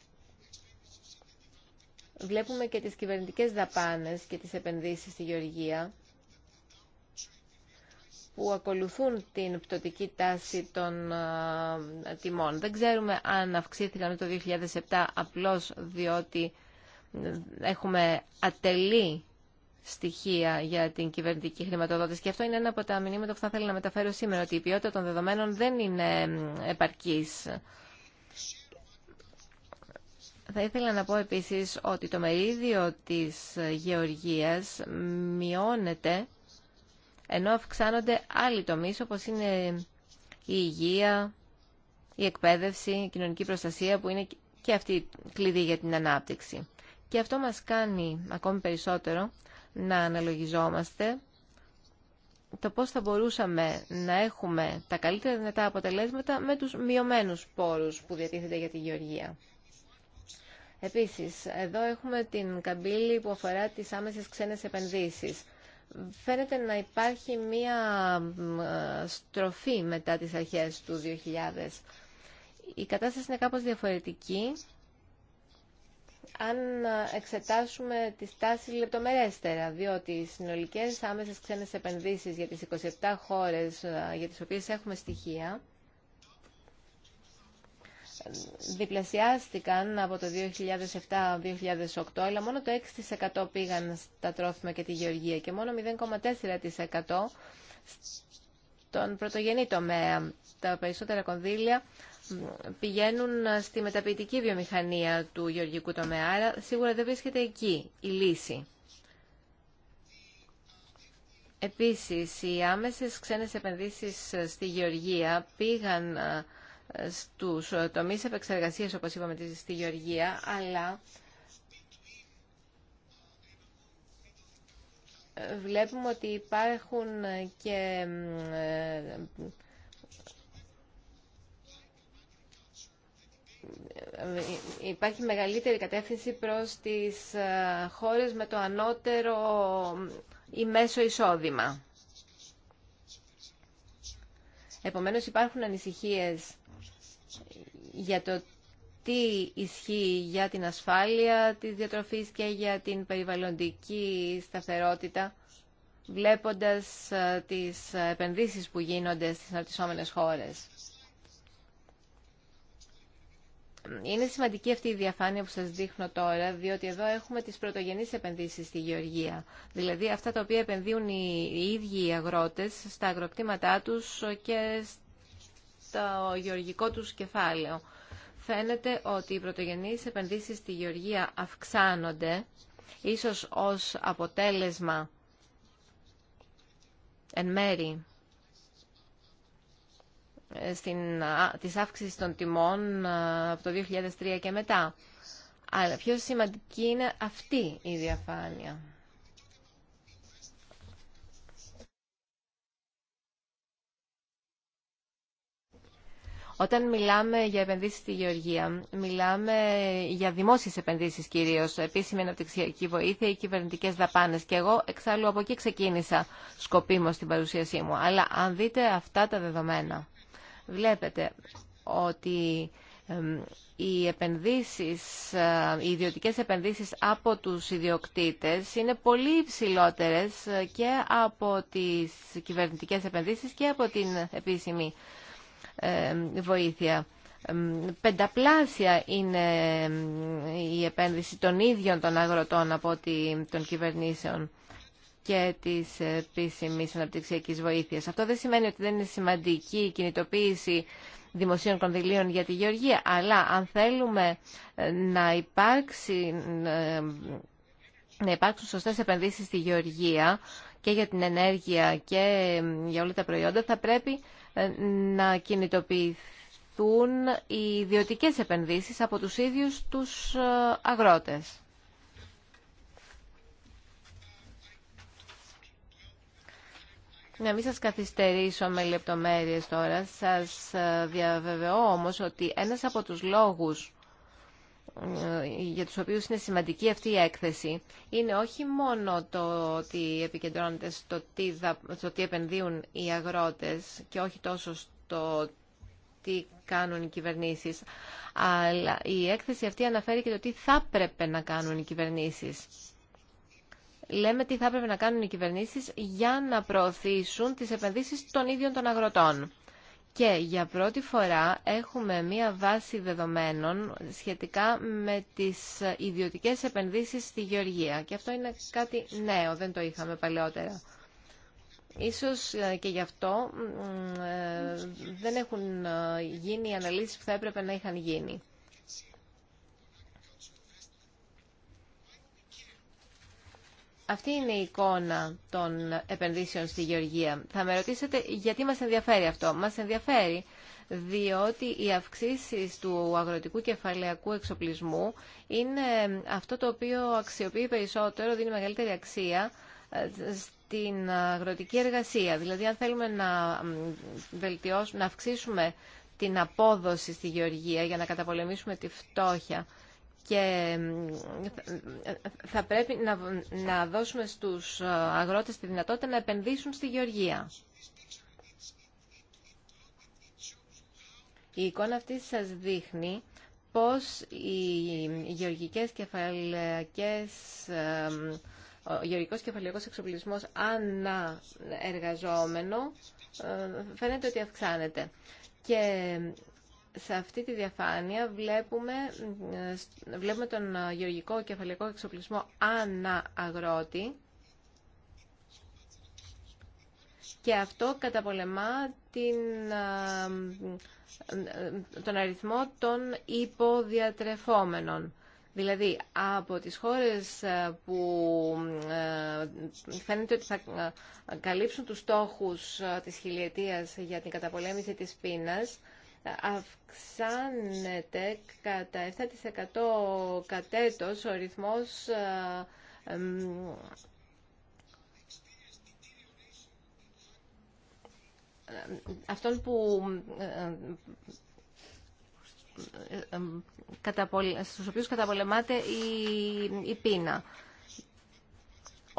Βλέπουμε και τις κυβερνητικές δαπάνες και τις επενδύσεις στη γεωργία που ακολουθούν την πτωτική τάση των τιμών. Δεν ξέρουμε αν αυξήθηκαν το 2007 απλώς διότι έχουμε ατελή στοιχεία για την κυβερνητική χρηματοδότηση. Και αυτό είναι ένα από τα μηνύματα που θα ήθελα να μεταφέρω σήμερα, ότι η ποιότητα των δεδομένων δεν είναι επαρκής. Θα ήθελα να πω επίσης ότι το μερίδιο της γεωργίας μειώνεται ενώ αυξάνονται άλλοι τομείς όπως είναι η υγεία, η εκπαίδευση, η κοινωνική προστασία που είναι και αυτή κλειδί για την ανάπτυξη. Και αυτό μας κάνει ακόμη περισσότερο να αναλογιζόμαστε το πώς θα μπορούσαμε να έχουμε τα καλύτερα δυνατά αποτελέσματα με τους μειωμένους πόρους που διατίθεται για τη γεωργία. Επίσης, εδώ έχουμε την καμπύλη που αφορά τις άμεσες ξένες επενδύσεις. Φαίνεται να υπάρχει μία ε, στροφή μετά τις αρχές του 2000. Η κατάσταση είναι κάπως διαφορετική αν ε, εξετάσουμε τις τάσεις λεπτομερέστερα, διότι οι συνολικές άμεσες ξένες επενδύσεις για τις 27 χώρες ε, για τις οποίες έχουμε στοιχεία διπλασιάστηκαν από το 2007-2008, αλλά μόνο το 6% πήγαν στα τρόφιμα και τη γεωργία και μόνο 0,4% στον πρωτογενή τομέα. Τα περισσότερα κονδύλια πηγαίνουν στη μεταποιητική βιομηχανία του γεωργικού τομέα, άρα σίγουρα δεν βρίσκεται εκεί η λύση. Επίσης, οι άμεσες ξένες επενδύσεις στη γεωργία πήγαν στους τομείς επεξεργασίας, όπως είπαμε, στη Γεωργία, αλλά βλέπουμε ότι υπάρχουν και υπάρχει μεγαλύτερη κατεύθυνση προς τις ε, χώρες με το ανώτερο ή μέσο εισόδημα. Επομένως υπάρχουν ανησυχίες για το τι ισχύει για την ασφάλεια της διατροφής και για την περιβαλλοντική σταθερότητα βλέποντας ε, τις επενδύσεις που γίνονται στις αναπτυσσόμενες χώρες. Είναι σημαντική αυτή η διαφάνεια που σας δείχνω τώρα, διότι εδώ έχουμε τις πρωτογενείς επενδύσεις στη γεωργία. Δηλαδή αυτά τα οποία επενδύουν οι ίδιοι οι αγρότες στα αγροκτήματά τους και το γεωργικό τους κεφάλαιο. Φαίνεται ότι οι πρωτογενείς επενδύσεις στη γεωργία αυξάνονται, ίσως ως αποτέλεσμα εν μέρη ε, στην, της αύξησης των τιμών ε, από το 2003 και μετά. Αλλά πιο σημαντική είναι αυτή η διαφάνεια. Όταν μιλάμε για επενδύσεις στη γεωργία, μιλάμε για δημόσιες επενδύσεις κυρίως, επίσημη αναπτυξιακή βοήθεια ή κυβερνητικές δαπάνες. Και εγώ εξάλλου από εκεί ξεκίνησα σκοπίμως την παρουσίασή μου. Αλλά αν δείτε αυτά τα δεδομένα, βλέπετε ότι οι επενδύσεις, ε, οι ιδιωτικές επενδύσεις από τους ιδιοκτήτες είναι πολύ υψηλότερες ε, και από τις κυβερνητικές επενδύσεις και από την επίσημη ε, βοήθεια. Πενταπλάσια είναι η επένδυση των ίδιων των αγροτών από των κυβερνήσεων και της επίσημη αναπτυξιακή βοήθειας. Αυτό δεν σημαίνει ότι δεν είναι σημαντική η κινητοποίηση δημοσίων κονδυλίων για τη γεωργία, αλλά αν θέλουμε ε, να, υπάρξει, ε, να υπάρξουν σωστές επενδύσεις στη γεωργία και για την ενέργεια και για όλα τα προϊόντα, θα πρέπει να κινητοποιηθούν οι ιδιωτικές επενδύσεις από τους ίδιους τους ε, αγρότες. Να μην σας καθυστερήσω με λεπτομέρειες τώρα, σας ε, διαβεβαιώ όμως ότι ένας από τους λόγους ε, για τους οποίους είναι σημαντική αυτή η έκθεση είναι όχι μόνο το ότι επικεντρώνεται στο τι, τι επενδύουν οι αγρότες και όχι τόσο στο τι κάνουν οι κυβερνήσεις, αλλά η έκθεση αυτή αναφέρει και το τι θα πρέπει να κάνουν οι κυβερνήσεις. Λέμε τι θα πρέπει να κάνουν οι κυβερνήσεις για να προωθήσουν τις επενδύσεις των ίδιων των αγροτών και για πρώτη φορά έχουμε μία βάση δεδομένων σχετικά με τις ιδιωτικές επενδύσεις στη Γεωργία. Και αυτό είναι κάτι νέο, δεν το είχαμε παλαιότερα. Ίσως ε, και γι' αυτό ε, δεν έχουν ε, γίνει οι αναλύσεις που θα έπρεπε να είχαν γίνει. Αυτή είναι η εικόνα των επενδύσεων στη Γεωργία. Θα με ρωτήσετε γιατί μας ενδιαφέρει αυτό. Μας ενδιαφέρει διότι οι αυξήσει του αγροτικού κεφαλαιακού εξοπλισμού είναι αυτό το οποίο αξιοποιεί περισσότερο, δίνει μεγαλύτερη αξία ε, στην αγροτική εργασία. Δηλαδή, αν θέλουμε να βελτιώσουμε, να αυξήσουμε την απόδοση στη γεωργία για να καταπολεμήσουμε τη φτώχεια και ε, θα πρέπει να, να δώσουμε στους ε, αγρότες τη δυνατότητα να επενδύσουν στη γεωργία. Η εικόνα αυτή σας δείχνει πώς οι γεωργικές κεφαλαιακές ε, ο γεωργικός κεφαλαιακός εξοπλισμός αναεργαζόμενο φαίνεται ότι αυξάνεται. Και σε αυτή τη διαφάνεια βλέπουμε, ε, βλέπουμε τον ε, γεωργικό κεφαλαιακό εξοπλισμό ανααγρότη και αυτό καταπολεμά την, ε, τον αριθμό των υποδιατρεφόμενων. Δηλαδή, από τις χώρες που φαίνεται ότι θα καλύψουν τους στόχους της χιλιετίας για την καταπολέμηση της πείνας, αυξάνεται κατά 7% κατέτος ο ρυθμός αυτών που στους οποίους καταπολεμάται η, η πείνα.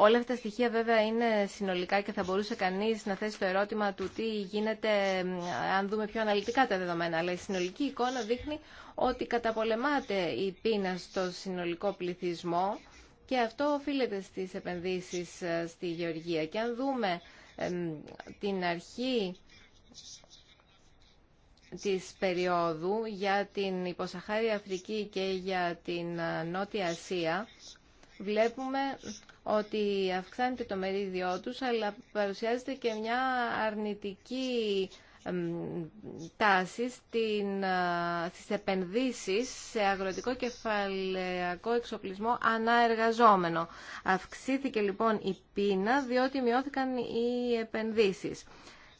Όλα αυτά τα στοιχεία βέβαια είναι συνολικά και θα μπορούσε κανείς να θέσει το ερώτημα του τι γίνεται αν δούμε πιο αναλυτικά τα δεδομένα. Αλλά η συνολική εικόνα δείχνει ότι καταπολεμάται η πείνα στο συνολικό πληθυσμό και αυτό οφείλεται στις επενδύσεις ε, στη γεωργία. Και αν δούμε ε, την αρχή της περίοδου για την υποσαχάρια Αφρική και για την ε, Νότια Ασία βλέπουμε ότι αυξάνεται το μερίδιό τους, αλλά παρουσιάζεται και μια αρνητική τάση στην, στις επενδύσεις σε αγροτικό κεφαλαιακό εξοπλισμό αναεργαζόμενο. Αυξήθηκε λοιπόν η πείνα διότι μειώθηκαν οι επενδύσεις.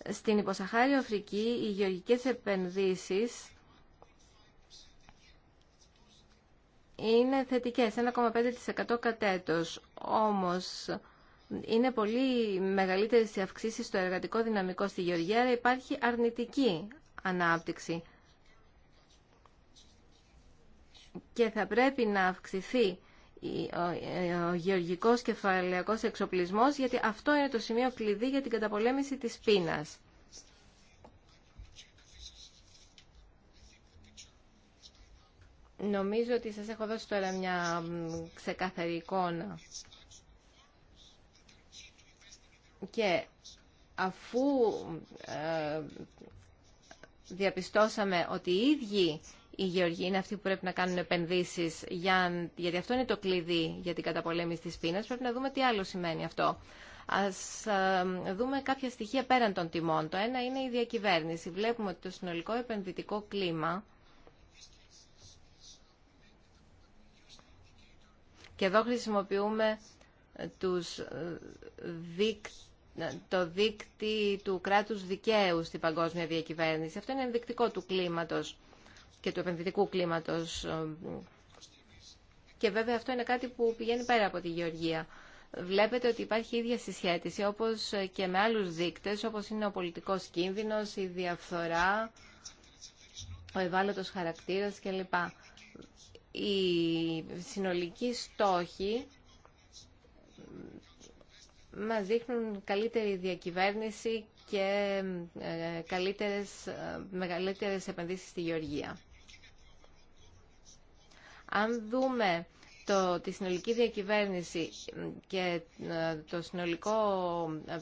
Στην υποσαχάριο Αφρική οι γεωργικές επενδύσεις είναι θετικές, 1,5% κατ' έτος. Όμως, είναι πολύ μεγαλύτερε οι αυξήσει στο εργατικό δυναμικό στη Γεωργία, αλλά υπάρχει αρνητική ανάπτυξη. Και θα πρέπει να αυξηθεί ο γεωργικός κεφαλαιακός εξοπλισμός, γιατί αυτό είναι το σημείο κλειδί για την καταπολέμηση της πείνας. Νομίζω ότι σας έχω δώσει τώρα μια ξεκάθαρη εικόνα. Και αφού ε, διαπιστώσαμε ότι οι ίδιοι οι γεωργοί είναι αυτοί που πρέπει να κάνουν επενδύσεις, για, γιατί αυτό είναι το κλειδί για την καταπολέμηση της πείνας, πρέπει να δούμε τι άλλο σημαίνει αυτό. Ας ε, δούμε κάποια στοιχεία πέραν των τιμών. Το ένα είναι η διακυβέρνηση. Βλέπουμε ότι το συνολικό επενδυτικό κλίμα Και εδώ χρησιμοποιούμε ε, τους ε, δίκ, ε, το δίκτυ του κράτους δικαίου στην παγκόσμια διακυβέρνηση. Αυτό είναι ενδεικτικό του κλίματος και του επενδυτικού κλίματος. Και βέβαια αυτό είναι κάτι που πηγαίνει πέρα από τη γεωργία. Βλέπετε ότι υπάρχει ίδια συσχέτιση όπως και με άλλους δείκτες, όπως είναι ο πολιτικός κίνδυνος, η διαφθορά, ο ευάλωτος χαρακτήρας κλπ οι συνολικοί στόχοι μας δείχνουν καλύτερη διακυβέρνηση και ε, καλύτερες, ε, μεγαλύτερες επενδύσεις στη γεωργία. Αν δούμε το, τη συνολική διακυβέρνηση και ε, το συνολικό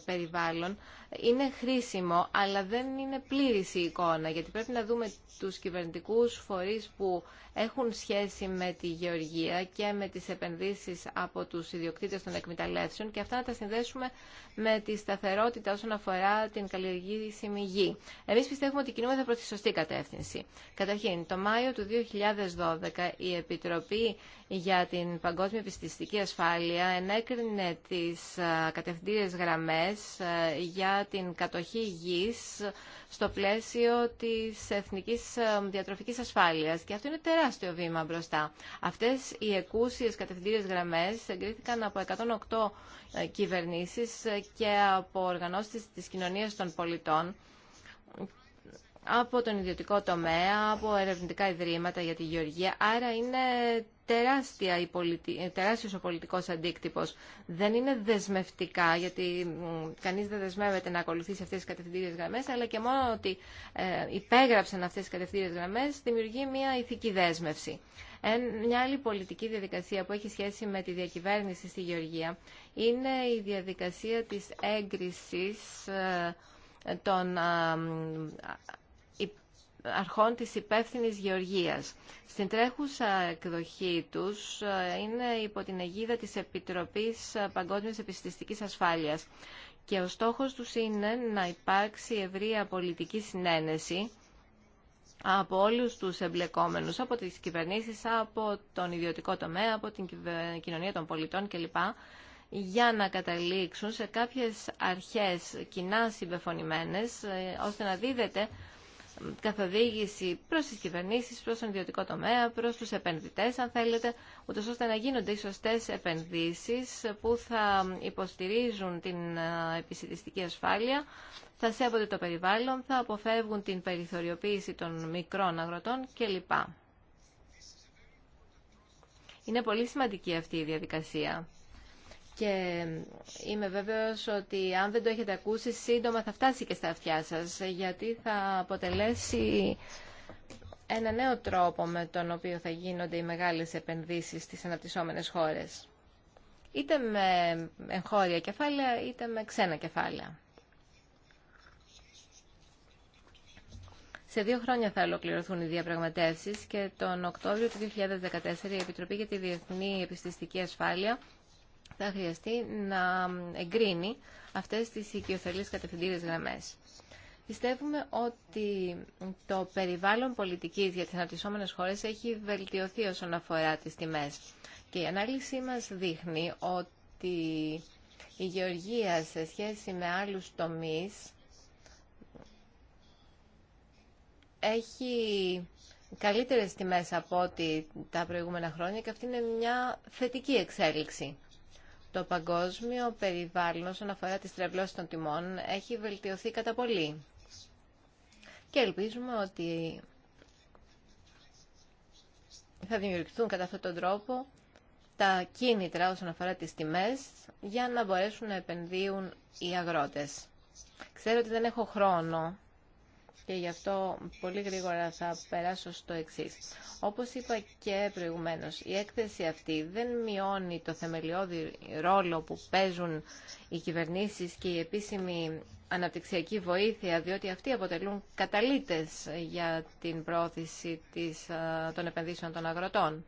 περιβάλλον, είναι χρήσιμο, αλλά δεν είναι πλήρης η εικόνα, γιατί πρέπει να δούμε τους κυβερνητικούς φορείς που έχουν σχέση με τη γεωργία και με τις επενδύσεις από τους ιδιοκτήτες των εκμεταλλεύσεων και αυτά να τα συνδέσουμε με τη σταθερότητα όσον αφορά την καλλιεργήσιμη γη. Εμείς πιστεύουμε ότι κινούμεθα προς τη σωστή κατεύθυνση. Καταρχήν, το Μάιο του 2012 η Επιτροπή για την Παγκόσμια Επιστηστική Ασφάλεια ενέκρινε τις κατευθυντήριες γραμμές για την κατοχή γης στο πλαίσιο της εθνικής ε, διατροφικής ασφάλειας. Και αυτό είναι τεράστιο βήμα μπροστά. Αυτές οι εκούσιες κατευθυντήριες γραμμές εγκρίθηκαν από 108 ε, κυβερνήσεις ε, και από οργανώσεις της κοινωνίας των πολιτών από τον ιδιωτικό τομέα, από ερευνητικά ιδρύματα για τη γεωργία. Άρα είναι τεράστια η πολιτι... Ε, τεράστιος ο πολιτικός αντίκτυπος. Δεν είναι δεσμευτικά, γιατί κανείς δεν δεσμεύεται να ακολουθήσει αυτές τις κατευθυντήριες γραμμές, αλλά και μόνο ότι ε, υπέγραψαν αυτές τις κατευθυντήριες γραμμές δημιουργεί μια ηθική δέσμευση. Μια άλλη πολιτική διαδικασία που έχει σχέση με τη διακυβέρνηση στη Γεωργία είναι η διαδικασία της έγκρισης ε, των αρχών της υπεύθυνη γεωργίας. Στην τρέχουσα εκδοχή τους ε, είναι υπό την αιγίδα της Επιτροπής ε, Παγκόσμιας Επιστηστικής Ασφάλειας και ο στόχος τους είναι να υπάρξει ευρεία πολιτική συνένεση από όλους τους εμπλεκόμενους, από τις κυβερνήσεις, από τον ιδιωτικό τομέα, από την κοινωνία των πολιτών κλπ για να καταλήξουν σε κάποιες αρχές κοινά συμπεφωνημένες, ε, ώστε να δίδεται καθοδήγηση προς τις κυβερνήσεις, προς τον ιδιωτικό τομέα, προς τους επενδυτές, αν θέλετε, ούτως ώστε να γίνονται οι σωστές επενδύσεις που θα υποστηρίζουν την επισητιστική ασφάλεια, θα σέβονται το περιβάλλον, θα αποφεύγουν την περιθωριοποίηση των μικρών αγροτών κλπ. Είναι πολύ σημαντική αυτή η διαδικασία και είμαι βέβαιος ότι αν δεν το έχετε ακούσει σύντομα θα φτάσει και στα αυτιά σας γιατί θα αποτελέσει ένα νέο τρόπο με τον οποίο θα γίνονται οι μεγάλες επενδύσεις στις αναπτυσσόμενες χώρες. Είτε με εγχώρια κεφάλαια, είτε με ξένα κεφάλαια. Σε δύο χρόνια θα ολοκληρωθούν οι διαπραγματεύσεις και τον Οκτώβριο του 2014 η Επιτροπή για τη Διεθνή Επιστηστική Ασφάλεια θα χρειαστεί να εγκρίνει αυτές τις οικειοθελείς κατευθυντήριες γραμμές. Πιστεύουμε ότι το περιβάλλον πολιτικής για τις αναπτυσσόμενες χώρες έχει βελτιωθεί όσον αφορά τις τιμές. Και η ανάλυση μας δείχνει ότι η γεωργία σε σχέση με άλλους τομείς έχει καλύτερες τιμές από ό,τι τα προηγούμενα χρόνια και αυτή είναι μια θετική εξέλιξη. Το παγκόσμιο περιβάλλον όσον αφορά τις τρευλώσεις των τιμών έχει βελτιωθεί κατά πολύ. Και ελπίζουμε ότι θα δημιουργηθούν κατά αυτόν τον τρόπο τα κίνητρα όσον αφορά τις τιμές για να μπορέσουν να επενδύουν οι αγρότες. Ξέρω ότι δεν έχω χρόνο και γι' αυτό πολύ γρήγορα θα περάσω στο εξή. Όπως είπα και προηγουμένως, η έκθεση αυτή δεν μειώνει το θεμελιώδη ρόλο που παίζουν οι κυβερνήσεις και η επίσημη αναπτυξιακή βοήθεια, διότι αυτοί αποτελούν καταλύτες για την πρόθεση της, των επενδύσεων των αγροτών.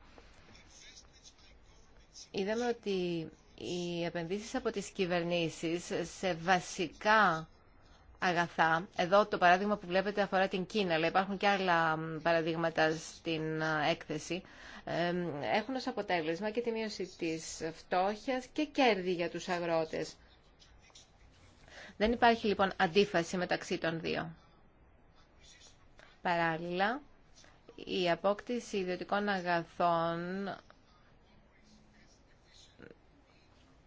Είδαμε ότι οι επενδύσεις από τις κυβερνήσεις σε βασικά αγαθά. Εδώ το παράδειγμα που βλέπετε αφορά την Κίνα, αλλά υπάρχουν και άλλα παραδείγματα στην έκθεση. Έχουν ως αποτέλεσμα και τη μείωση της φτώχειας και κέρδη για τους αγρότες. Δεν υπάρχει λοιπόν αντίφαση μεταξύ των δύο. Παράλληλα, η απόκτηση ιδιωτικών αγαθών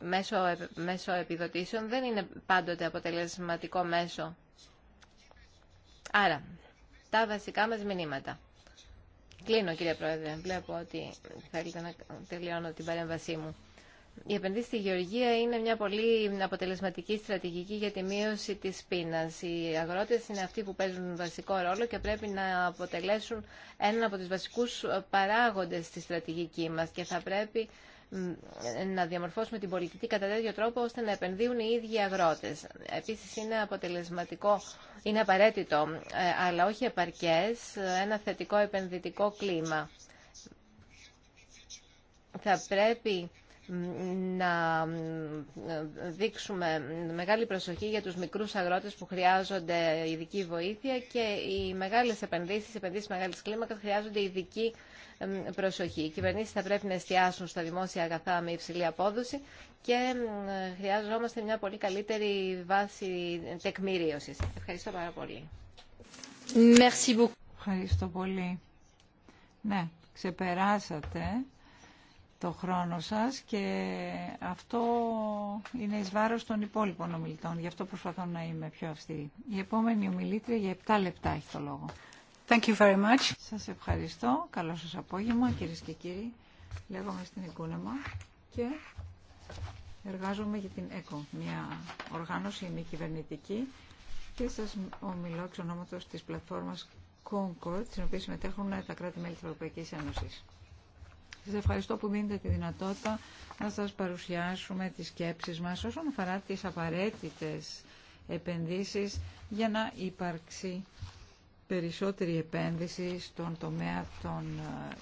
μέσω, μέσω επιδοτήσεων δεν είναι πάντοτε αποτελεσματικό μέσο. Άρα, τα βασικά μας μηνύματα. Κλείνω, κύριε Πρόεδρε. Βλέπω ότι θέλετε να τελειώνω την παρέμβασή μου. Η επενδύση στη γεωργία είναι μια πολύ αποτελεσματική στρατηγική για τη μείωση της πείνας. Οι αγρότες είναι αυτοί που παίζουν βασικό ρόλο και πρέπει να αποτελέσουν έναν από τους βασικούς παράγοντες στη στρατηγική μας και θα πρέπει να διαμορφώσουμε την πολιτική κατά τέτοιο τρόπο ώστε να επενδύουν οι ίδιοι αγρότες. Επίσης είναι αποτελεσματικό, είναι απαραίτητο, ε, αλλά όχι επαρκές, ένα θετικό επενδυτικό κλίμα. Θα πρέπει να ε, δείξουμε μεγάλη προσοχή για τους μικρούς αγρότες που χρειάζονται ειδική βοήθεια και οι μεγάλες επενδύσεις, οι επενδύσεις μεγάλης κλίμακας χρειάζονται ειδική ε, προσοχή. Οι κυβερνήσεις θα πρέπει να εστιάσουν στα δημόσια αγαθά με υψηλή απόδοση και ε, χρειάζομαστε μια πολύ καλύτερη βάση τεκμηρίωσης. Ευχαριστώ πάρα πολύ. Ευχαριστώ πολύ. Ναι, ξεπεράσατε το χρόνο σας και αυτό είναι εις βάρος των υπόλοιπων ομιλητών. Γι' αυτό προσπαθώ να είμαι πιο αυστηρή. Η επόμενη ομιλήτρια για 7 λεπτά έχει το λόγο. Thank you very much. Σας ευχαριστώ. Καλό σας απόγευμα κυρίες και κύριοι. Λέγομαι στην Εκούνεμα και εργάζομαι για την ΕΚΟ, μια οργάνωση μη κυβερνητική και σας ομιλώ εξ ονόματος της πλατφόρμας Concord, στην οποία συμμετέχουν τα κράτη-μέλη της Ευρωπαϊκής Ένωσης. Σας ευχαριστώ που δίνετε τη δυνατότητα να σας παρουσιάσουμε τις σκέψεις μας όσον αφορά τις απαραίτητες επενδύσεις για να υπάρξει περισσότερη επένδυση στον τομέα των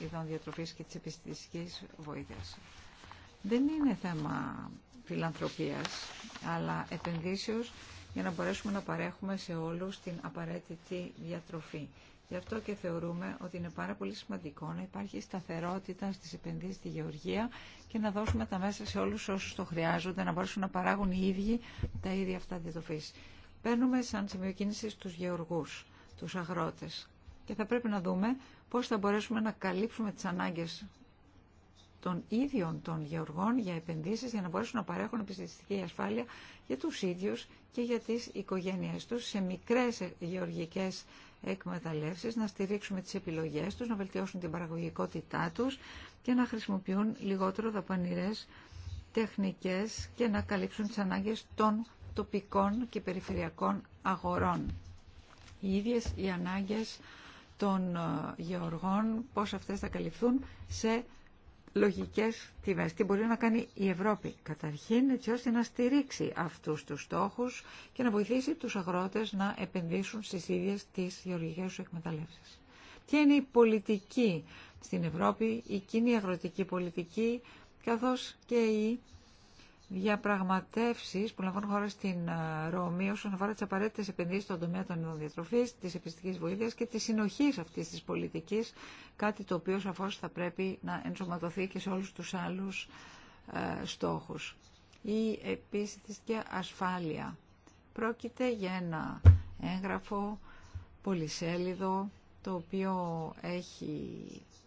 ε, ειδών διατροφής και της επιστημιστικής βοήθειας. Δεν είναι θέμα φιλανθρωπίας, αλλά επενδύσεως για να μπορέσουμε να παρέχουμε σε όλους την απαραίτητη διατροφή. Γι' αυτό και θεωρούμε ότι είναι πάρα πολύ σημαντικό να υπάρχει σταθερότητα στι επενδύσει στη γεωργία και να δώσουμε τα μέσα σε όλου όσου το χρειάζονται να μπορέσουν να παράγουν οι ίδιοι τα ίδια αυτά αντιδοφή. Παίρνουμε σαν σημείο κίνηση του γεωργούς, τους αγρότες και θα πρέπει να δούμε πώ θα μπορέσουμε να καλύψουμε τι ανάγκε των ίδιων των γεωργών για επενδύσει, για να μπορέσουν να παρέχουν επιστημιστική ασφάλεια για του ίδιου και για τι οικογένειε του, σε μικρέ γεωργικέ να στηρίξουμε τις επιλογές τους, να βελτιώσουν την παραγωγικότητά τους και να χρησιμοποιούν λιγότερο δαπανηρές τεχνικές και να καλύψουν τις ανάγκες των τοπικών και περιφερειακών αγορών. Οι ίδιες οι ανάγκες των ε, γεωργών, πώς αυτές θα καλυφθούν σε λογικές τιμές. Τι μπορεί να κάνει η Ευρώπη καταρχήν έτσι ώστε να στηρίξει αυτούς τους στόχους και να βοηθήσει τους αγρότες να επενδύσουν στις ίδιες τις γεωργικές τους εκμεταλλεύσεις. Ποια είναι η πολιτική στην Ευρώπη, η κοινή αγροτική πολιτική καθώς και η διαπραγματεύσεις που λαμβάνουν χώρα στην ε, Ρώμη όσον αφορά τι απαραίτητε επενδύσει στον τομέα των διατροφή, τη επιστική βοήθεια και τη συνοχή αυτή τη πολιτική κάτι το οποίο σαφώ θα πρέπει να ενσωματωθεί και σε όλους τους άλλους ε, στόχου. Η και ασφάλεια. Πρόκειται για ένα έγγραφο πολυσέλιδο το οποίο έχει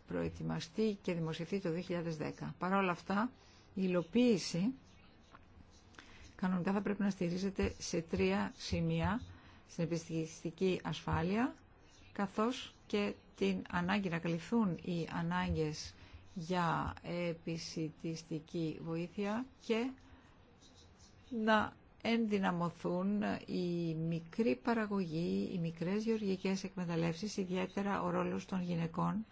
προετοιμαστεί και δημοσιευθεί το 2010. Παρ' όλα αυτά, η υλοποίηση κανονικά θα πρέπει να στηρίζεται σε τρία σημεία, στην επιστημιστική ασφάλεια, καθώς και την ανάγκη να καλυφθούν οι ανάγκες για επισητιστική βοήθεια και να ενδυναμωθούν οι μικρή παραγωγή, οι μικρές γεωργικές εκμεταλλεύσεις, ιδιαίτερα ο ρόλος των γυναικών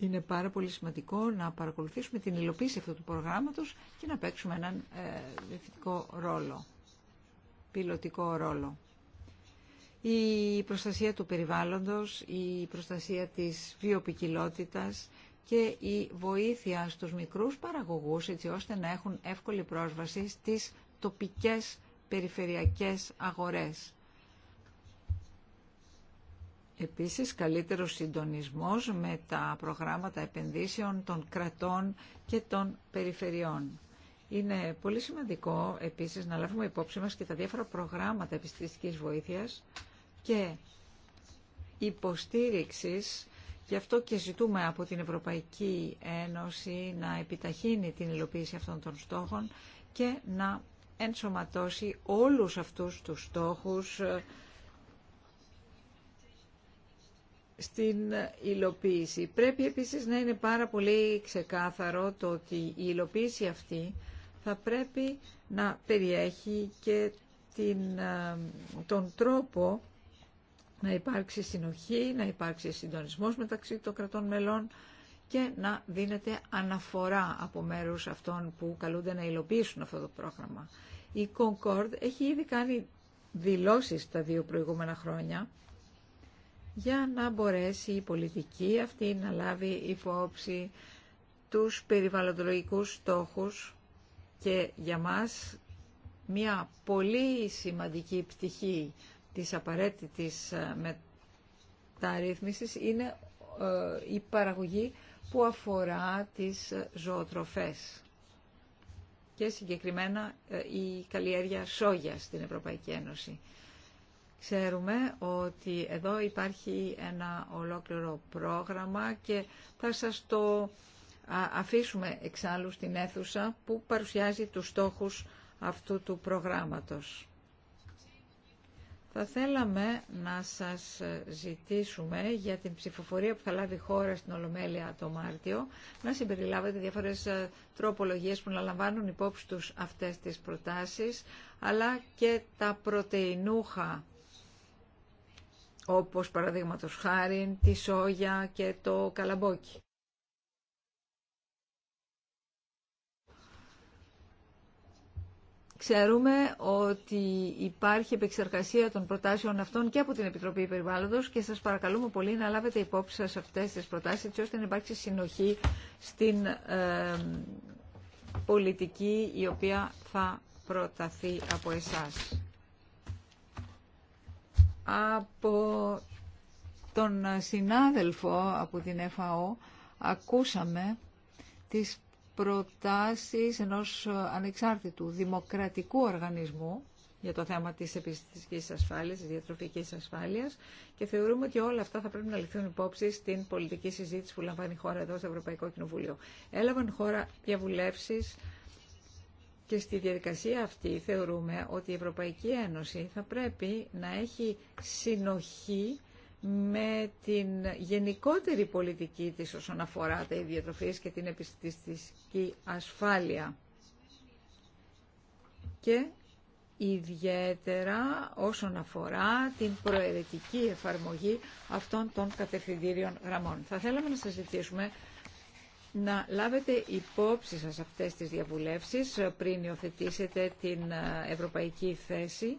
είναι πάρα πολύ σημαντικό να παρακολουθήσουμε την υλοποίηση αυτού του προγράμματος και να παίξουμε έναν ε, διευθυντικό ρόλο, πιλωτικό ρόλο. Η προστασία του περιβάλλοντος, η προστασία της βιοπικιλότητας και η βοήθεια στους μικρούς παραγωγούς έτσι ώστε να έχουν εύκολη πρόσβαση στις τοπικές περιφερειακές αγορές. Επίσης, καλύτερος συντονισμός με τα προγράμματα επενδύσεων των κρατών και των περιφερειών. Είναι πολύ σημαντικό επίσης να λάβουμε υπόψη μας και τα διάφορα προγράμματα επιστημιστικής βοήθειας και υποστήριξης. Γι' αυτό και ζητούμε από την Ευρωπαϊκή Ένωση να επιταχύνει την υλοποίηση αυτών των στόχων και να ενσωματώσει όλους αυτούς τους στόχους στην υλοποίηση. Πρέπει επίσης να είναι πάρα πολύ ξεκάθαρο το ότι η υλοποίηση αυτή θα πρέπει να περιέχει και την, τον τρόπο να υπάρξει συνοχή, να υπάρξει συντονισμός μεταξύ των κρατών μελών και να δίνεται αναφορά από μέρους αυτών που καλούνται να υλοποιήσουν αυτό το πρόγραμμα. Η Concord έχει ήδη κάνει δηλώσεις τα δύο προηγούμενα χρόνια για να μπορέσει η πολιτική αυτή να λάβει υπόψη τους περιβαλλοντολογικούς στόχους και για μας μια πολύ σημαντική πτυχή της απαραίτητης ε, μεταρρύθμισης είναι ε, η παραγωγή που αφορά τις ε, ζωοτροφές και συγκεκριμένα η καλλιέργεια σόγια στην Ευρωπαϊκή Ένωση. Ξέρουμε ότι εδώ υπάρχει ένα ολόκληρο πρόγραμμα και θα σας το αφήσουμε εξάλλου στην αίθουσα που παρουσιάζει τους στόχους αυτού του προγράμματος. Θα θέλαμε να σας ζητήσουμε για την ψηφοφορία που θα λάβει η χώρα στην Ολομέλεια το Μάρτιο να συμπεριλάβετε διάφορες ε, τροπολογίες που να λαμβάνουν υπόψη τους αυτές τις προτάσεις αλλά και τα πρωτεϊνούχα όπως παραδείγματος χάρη τη σόγια και το καλαμπόκι. Ξέρουμε ότι υπάρχει επεξεργασία των προτάσεων αυτών και από την Επιτροπή Περιβάλλοντος και σας παρακαλούμε πολύ να λάβετε υπόψη σας αυτές τις προτάσεις έτσι ώστε να υπάρξει συνοχή στην πολιτική η οποία θα προταθεί από εσάς. Από τον συνάδελφο από την ΕΦΑΟ ακούσαμε τις προτάσεις ενός ανεξάρτητου δημοκρατικού οργανισμού για το θέμα της επιστημικής ασφάλειας, της διατροφικής ασφάλειας και θεωρούμε ότι όλα αυτά θα πρέπει να ληφθούν υπόψη στην πολιτική συζήτηση που λαμβάνει η χώρα εδώ στο Ευρωπαϊκό Κοινοβούλιο. Έλαβαν χώρα διαβουλεύσεις και στη διαδικασία αυτή θεωρούμε ότι η Ευρωπαϊκή Ένωση θα πρέπει να έχει συνοχή με την γενικότερη πολιτική της όσον αφορά τα ιδιοτροφίες και την επιστημιστική ασφάλεια. Και ιδιαίτερα όσον αφορά την προαιρετική εφαρμογή αυτών των κατευθυντήριων γραμμών. Θα θέλαμε να σας ζητήσουμε να λάβετε υπόψη σας αυτές τις διαβουλεύσεις πριν υιοθετήσετε την ε, ευρωπαϊκή θέση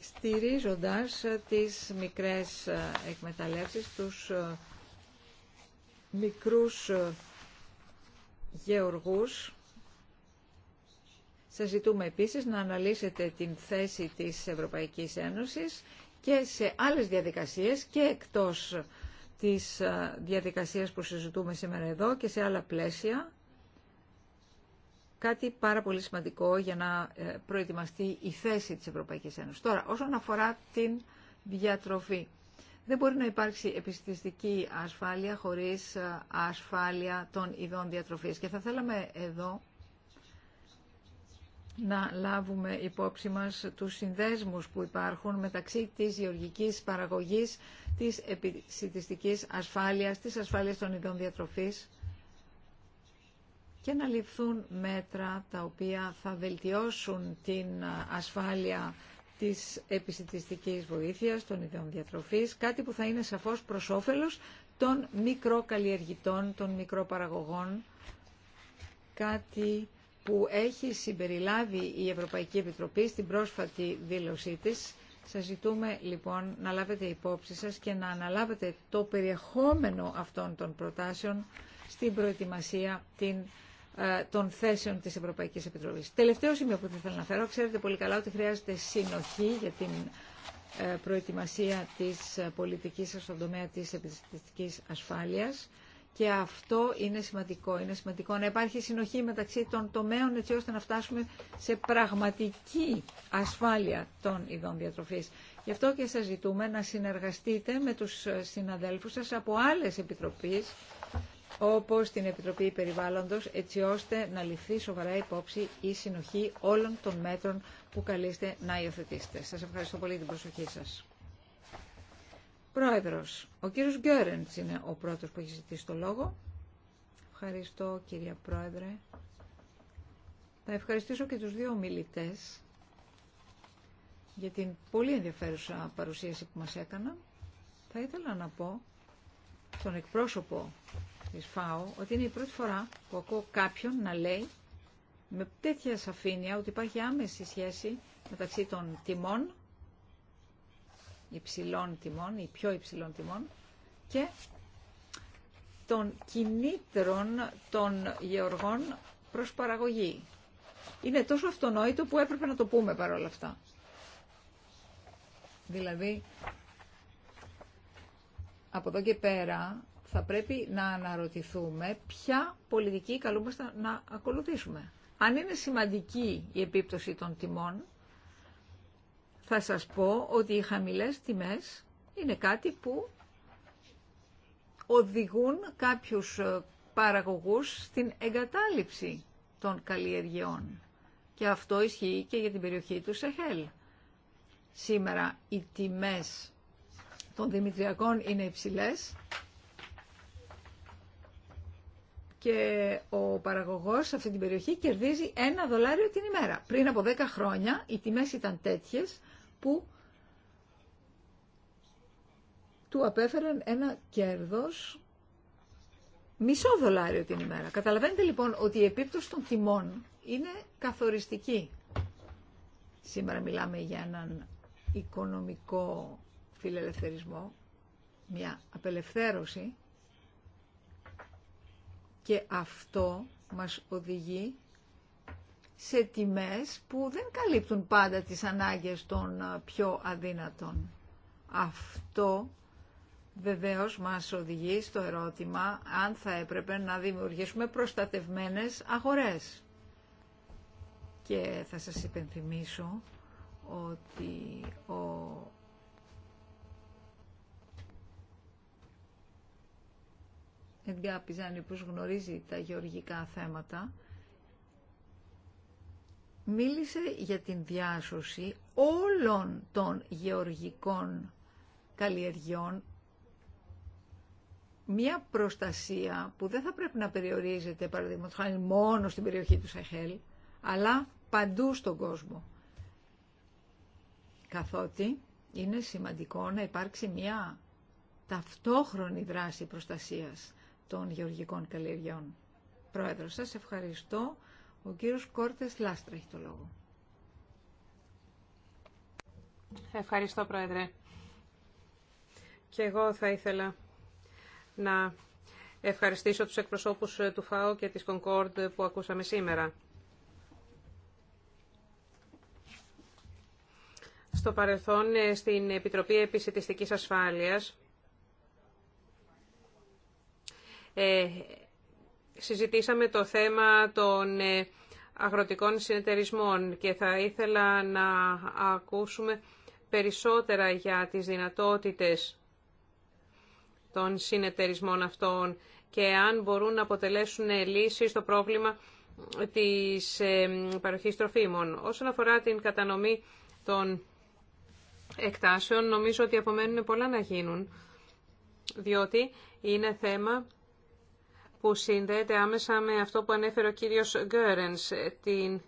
στηρίζοντας ε, τις μικρές ε, εκμεταλλεύσεις, τους μικρούς γεωργούς. Σας ζητούμε επίσης να αναλύσετε την θέση της Ευρωπαϊκής Ένωσης και σε άλλες διαδικασίες και εκτός της ε, διαδικασίας που συζητούμε σήμερα εδώ και σε άλλα πλαίσια. Κάτι πάρα πολύ σημαντικό για να ε, προετοιμαστεί η θέση της Ευρωπαϊκής Ένωσης. Τώρα, όσον αφορά την διατροφή. Δεν μπορεί να υπάρξει επιστηστική ασφάλεια χωρίς ε, ασφάλεια των ειδών διατροφής. Και θα θέλαμε εδώ να λάβουμε υπόψη μας τους συνδέσμους που υπάρχουν μεταξύ της γεωργικής παραγωγής, της επισητιστικής ασφάλειας, της ασφάλειας των ειδών διατροφής και να ληφθούν μέτρα τα οποία θα βελτιώσουν την ασφάλεια της επισητιστικής βοήθειας, των ειδών διατροφής, κάτι που θα είναι σαφώς προς όφελος των μικροκαλλιεργητών, των μικροπαραγωγών, κάτι που έχει συμπεριλάβει η Ευρωπαϊκή Επιτροπή στην πρόσφατη δήλωσή της. Σας ζητούμε λοιπόν να λάβετε υπόψη σας και να αναλάβετε το περιεχόμενο αυτών των προτάσεων στην προετοιμασία την, ε, των θέσεων της Ευρωπαϊκής Επιτροπής. Τελευταίο σημείο που θα ήθελα να φέρω, ξέρετε πολύ καλά ότι χρειάζεται συνοχή για την ε, προετοιμασία της ε, πολιτικής σας στον τομέα της επιστημιστικής ασφάλειας. Και αυτό είναι σημαντικό. Είναι σημαντικό να υπάρχει συνοχή μεταξύ των τομέων έτσι ώστε να φτάσουμε σε πραγματική ασφάλεια των ειδών διατροφής. Γι' αυτό και σας ζητούμε να συνεργαστείτε με τους συναδέλφους σας από άλλες επιτροπές όπως την Επιτροπή Περιβάλλοντος, έτσι ώστε να ληφθεί σοβαρά υπόψη η συνοχή όλων των μέτρων που καλείστε να υιοθετήσετε. Σας ευχαριστώ πολύ την προσοχή σας. Πρόεδρος, ο κύριος Γκέρεντς είναι ο πρώτος που έχει ζητήσει το λόγο. Ευχαριστώ κυρία Πρόεδρε. Θα ευχαριστήσω και τους δύο ομιλητές για την πολύ ενδιαφέρουσα παρουσίαση που μας έκαναν. Θα ήθελα να πω στον εκπρόσωπο της ΦΑΟ ότι είναι η πρώτη φορά που ακούω κάποιον να λέει με τέτοια σαφήνεια ότι υπάρχει άμεση σχέση μεταξύ των τιμών υψηλών τιμών ή πιο υψηλών τιμών και των κινήτρων των γεωργών προς παραγωγή. Είναι τόσο αυτονόητο που έπρεπε να το πούμε παρόλα αυτά. Δηλαδή, από εδώ και πέρα θα πρέπει να αναρωτηθούμε ποια πολιτική καλούμαστε να ακολουθήσουμε. Αν είναι σημαντική η επίπτωση των τιμών, θα σας πω ότι οι χαμηλές τιμές είναι κάτι που οδηγούν κάποιους ε, παραγωγούς στην εγκατάλειψη των καλλιεργειών. Και αυτό ισχύει και για την περιοχή του Σεχέλ. Σήμερα οι τιμές των δημητριακών είναι υψηλές και ο παραγωγός σε αυτή την περιοχή κερδίζει ένα δολάριο την ημέρα. Πριν από 10 χρόνια οι τιμές ήταν τέτοιες που του απέφεραν ένα κέρδος μισό δολάριο την ημέρα. Καταλαβαίνετε λοιπόν ότι η επίπτωση των τιμών είναι καθοριστική. Σήμερα μιλάμε για έναν οικονομικό φιλελευθερισμό, μια απελευθέρωση και αυτό μας οδηγεί σε τιμές που δεν καλύπτουν πάντα τις ανάγκες των ε, πιο αδύνατων. Αυτό βεβαίως μας οδηγεί στο ερώτημα αν θα έπρεπε να δημιουργήσουμε προστατευμένες αγορές. Και θα σας υπενθυμίσω ότι ο Εντιά που γνωρίζει τα γεωργικά θέματα, μίλησε για την διάσωση όλων των γεωργικών καλλιεργιών μια προστασία που δεν θα πρέπει να περιορίζεται παραδείγματος χάρη μόνο στην περιοχή του Σαχέλ αλλά παντού στον κόσμο καθότι είναι σημαντικό να υπάρξει μια ταυτόχρονη δράση προστασίας των γεωργικών καλλιεργιών. Πρόεδρο, σας ευχαριστώ. Ο κύριος Κόρτες Λάστρα έχει το λόγο. Ευχαριστώ, Πρόεδρε. Και εγώ θα ήθελα να ευχαριστήσω τους εκπροσώπους ε, του ΦΑΟ και της Κονκόρντ που ακούσαμε σήμερα. Στο παρελθόν, ε, στην Επιτροπή Επισητιστικής Ασφάλειας, ε, συζητήσαμε το θέμα των ε, αγροτικών συνεταιρισμών και θα ήθελα να ακούσουμε περισσότερα για τις δυνατότητες των συνεταιρισμών αυτών και αν μπορούν να αποτελέσουν ε, λύσεις στο πρόβλημα της ε, παροχής τροφίμων. Όσον αφορά την κατανομή των εκτάσεων, νομίζω ότι απομένουν πολλά να γίνουν, διότι είναι θέμα που συνδέεται άμεσα με αυτό που ανέφερε ο κύριος Γκέρενς, την,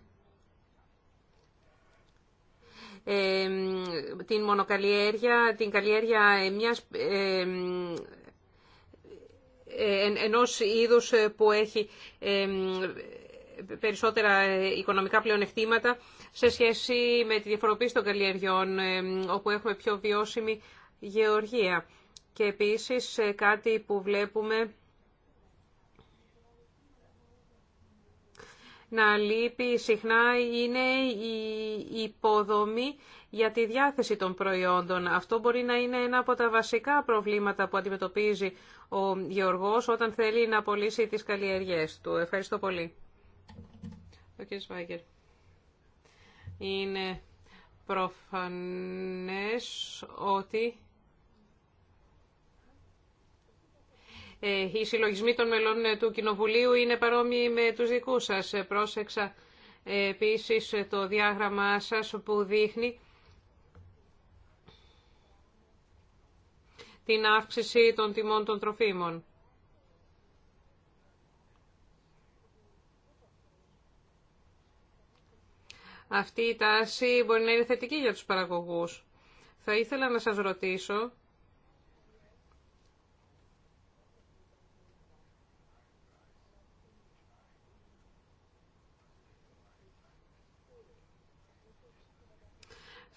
την μονοκαλλιέργεια, την καλλιέργεια μιας, ε, ενός είδους που έχει περισσότερα οικονομικά πλεονεκτήματα σε σχέση με τη διαφοροποίηση των καλλιεργειών, όπου έχουμε πιο βιώσιμη γεωργία. Και επίσης κάτι που βλέπουμε να λείπει συχνά είναι η υποδομή για τη διάθεση των προϊόντων. Αυτό μπορεί να είναι ένα από τα βασικά προβλήματα που αντιμετωπίζει ο Γεωργός όταν θέλει να απολύσει τις καλλιεργίες του. Ευχαριστώ πολύ. Ο κ. Είναι προφανές ότι Ε, οι συλλογισμοί των μελών ε, του Κοινοβουλίου είναι παρόμοιοι με τους δικούς σας. Ε, πρόσεξα επίσης το διάγραμμά σας που δείχνει την αύξηση των τιμών των τροφίμων. Αυτή η τάση μπορεί να είναι θετική για τους παραγωγούς. Θα ήθελα να σας ρωτήσω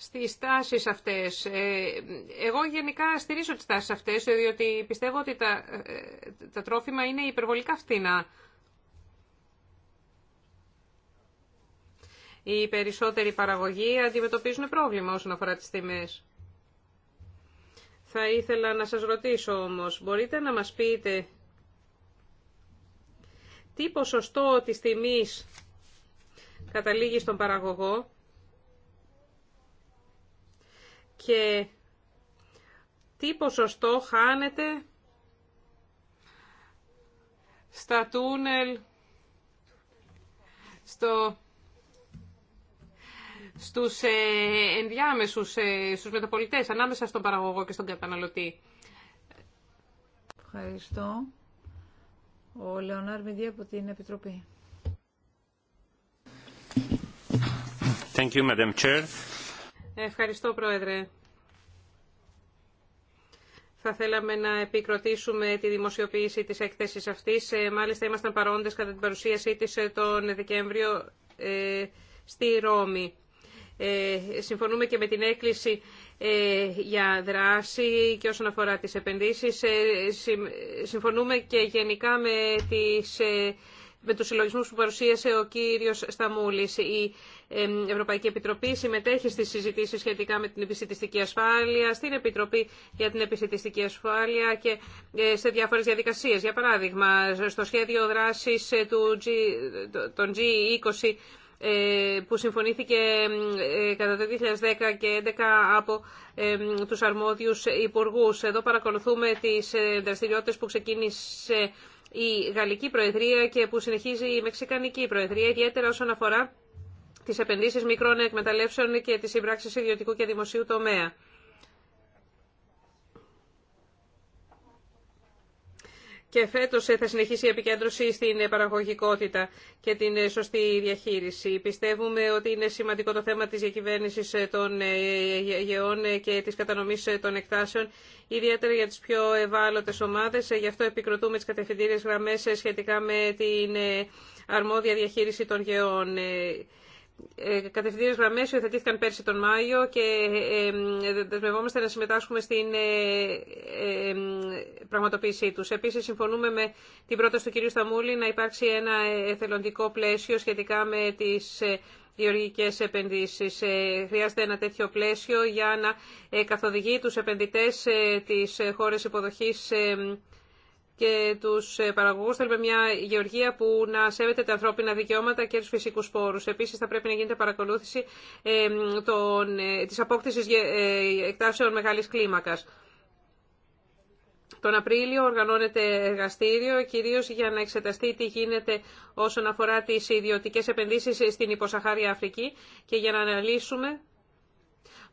στις τάσεις αυτές. Ε, εγώ γενικά στηρίζω τις τάσεις αυτές, διότι πιστεύω ότι τα, ε, τα τρόφιμα είναι υπερβολικά φθηνά. Οι περισσότεροι παραγωγοί αντιμετωπίζουν πρόβλημα όσον αφορά τις τιμές. Θα ήθελα να σας ρωτήσω όμως, μπορείτε να μας πείτε τι ποσοστό της τιμής καταλήγει στον παραγωγό και τι ποσοστό χάνεται στα τούνελ, στο, στους ε, ενδιάμεσους, ε, στους μεταπολιτές, ανάμεσα στον παραγωγό και στον καταναλωτή. Ευχαριστώ. Ο Λεωνάρ Μηδία από την Επιτροπή. Thank you, Madam Chair. Ευχαριστώ, Πρόεδρε. Θα θέλαμε να επικροτήσουμε τη δημοσιοποίηση της έκθεσης αυτής. Ε, μάλιστα, ήμασταν παρόντες κατά την παρουσίασή της ε, τον Δεκέμβριο ε, στη Ρώμη. Συμφωνούμε και με την έκκληση για δράση και όσον αφορά τις επενδύσεις. Συμφωνούμε και γενικά με τις με τους συλλογισμούς που παρουσίασε ο κύριος Σταμούλης. Η Ευρωπαϊκή Επιτροπή συμμετέχει στις συζητήσεις σχετικά με την επιστημιστική ασφάλεια, στην Επιτροπή για την Επιστημιστική Ασφάλεια και ε, σε διάφορες διαδικασίες. Για παράδειγμα, στο σχέδιο δράσης ε, του G, των G20 ε, που συμφωνήθηκε κατά το 2010 και 2011 από τους αρμόδιους υπουργούς. Εδώ παρακολουθούμε τις δραστηριότητες που ξεκίνησε η Γαλλική Προεδρία και που συνεχίζει η Μεξικανική Προεδρία, ιδιαίτερα όσον αφορά τις επενδύσεις μικρών εκμεταλλεύσεων και τις συμπράξει ιδιωτικού και δημοσίου τομέα. και φέτος ε, θα συνεχίσει η επικέντρωση στην παραγωγικότητα και την ε, σωστή διαχείριση. Πιστεύουμε ότι είναι σημαντικό το θέμα της διακυβέρνησης ε, των γεών και της κατανομής των εκτάσεων, ιδιαίτερα για τις πιο ευάλωτες ομάδες. Γι' αυτό επικροτούμε τις κατευθυντήριες γραμμές σχετικά με την αρμόδια διαχείριση των γεών. Ε, κατευθυντήριες γραμμές υιοθετήθηκαν πέρσι τον Μάιο και ε, ε, δεσμευόμαστε να συμμετάσχουμε στην πραγματοποίησή τους. Επίσης, συμφωνούμε με την πρόταση του κ. Σταμούλη να υπάρξει ένα εθελοντικό πλαίσιο σχετικά με τις διοργικές επενδύσεις. Χρειάζεται ένα τέτοιο πλαίσιο για να καθοδηγεί τους επενδυτές της χώρες υποδοχής και τους ε, παραγωγούς. Θέλουμε μια γεωργία που να σέβεται τα ανθρώπινα δικαιώματα και του φυσικούς πόρους. Επίσης θα πρέπει να γίνεται παρακολούθηση ε, των, ε, της απόκτησης εκτάσεων μεγάλη κλίμακας. Τον Απρίλιο οργανώνεται εργαστήριο, κυρίως για να εξεταστεί τι γίνεται όσον αφορά τις ιδιωτικές επενδύσεις στην υποσαχάρια Αφρική και για να αναλύσουμε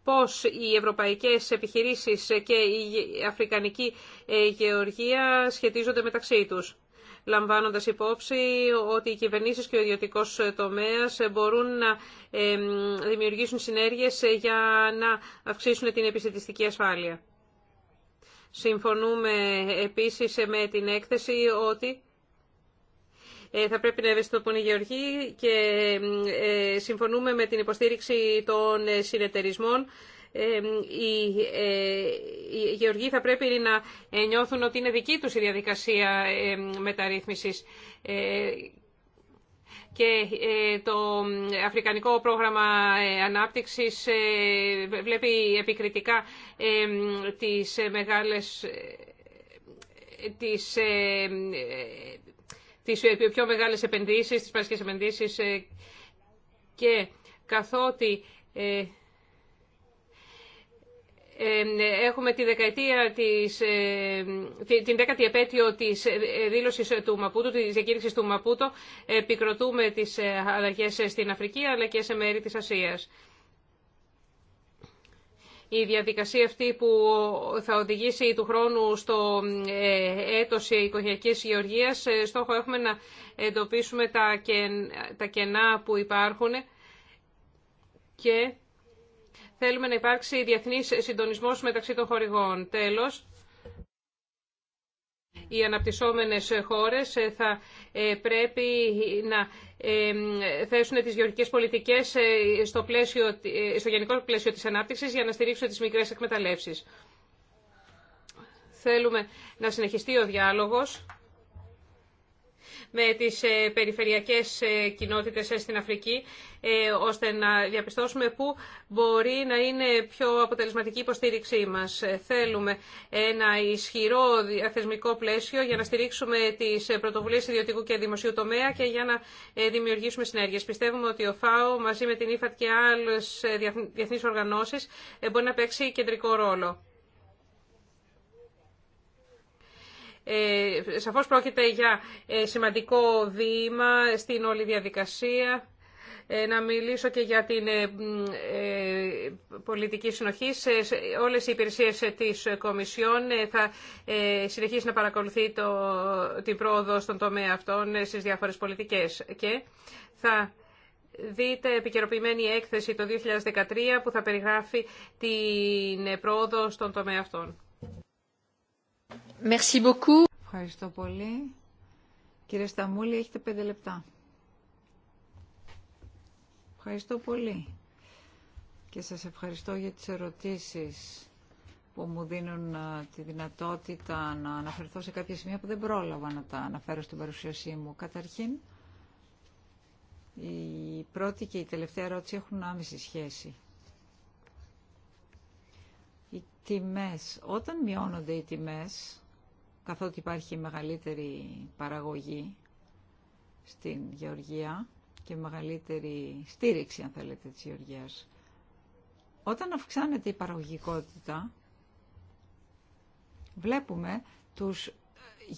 πώς οι ευρωπαϊκές επιχειρήσεις και η αφρικανική ε, γεωργία σχετίζονται μεταξύ τους λαμβάνοντας υπόψη ότι οι κυβερνήσεις και ο ιδιωτικός ε, τομέας ε, μπορούν να δημιουργήσουν συνέργειες για να αυξήσουν την επιστημιστική ασφάλεια. Συμφωνούμε επίσης με την έκθεση ότι ε, θα πρέπει να ευαισθητοποιούν οι γεωργοί και ε, συμφωνούμε με την υποστήριξη των ε, συνεταιρισμών. Οι γεωργοί θα πρέπει να νιώθουν ότι είναι δική τους η διαδικασία μεταρρύθμισης και το Αφρικανικό Πρόγραμμα Ανάπτυξης βλέπει επικριτικά τις μεγάλες τις τις ε, πιο μεγάλες επενδύσεις, τις παρασκευές επενδύσεις ε, και καθότι ε, έχουμε τη δεκαετία της, την δέκατη επέτειο της δήλωσης του Μαπούτου, της διακήρυξης του Μαπούτο, επικροτούμε τις αλλαγές στην Αφρική αλλά και σε μέρη της Ασίας η διαδικασία αυτή που θα οδηγήσει του χρόνου στο ε, έτος οικογενειακής γεωργίας. Ε, στόχο έχουμε να εντοπίσουμε τα κενά που υπάρχουν και θέλουμε να υπάρξει διεθνής συντονισμός μεταξύ των χορηγών. Τέλος, οι αναπτυσσόμενες χώρες ε, θα ε, πρέπει να ε, θέσουν τις γεωργικές πολιτικές στο, πλαίσιο, στο γενικό πλαίσιο της ανάπτυξης για να στηρίξουν τις μικρές εκμεταλλεύσεις. Θέλουμε να συνεχιστεί ο διάλογος με τις ε, περιφερειακές ε, κοινότητες ε, στην Αφρική, ώστε να διαπιστώσουμε πού μπορεί να είναι πιο αποτελεσματική η υποστήριξή μας. Θέλουμε ένα ισχυρό διαθεσμικό πλαίσιο για να στηρίξουμε τις πρωτοβουλίες ιδιωτικού και δημοσίου τομέα και για να δημιουργήσουμε συνέργειες. Πιστεύουμε ότι ο ΦΑΟ μαζί με την ΙΦΑΤ και άλλες διεθνείς οργανώσεις μπορεί να παίξει κεντρικό ρόλο. Ε, σαφώς πρόκειται για ε, σημαντικό βήμα στην όλη διαδικασία. Ε, να μιλήσω και για την πολιτική συνοχή. Όλες οι υπηρεσίες της Κομισιόν θα συνεχίσει να παρακολουθεί το, την πρόοδο στον τομέα αυτών στις διάφορες πολιτικές. Και θα δείτε επικαιροποιημένη έκθεση το 2013 που θα περιγράφει την πρόοδο στον τομέα αυτών. Ευχαριστώ πολύ. Κύριε Σταμούλη, έχετε πέντε λεπτά. Ευχαριστώ πολύ. Και σας ευχαριστώ για τις ερωτήσεις που μου δίνουν τη δυνατότητα να αναφερθώ σε κάποια σημεία που δεν πρόλαβα να τα αναφέρω στην παρουσίασή μου. Καταρχήν, η πρώτη και η τελευταία ερώτηση έχουν άμεση σχέση. Οι τιμές. Όταν μειώνονται οι τιμές, καθότι υπάρχει μεγαλύτερη παραγωγή στην γεωργία και μεγαλύτερη στήριξη, αν θέλετε, της γεωργίας. Όταν αυξάνεται η παραγωγικότητα, βλέπουμε τους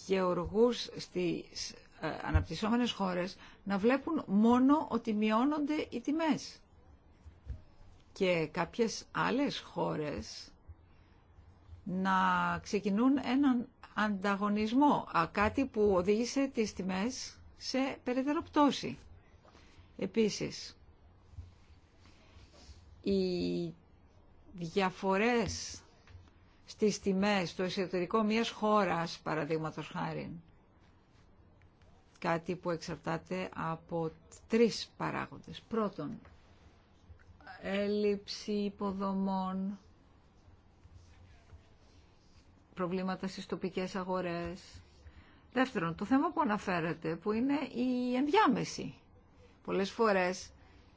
γεωργούς στις ε, αναπτυσσόμενες χώρες να βλέπουν μόνο ότι μειώνονται οι τιμές. Και κάποιες άλλες χώρες να ξεκινούν έναν ανταγωνισμό, κάτι που οδήγησε τις τιμές σε περαιτέρω πτώση. Επίσης, οι διαφορές στις τιμές στο εσωτερικό μιας χώρας, παραδείγματος χάρη, κάτι που εξαρτάται από τρεις παράγοντες. Πρώτον, έλλειψη υποδομών, προβλήματα στις τοπικές αγορές. Δεύτερον, το θέμα που αναφέρεται που είναι η ενδιάμεση. Πολλές φορές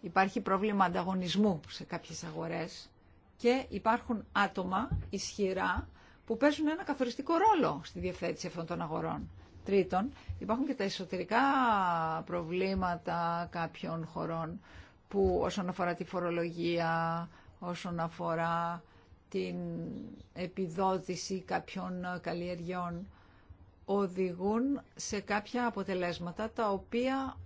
υπάρχει πρόβλημα ανταγωνισμού σε κάποιες αγορές και υπάρχουν άτομα ισχυρά που παίζουν ένα καθοριστικό ρόλο στη διευθέτηση αυτών των αγορών. Τρίτον, υπάρχουν και τα εσωτερικά προβλήματα κάποιων χωρών που όσον αφορά τη φορολογία, όσον αφορά την επιδότηση κάποιων καλλιεργιών οδηγούν σε κάποια αποτελέσματα τα οποία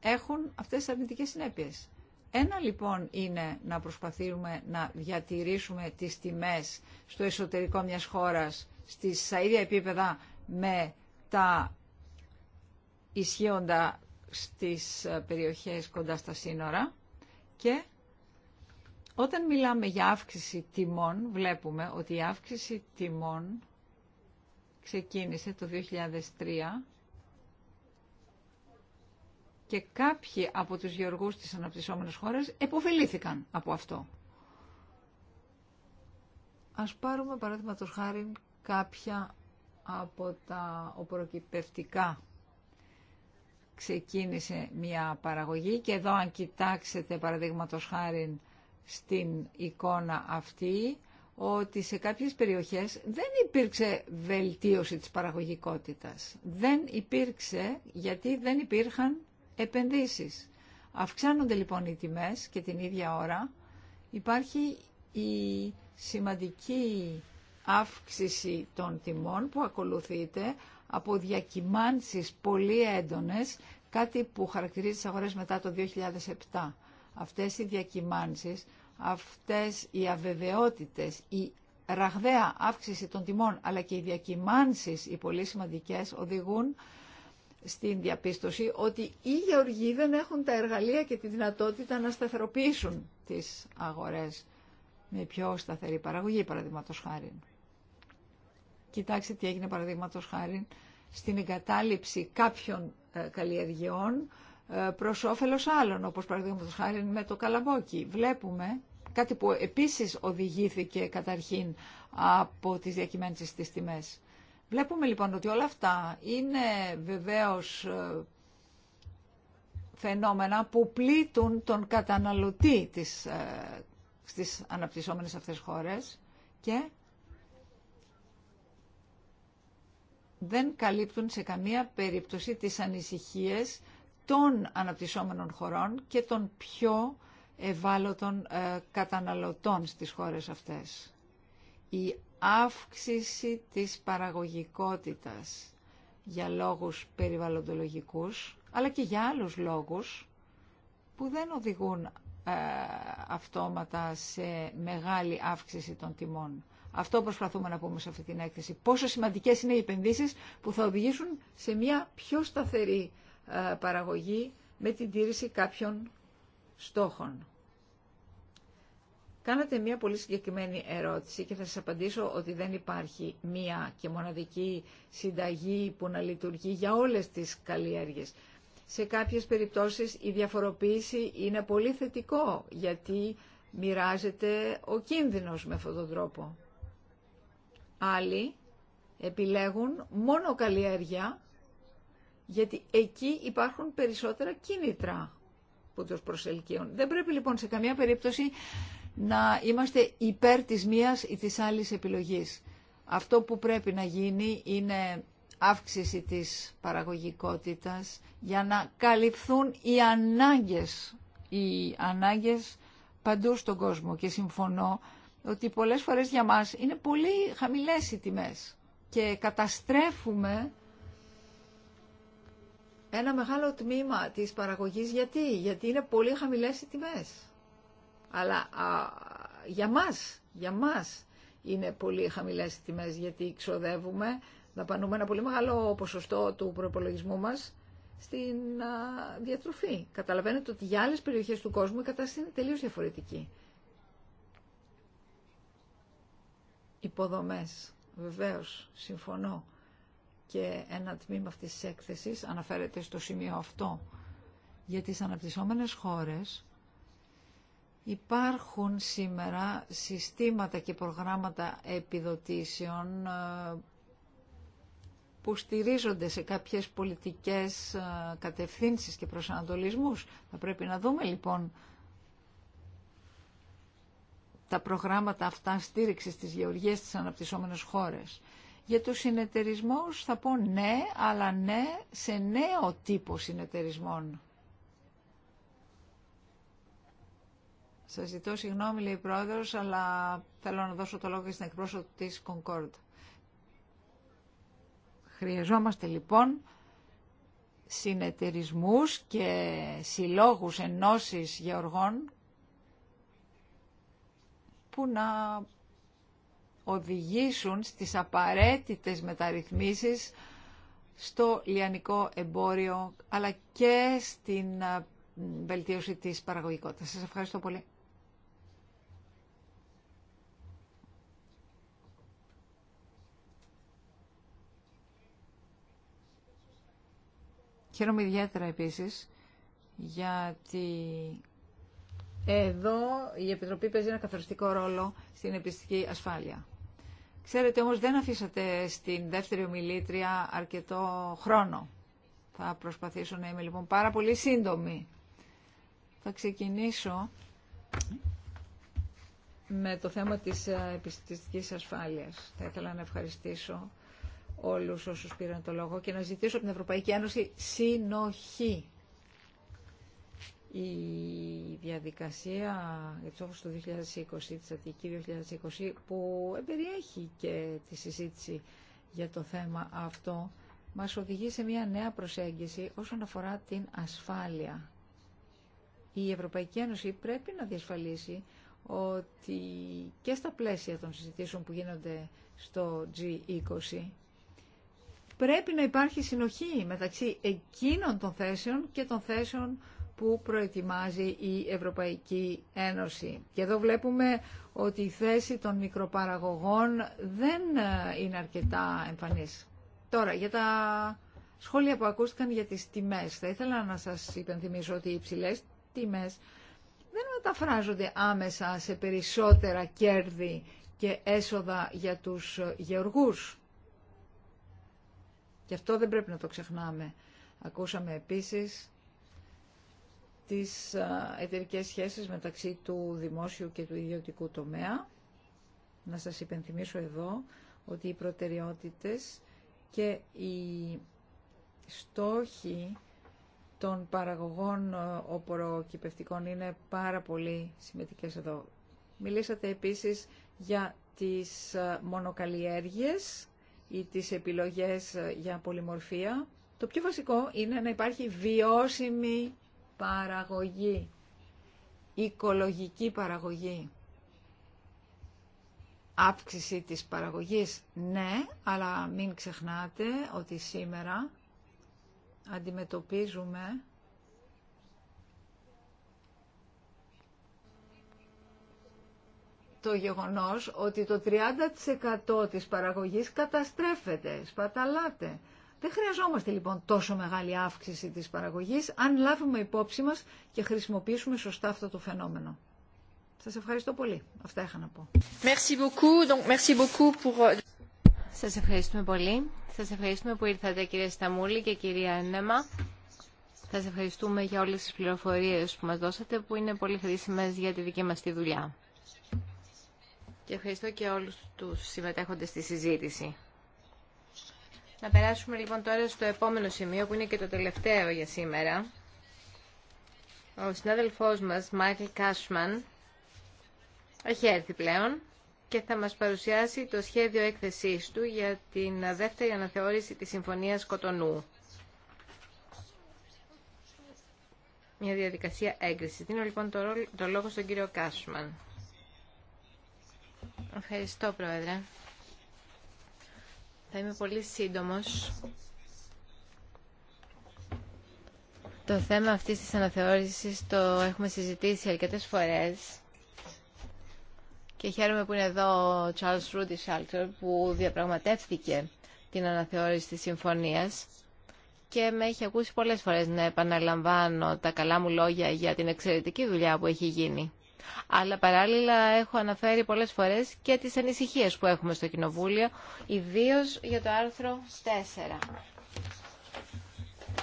έχουν αυτές τις αρνητικές συνέπειες. Ένα λοιπόν είναι να προσπαθήσουμε να διατηρήσουμε τις τιμές στο εσωτερικό μιας χώρας στις ίδια επίπεδα με τα ισχύοντα στις περιοχές κοντά στα σύνορα και όταν μιλάμε για αύξηση τιμών, βλέπουμε ότι η αύξηση τιμών ξεκίνησε το 2003 και κάποιοι από τους γεωργούς της αναπτυσσόμενης χώρας επωφελήθηκαν από αυτό. Ας πάρουμε το χάρη κάποια από τα οπροκυπευτικά ξεκίνησε μια παραγωγή και εδώ αν κοιτάξετε παραδείγματος χάρη στην εικόνα αυτή ότι σε κάποιες περιοχές δεν υπήρξε βελτίωση της παραγωγικότητας. Δεν υπήρξε γιατί δεν υπήρχαν επενδύσεις. Αυξάνονται λοιπόν οι τιμές και την ίδια ώρα υπάρχει η σημαντική αύξηση των τιμών που ακολουθείται από διακυμάνσεις πολύ έντονες, κάτι που χαρακτηρίζει τις αγορές μετά το 2007. Αυτές οι διακυμάνσεις αυτές οι αβεβαιότητες, η ραγδαία αύξηση των τιμών αλλά και οι διακυμάνσεις οι πολύ σημαντικές οδηγούν στην διαπίστωση ότι οι γεωργοί δεν έχουν τα εργαλεία και τη δυνατότητα να σταθεροποιήσουν τις αγορές με πιο σταθερή παραγωγή, παραδείγματο χάρη. Κοιτάξτε τι έγινε παραδείγματο χάρη στην εγκατάλειψη κάποιων ε, καλλιεργειών ε, Προ όφελο άλλων, όπως παραδείγματο χάρη με το καλαμπόκι. Βλέπουμε κάτι που επίσης οδηγήθηκε καταρχήν από τις διακυμένσεις στι τιμέ. Βλέπουμε λοιπόν ότι όλα αυτά είναι βεβαίως ε, φαινόμενα που πλήττουν τον καταναλωτή της, ε, στις αναπτυσσόμενες αυτές χώρες και δεν καλύπτουν σε καμία περίπτωση τις ανησυχίες των αναπτυσσόμενων χωρών και των πιο ευάλωτων ε, καταναλωτών στις χώρες αυτές. Η αύξηση της παραγωγικότητας για λόγους περιβαλλοντολογικούς, αλλά και για άλλους λόγους που δεν οδηγούν ε, αυτόματα σε μεγάλη αύξηση των τιμών. Αυτό προσπαθούμε να πούμε σε αυτή την έκθεση. Πόσο σημαντικές είναι οι επενδύσεις που θα οδηγήσουν σε μια πιο σταθερή ε, παραγωγή με την τήρηση κάποιων στόχων. Κάνατε μια πολύ συγκεκριμένη ερώτηση και θα σας απαντήσω ότι δεν υπάρχει μία και μοναδική συνταγή που να λειτουργεί για όλες τις καλλιέργειες. Σε κάποιες περιπτώσεις η διαφοροποίηση είναι πολύ θετικό γιατί μοιράζεται ο κίνδυνος με αυτόν τον τρόπο. Άλλοι επιλέγουν μόνο καλλιέργεια γιατί εκεί υπάρχουν περισσότερα κίνητρα που τους προσελκύουν. Δεν πρέπει λοιπόν σε καμία περίπτωση να είμαστε υπέρ της μίας ή της άλλης επιλογής. Αυτό που πρέπει να γίνει είναι αύξηση της παραγωγικότητας για να καλυφθούν οι ανάγκες, οι ανάγκες παντού στον κόσμο και συμφωνώ ότι πολλές φορές για μας είναι πολύ χαμηλές οι τιμές και καταστρέφουμε ένα μεγάλο τμήμα της παραγωγής γιατί, γιατί είναι πολύ χαμηλές οι τιμές. Αλλά για μας, για μας είναι πολύ χαμηλές οι τιμές γιατί ξοδεύουμε, δαπανούμε ένα πολύ μεγάλο ποσοστό του προπολογισμού μας στην διατροφή. Καταλαβαίνετε ότι για άλλες περιοχές του κόσμου η κατάσταση είναι τελείως διαφορετική. Υποδομές, βεβαίως, συμφωνώ και ένα τμήμα αυτής της έκθεσης αναφέρεται στο σημείο αυτό. Για τις αναπτυσσόμενες χώρες υπάρχουν σήμερα συστήματα και προγράμματα επιδοτήσεων ε, που στηρίζονται σε κάποιες πολιτικές ε, κατευθύνσεις και προσανατολισμούς. Θα πρέπει να δούμε λοιπόν τα προγράμματα αυτά στήριξης της γεωργίας στις αναπτυσσόμενες χώρες. Για τους συνεταιρισμούς θα πω ναι, αλλά ναι σε νέο τύπο συνεταιρισμών. Σας ζητώ συγγνώμη, λέει η αλλά θέλω να δώσω το λόγο στην εκπρόσωπο της Concord. Χρειαζόμαστε λοιπόν συνεταιρισμούς και συλλόγους ενώσεις γεωργών που να οδηγήσουν στις απαραίτητες μεταρρυθμίσεις στο λιανικό εμπόριο αλλά και στην ε, βελτίωση της παραγωγικότητας. Σας ευχαριστώ πολύ. Χαίρομαι ιδιαίτερα επίσης γιατί εδώ η Επιτροπή παίζει ένα καθοριστικό ρόλο στην επιστική ασφάλεια. Ξέρετε όμως δεν αφήσατε στην δεύτερη ομιλήτρια αρκετό χρόνο. Θα προσπαθήσω να είμαι λοιπόν πάρα πολύ σύντομη. Θα ξεκινήσω με το θέμα της ε, επιστημιστικής ασφάλειας. Θα ήθελα να ευχαριστήσω όλους όσους πήραν το λόγο και να ζητήσω από την Ευρωπαϊκή Ένωση συνοχή. Η διαδικασία για τους του 2020, τη στρατηγική 2020, που εμπεριέχει και τη συζήτηση για το θέμα αυτό, μας οδηγεί σε μια νέα προσέγγιση όσον αφορά την ασφάλεια. Η Ευρωπαϊκή Ένωση πρέπει να διασφαλίσει ότι και στα πλαίσια των συζητήσεων που γίνονται στο G20 πρέπει να υπάρχει συνοχή μεταξύ εκείνων των θέσεων και των θέσεων που προετοιμάζει η Ευρωπαϊκή Ένωση. Και εδώ βλέπουμε ότι η θέση των μικροπαραγωγών δεν ε, είναι αρκετά εμφανής. Τώρα, για τα σχόλια που ακούστηκαν για τις τιμές, θα ήθελα να σας υπενθυμίσω ότι οι υψηλές τιμές δεν μεταφράζονται άμεσα σε περισσότερα κέρδη και έσοδα για τους γεωργούς. Και αυτό δεν πρέπει να το ξεχνάμε. Ακούσαμε επίσης τις εταιρικέ σχέσεις μεταξύ του δημόσιου και του ιδιωτικού τομέα. Να σας υπενθυμίσω εδώ ότι οι προτεραιότητες και οι στόχοι των παραγωγών οποροκυπευτικών είναι πάρα πολύ σημαντικές εδώ. Μιλήσατε επίσης για τις μονοκαλλιέργειες ή τις επιλογές για πολυμορφία. Το πιο βασικό είναι να υπάρχει βιώσιμη παραγωγή, οικολογική παραγωγή. Αύξηση της παραγωγής, ναι, αλλά μην ξεχνάτε ότι σήμερα αντιμετωπίζουμε το γεγονός ότι το 30% της παραγωγής καταστρέφεται, σπαταλάται. Δεν χρειαζόμαστε λοιπόν τόσο μεγάλη αύξηση της παραγωγής αν λάβουμε υπόψη μας και χρησιμοποιήσουμε σωστά αυτό το φαινόμενο. Σας ευχαριστώ πολύ. Αυτά είχα να πω. Merci beaucoup. Donc, merci beaucoup pour... Euh, Σας ευχαριστούμε πολύ. Σας ευχαριστούμε που ήρθατε κυρία Σταμούλη και κυρία Ένεμα. Σας ευχαριστούμε για όλες τις πληροφορίες που μας δώσατε που είναι πολύ χρήσιμες για τη δική μας τη δουλειά. Και ευχαριστώ και όλους τους συμμετέχοντες στη συζήτηση. Να περάσουμε λοιπόν τώρα στο επόμενο σημείο που είναι και το τελευταίο για σήμερα. Ο συνάδελφός μας, Μάικλ Κάσμαν, έχει έρθει πλέον και θα μας παρουσιάσει το σχέδιο έκθεσής του για την δεύτερη αναθεώρηση της Συμφωνίας Κοτονού. Μια διαδικασία έγκριση. Δίνω λοιπόν το λόγο στον κύριο Κάσμαν. Ευχαριστώ, Πρόεδρε. Θα είμαι πολύ σύντομος. Το θέμα αυτής της αναθεώρησης το έχουμε συζητήσει αρκετές φορές και χαίρομαι που είναι εδώ ο Charles Rudy που διαπραγματεύτηκε την αναθεώρηση της συμφωνίας και με έχει ακούσει πολλές φορές να επαναλαμβάνω τα καλά μου λόγια για την εξαιρετική δουλειά που έχει γίνει αλλά παράλληλα έχω αναφέρει πολλές φορές και τις ανησυχίες που έχουμε στο Κοινοβούλιο, ιδίως για το άρθρο 4.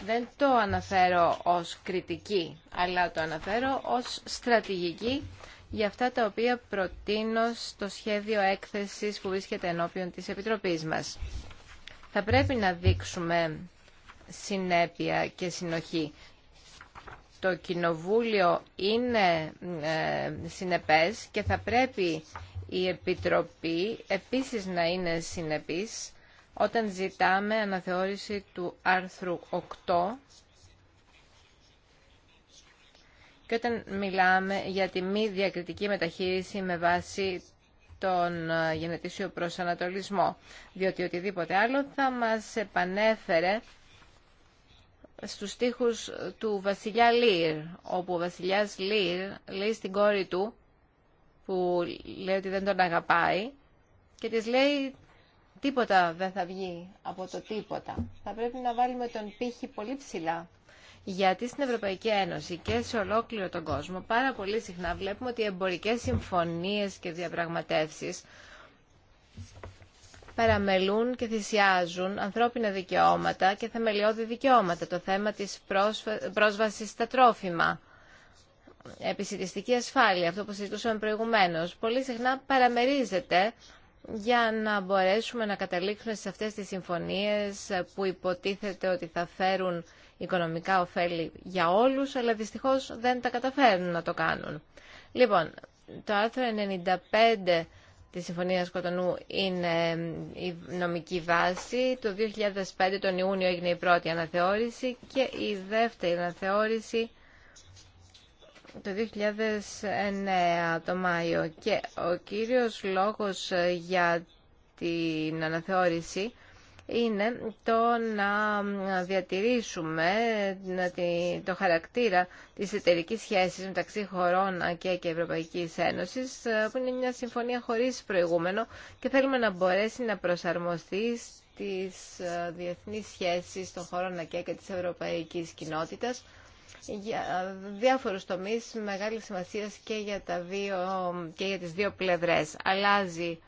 Δεν το αναφέρω ως κριτική, αλλά το αναφέρω ως στρατηγική για αυτά τα οποία προτείνω στο σχέδιο έκθεσης που βρίσκεται ενώπιον της Επιτροπής μας. Θα πρέπει να δείξουμε συνέπεια και συνοχή το Κοινοβούλιο είναι ε, συνεπές και θα πρέπει η Επιτροπή επίσης να είναι συνεπής όταν ζητάμε αναθεώρηση του άρθρου 8 και όταν μιλάμε για τη μη διακριτική μεταχείριση με βάση τον ε, γενετήσιο προσανατολισμό, διότι οτιδήποτε άλλο θα μας επανέφερε στους στίχους του βασιλιά Λίρ, όπου ο βασιλιάς Λίρ λέει στην κόρη του, που λέει ότι δεν τον αγαπάει, και της λέει τίποτα δεν θα βγει από το τίποτα. Θα πρέπει να βάλουμε τον πύχη πολύ ψηλά. Γιατί στην Ευρωπαϊκή Ένωση και σε ολόκληρο τον κόσμο πάρα πολύ συχνά βλέπουμε ότι οι εμπορικές συμφωνίες και διαπραγματεύσεις παραμελούν και θυσιάζουν ανθρώπινα δικαιώματα και θεμελιώδη δικαιώματα, το θέμα της πρόσβασης στα τρόφιμα, επισητιστική ασφάλεια, αυτό που συζητούσαμε προηγουμένως, πολύ συχνά παραμερίζεται για να μπορέσουμε να καταλήξουμε σε αυτές τις συμφωνίες που υποτίθεται ότι θα φέρουν οικονομικά ωφέλη για όλους, αλλά δυστυχώς δεν τα καταφέρνουν να το κάνουν. Λοιπόν, το άρθρο 95 τη συμφωνία Κοτονού είναι η νομική βάση. Το 2005 τον Ιούνιο έγινε η πρώτη αναθεώρηση και η δεύτερη αναθεώρηση το 2009 το Μάιο. Και ο κύριος λόγος ε, για την αναθεώρηση είναι το να διατηρήσουμε το χαρακτήρα της εταιρικής σχέσης μεταξύ χωρών ΑΚΕ και Ευρωπαϊκής Ένωσης ε, που είναι μια συμφωνία χωρίς προηγούμενο και θέλουμε να μπορέσει να προσαρμοστεί στις ε, διεθνείς σχέσεις των χωρών ΑΚΕ και της Ευρωπαϊκής Κοινότητας για διάφορους τομείς μεγάλης σημασίας και για, τα δύο, και για τις δύο πλευρές. Αλλάζει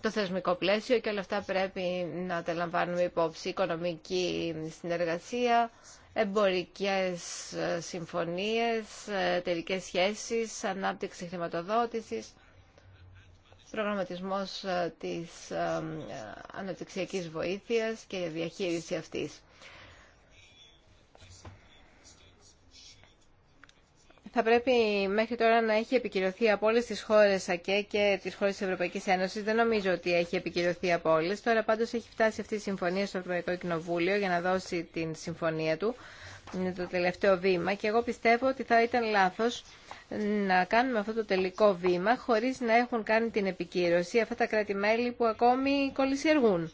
το θεσμικό πλαίσιο και όλα αυτά πρέπει να τα λαμβάνουμε υπόψη. Οικονομική συνεργασία, εμπορικές ε, συμφωνίες, ε, τελικές σχέσεις, ανάπτυξη χρηματοδότησης, προγραμματισμός ε, της αναπτυξιακής βοήθειας και διαχείριση αυτής. θα πρέπει μέχρι τώρα να έχει επικυρωθεί από όλε τι χώρε ΑΚΕ και τι χώρε τη Ευρωπαϊκή Ένωση. Δεν νομίζω ότι έχει επικυρωθεί από όλε. Τώρα πάντω έχει φτάσει αυτή η συμφωνία στο Ευρωπαϊκό Κοινοβούλιο για να δώσει την συμφωνία του. Είναι το τελευταίο βήμα και εγώ πιστεύω ότι θα ήταν λάθο να κάνουμε αυτό το τελικό βήμα χωρί να έχουν κάνει την επικύρωση αυτά τα κράτη-μέλη που ακόμη κολλησιεργούν.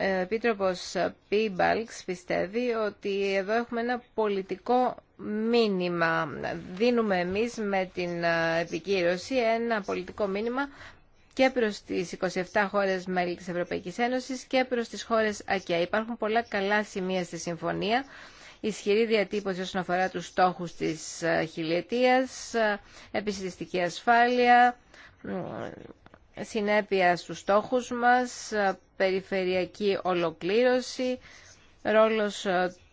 Ε, ο Επίτροπος Πίμπαλξ πιστεύει ότι εδώ έχουμε ένα πολιτικό μήνυμα. Δίνουμε εμείς με την ε, επικύρωση ένα πολιτικό μήνυμα και προς τις 27 χώρες μέλη της Ευρωπαϊκής Ένωσης και προς τις χώρες ΑΚΕΑ. Υπάρχουν πολλά καλά σημεία στη συμφωνία. Ισχυρή διατύπωση όσον αφορά τους στόχους της ε, χιλιετίας, ε, επιστηστική ασφάλεια, συνέπεια στους στόχους μας, περιφερειακή ολοκλήρωση, ρόλος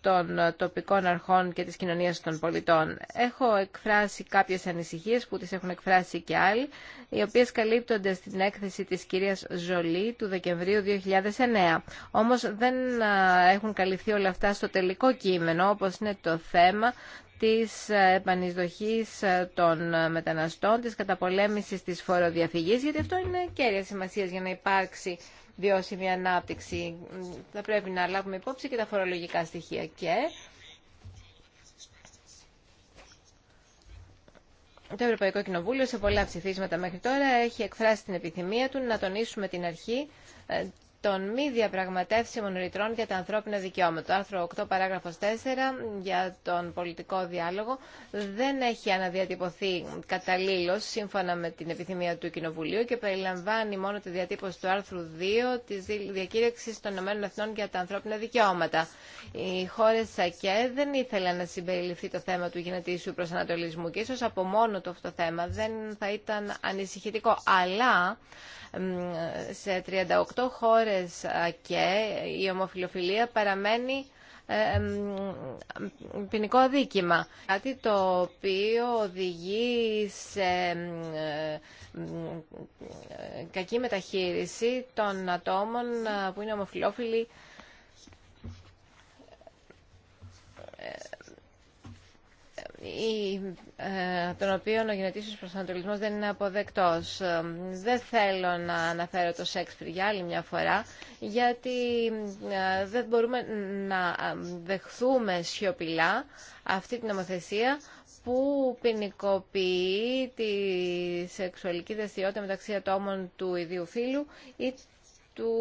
των ε, τοπικών αρχών και της κοινωνίας των πολιτών. Έχω εκφράσει κάποιες ανησυχίες που τις έχουν εκφράσει και άλλοι, οι οποίες καλύπτονται στην έκθεση της κυρίας Ζολή του Δεκεμβρίου 2009. Όμως δεν ε, έχουν καλυφθεί όλα αυτά στο τελικό κείμενο, όπως είναι το θέμα της ε, επανεισδοχής των μεταναστών, της καταπολέμησης της φοροδιαφυγής, γιατί αυτό είναι κέρια σημασία για να υπάρξει βιώσιμη ανάπτυξη. Θα πρέπει να λάβουμε υπόψη και τα φορολογικά στοιχεία. Και Το Ευρωπαϊκό Κοινοβούλιο σε πολλά ψηφίσματα μέχρι τώρα έχει εκφράσει την επιθυμία του να τονίσουμε την αρχή ε, των μη διαπραγματεύσιμων ρητρών για τα ανθρώπινα δικαιώματα. Το άρθρο 8 παράγραφο 4 για τον πολιτικό διάλογο δεν έχει αναδιατυπωθεί καταλήλω σύμφωνα με την επιθυμία του Κοινοβουλίου και περιλαμβάνει μόνο τη διατύπωση του άρθρου 2 τη διακήρυξη των ΗΠΑ για τα ανθρώπινα δικαιώματα. Οι χώρε ΣΑΚΕ δεν ήθελαν να συμπεριληφθεί το θέμα του γενετήσιου προσανατολισμού και ίσω από μόνο το αυτό θέμα δεν θα ήταν ανησυχητικό. Αλλά σε 38 χώρε και η ομοφιλοφιλία παραμένει ε, ποινικό δίκημα. Κάτι το οποίο οδηγεί σε ε, κακή μεταχείριση των ατόμων που είναι ομοφιλόφιλοι ε, ε, τον οποίων ο γενετήσιος προσανατολισμός δεν είναι αποδεκτός. Ε, δεν θέλω να αναφέρω το Σέξπιρ για άλλη μια φορά, γιατί ε, δεν μπορούμε να δεχθούμε σιωπηλά αυτή την νομοθεσία που ποινικοποιεί τη σεξουαλική δραστηριότητα μεταξύ ατόμων του ιδίου φύλου ή του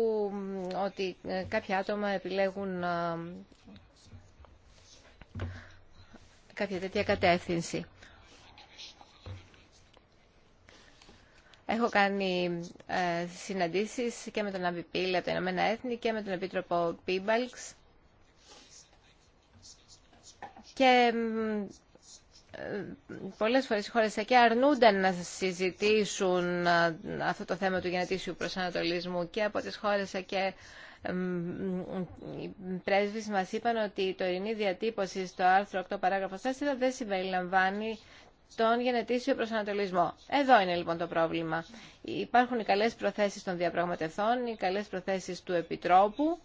ότι κάποια άτομα επιλέγουν κάποια τέτοια κατεύθυνση. Έχω κάνει ε, συναντήσεις και με τον Αμπιπίλ από τα Ηνωμένα Έθνη και με τον Επίτροπο Πίμπαλξ και ε, πολλές φορές οι χώρες εκεί αρνούνταν να συζητήσουν ε, αυτό το θέμα του γενετήσιου προσανατολισμού και από τις χώρες και πρέσβεις μα είπαν ότι η τωρινή διατύπωση στο άρθρο 8 παράγραφο 4 δεν συμπεριλαμβάνει τον γενετήσιο προσανατολισμό. Εδώ είναι λοιπόν το πρόβλημα. Υπάρχουν οι καλές προθέσεις των διαπραγματευτών, οι καλές προθέσεις του Επιτρόπου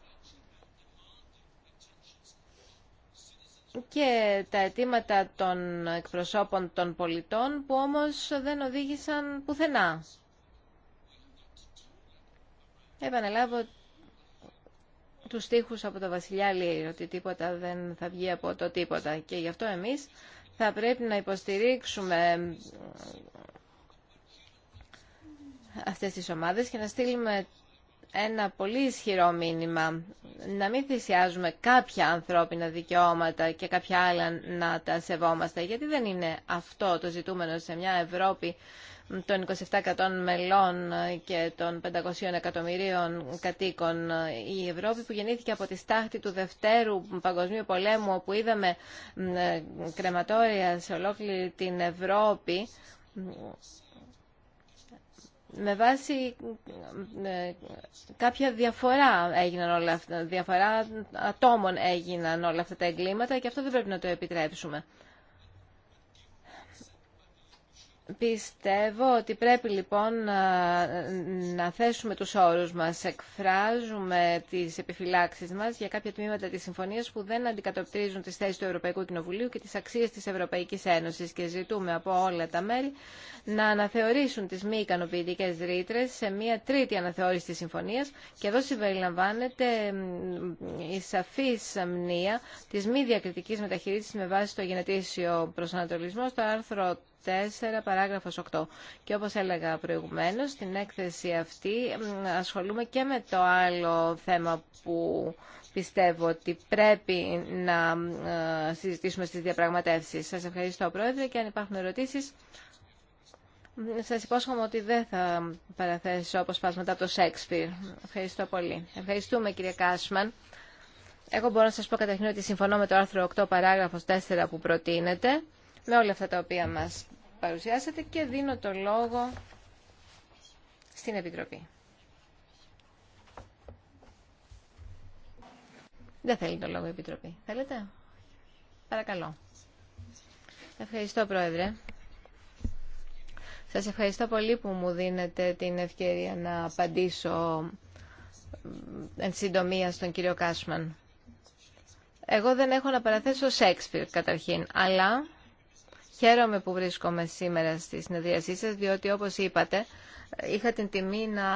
και τα αιτήματα των εκπροσώπων των πολιτών που όμως δεν οδήγησαν πουθενά. Επαναλάβω τους στίχους από το Βασιλιά λέει ότι τίποτα δεν θα βγει από το τίποτα και γι' αυτό εμείς θα πρέπει να υποστηρίξουμε ε, αυτές τις ομάδες και να στείλουμε ένα πολύ ισχυρό μήνυμα να μην θυσιάζουμε κάποια ανθρώπινα δικαιώματα και κάποια άλλα να τα σεβόμαστε γιατί δεν είναι αυτό το ζητούμενο σε μια Ευρώπη των 27 μελών και των 500 εκατομμυρίων κατοίκων η Ευρώπη που γεννήθηκε από τη στάχτη του Δευτέρου Παγκοσμίου Πολέμου όπου είδαμε ε, κρεματόρια σε ολόκληρη την Ευρώπη με βάση ε, κάποια διαφορά έγιναν όλα αυτά, διαφορά ατόμων έγιναν όλα αυτά τα εγκλήματα και αυτό δεν πρέπει να το επιτρέψουμε. Πιστεύω ότι πρέπει λοιπόν να, να θέσουμε τους όρους μας. Εκφράζουμε τις επιφυλάξεις μας για κάποια τμήματα της συμφωνίας που δεν αντικατοπτρίζουν τις θέσεις του Ευρωπαϊκού Κοινοβουλίου και τις αξίες της Ευρωπαϊκής Ένωσης και ζητούμε από όλα τα μέλη να αναθεωρήσουν τις μη ικανοποιητικέ ρήτρε σε μια τρίτη αναθεώρηση της συμφωνίας και εδώ συμπεριλαμβάνεται η σαφή σαμνία της μη διακριτικής μεταχειρίσης με βάση το γενετήσιο προσανατολισμό στο άρθρο παράγραφος 8. Και όπως έλεγα προηγουμένως, στην έκθεση αυτή ασχολούμαι και με το άλλο θέμα που πιστεύω ότι πρέπει να ε, συζητήσουμε στις διαπραγματεύσεις. Σας ευχαριστώ, Πρόεδρε, και αν υπάρχουν ερωτήσεις... Σας υπόσχομαι ότι δεν θα παραθέσω όπως πάσματα από το Σέξπιρ. Ευχαριστώ πολύ. Ευχαριστούμε κύριε Κάσμαν. Εγώ μπορώ να σας πω καταρχήν ότι συμφωνώ με το άρθρο 8 παράγραφος 4 που προτείνεται με όλα αυτά τα οποία μας παρουσιάσατε και δίνω το λόγο στην Επιτροπή. Δεν θέλει το λόγο η Επιτροπή. Θέλετε? Παρακαλώ. Ευχαριστώ, Πρόεδρε. Σας ευχαριστώ πολύ που μου δίνετε την ευκαιρία να απαντήσω εν συντομία στον κύριο Κάσμαν. Εγώ δεν έχω να παραθέσω Σέξπιρ καταρχήν, αλλά Χαίρομαι που βρίσκομαι σήμερα στη συνεδρίασή σας, διότι όπως είπατε, είχα την τιμή να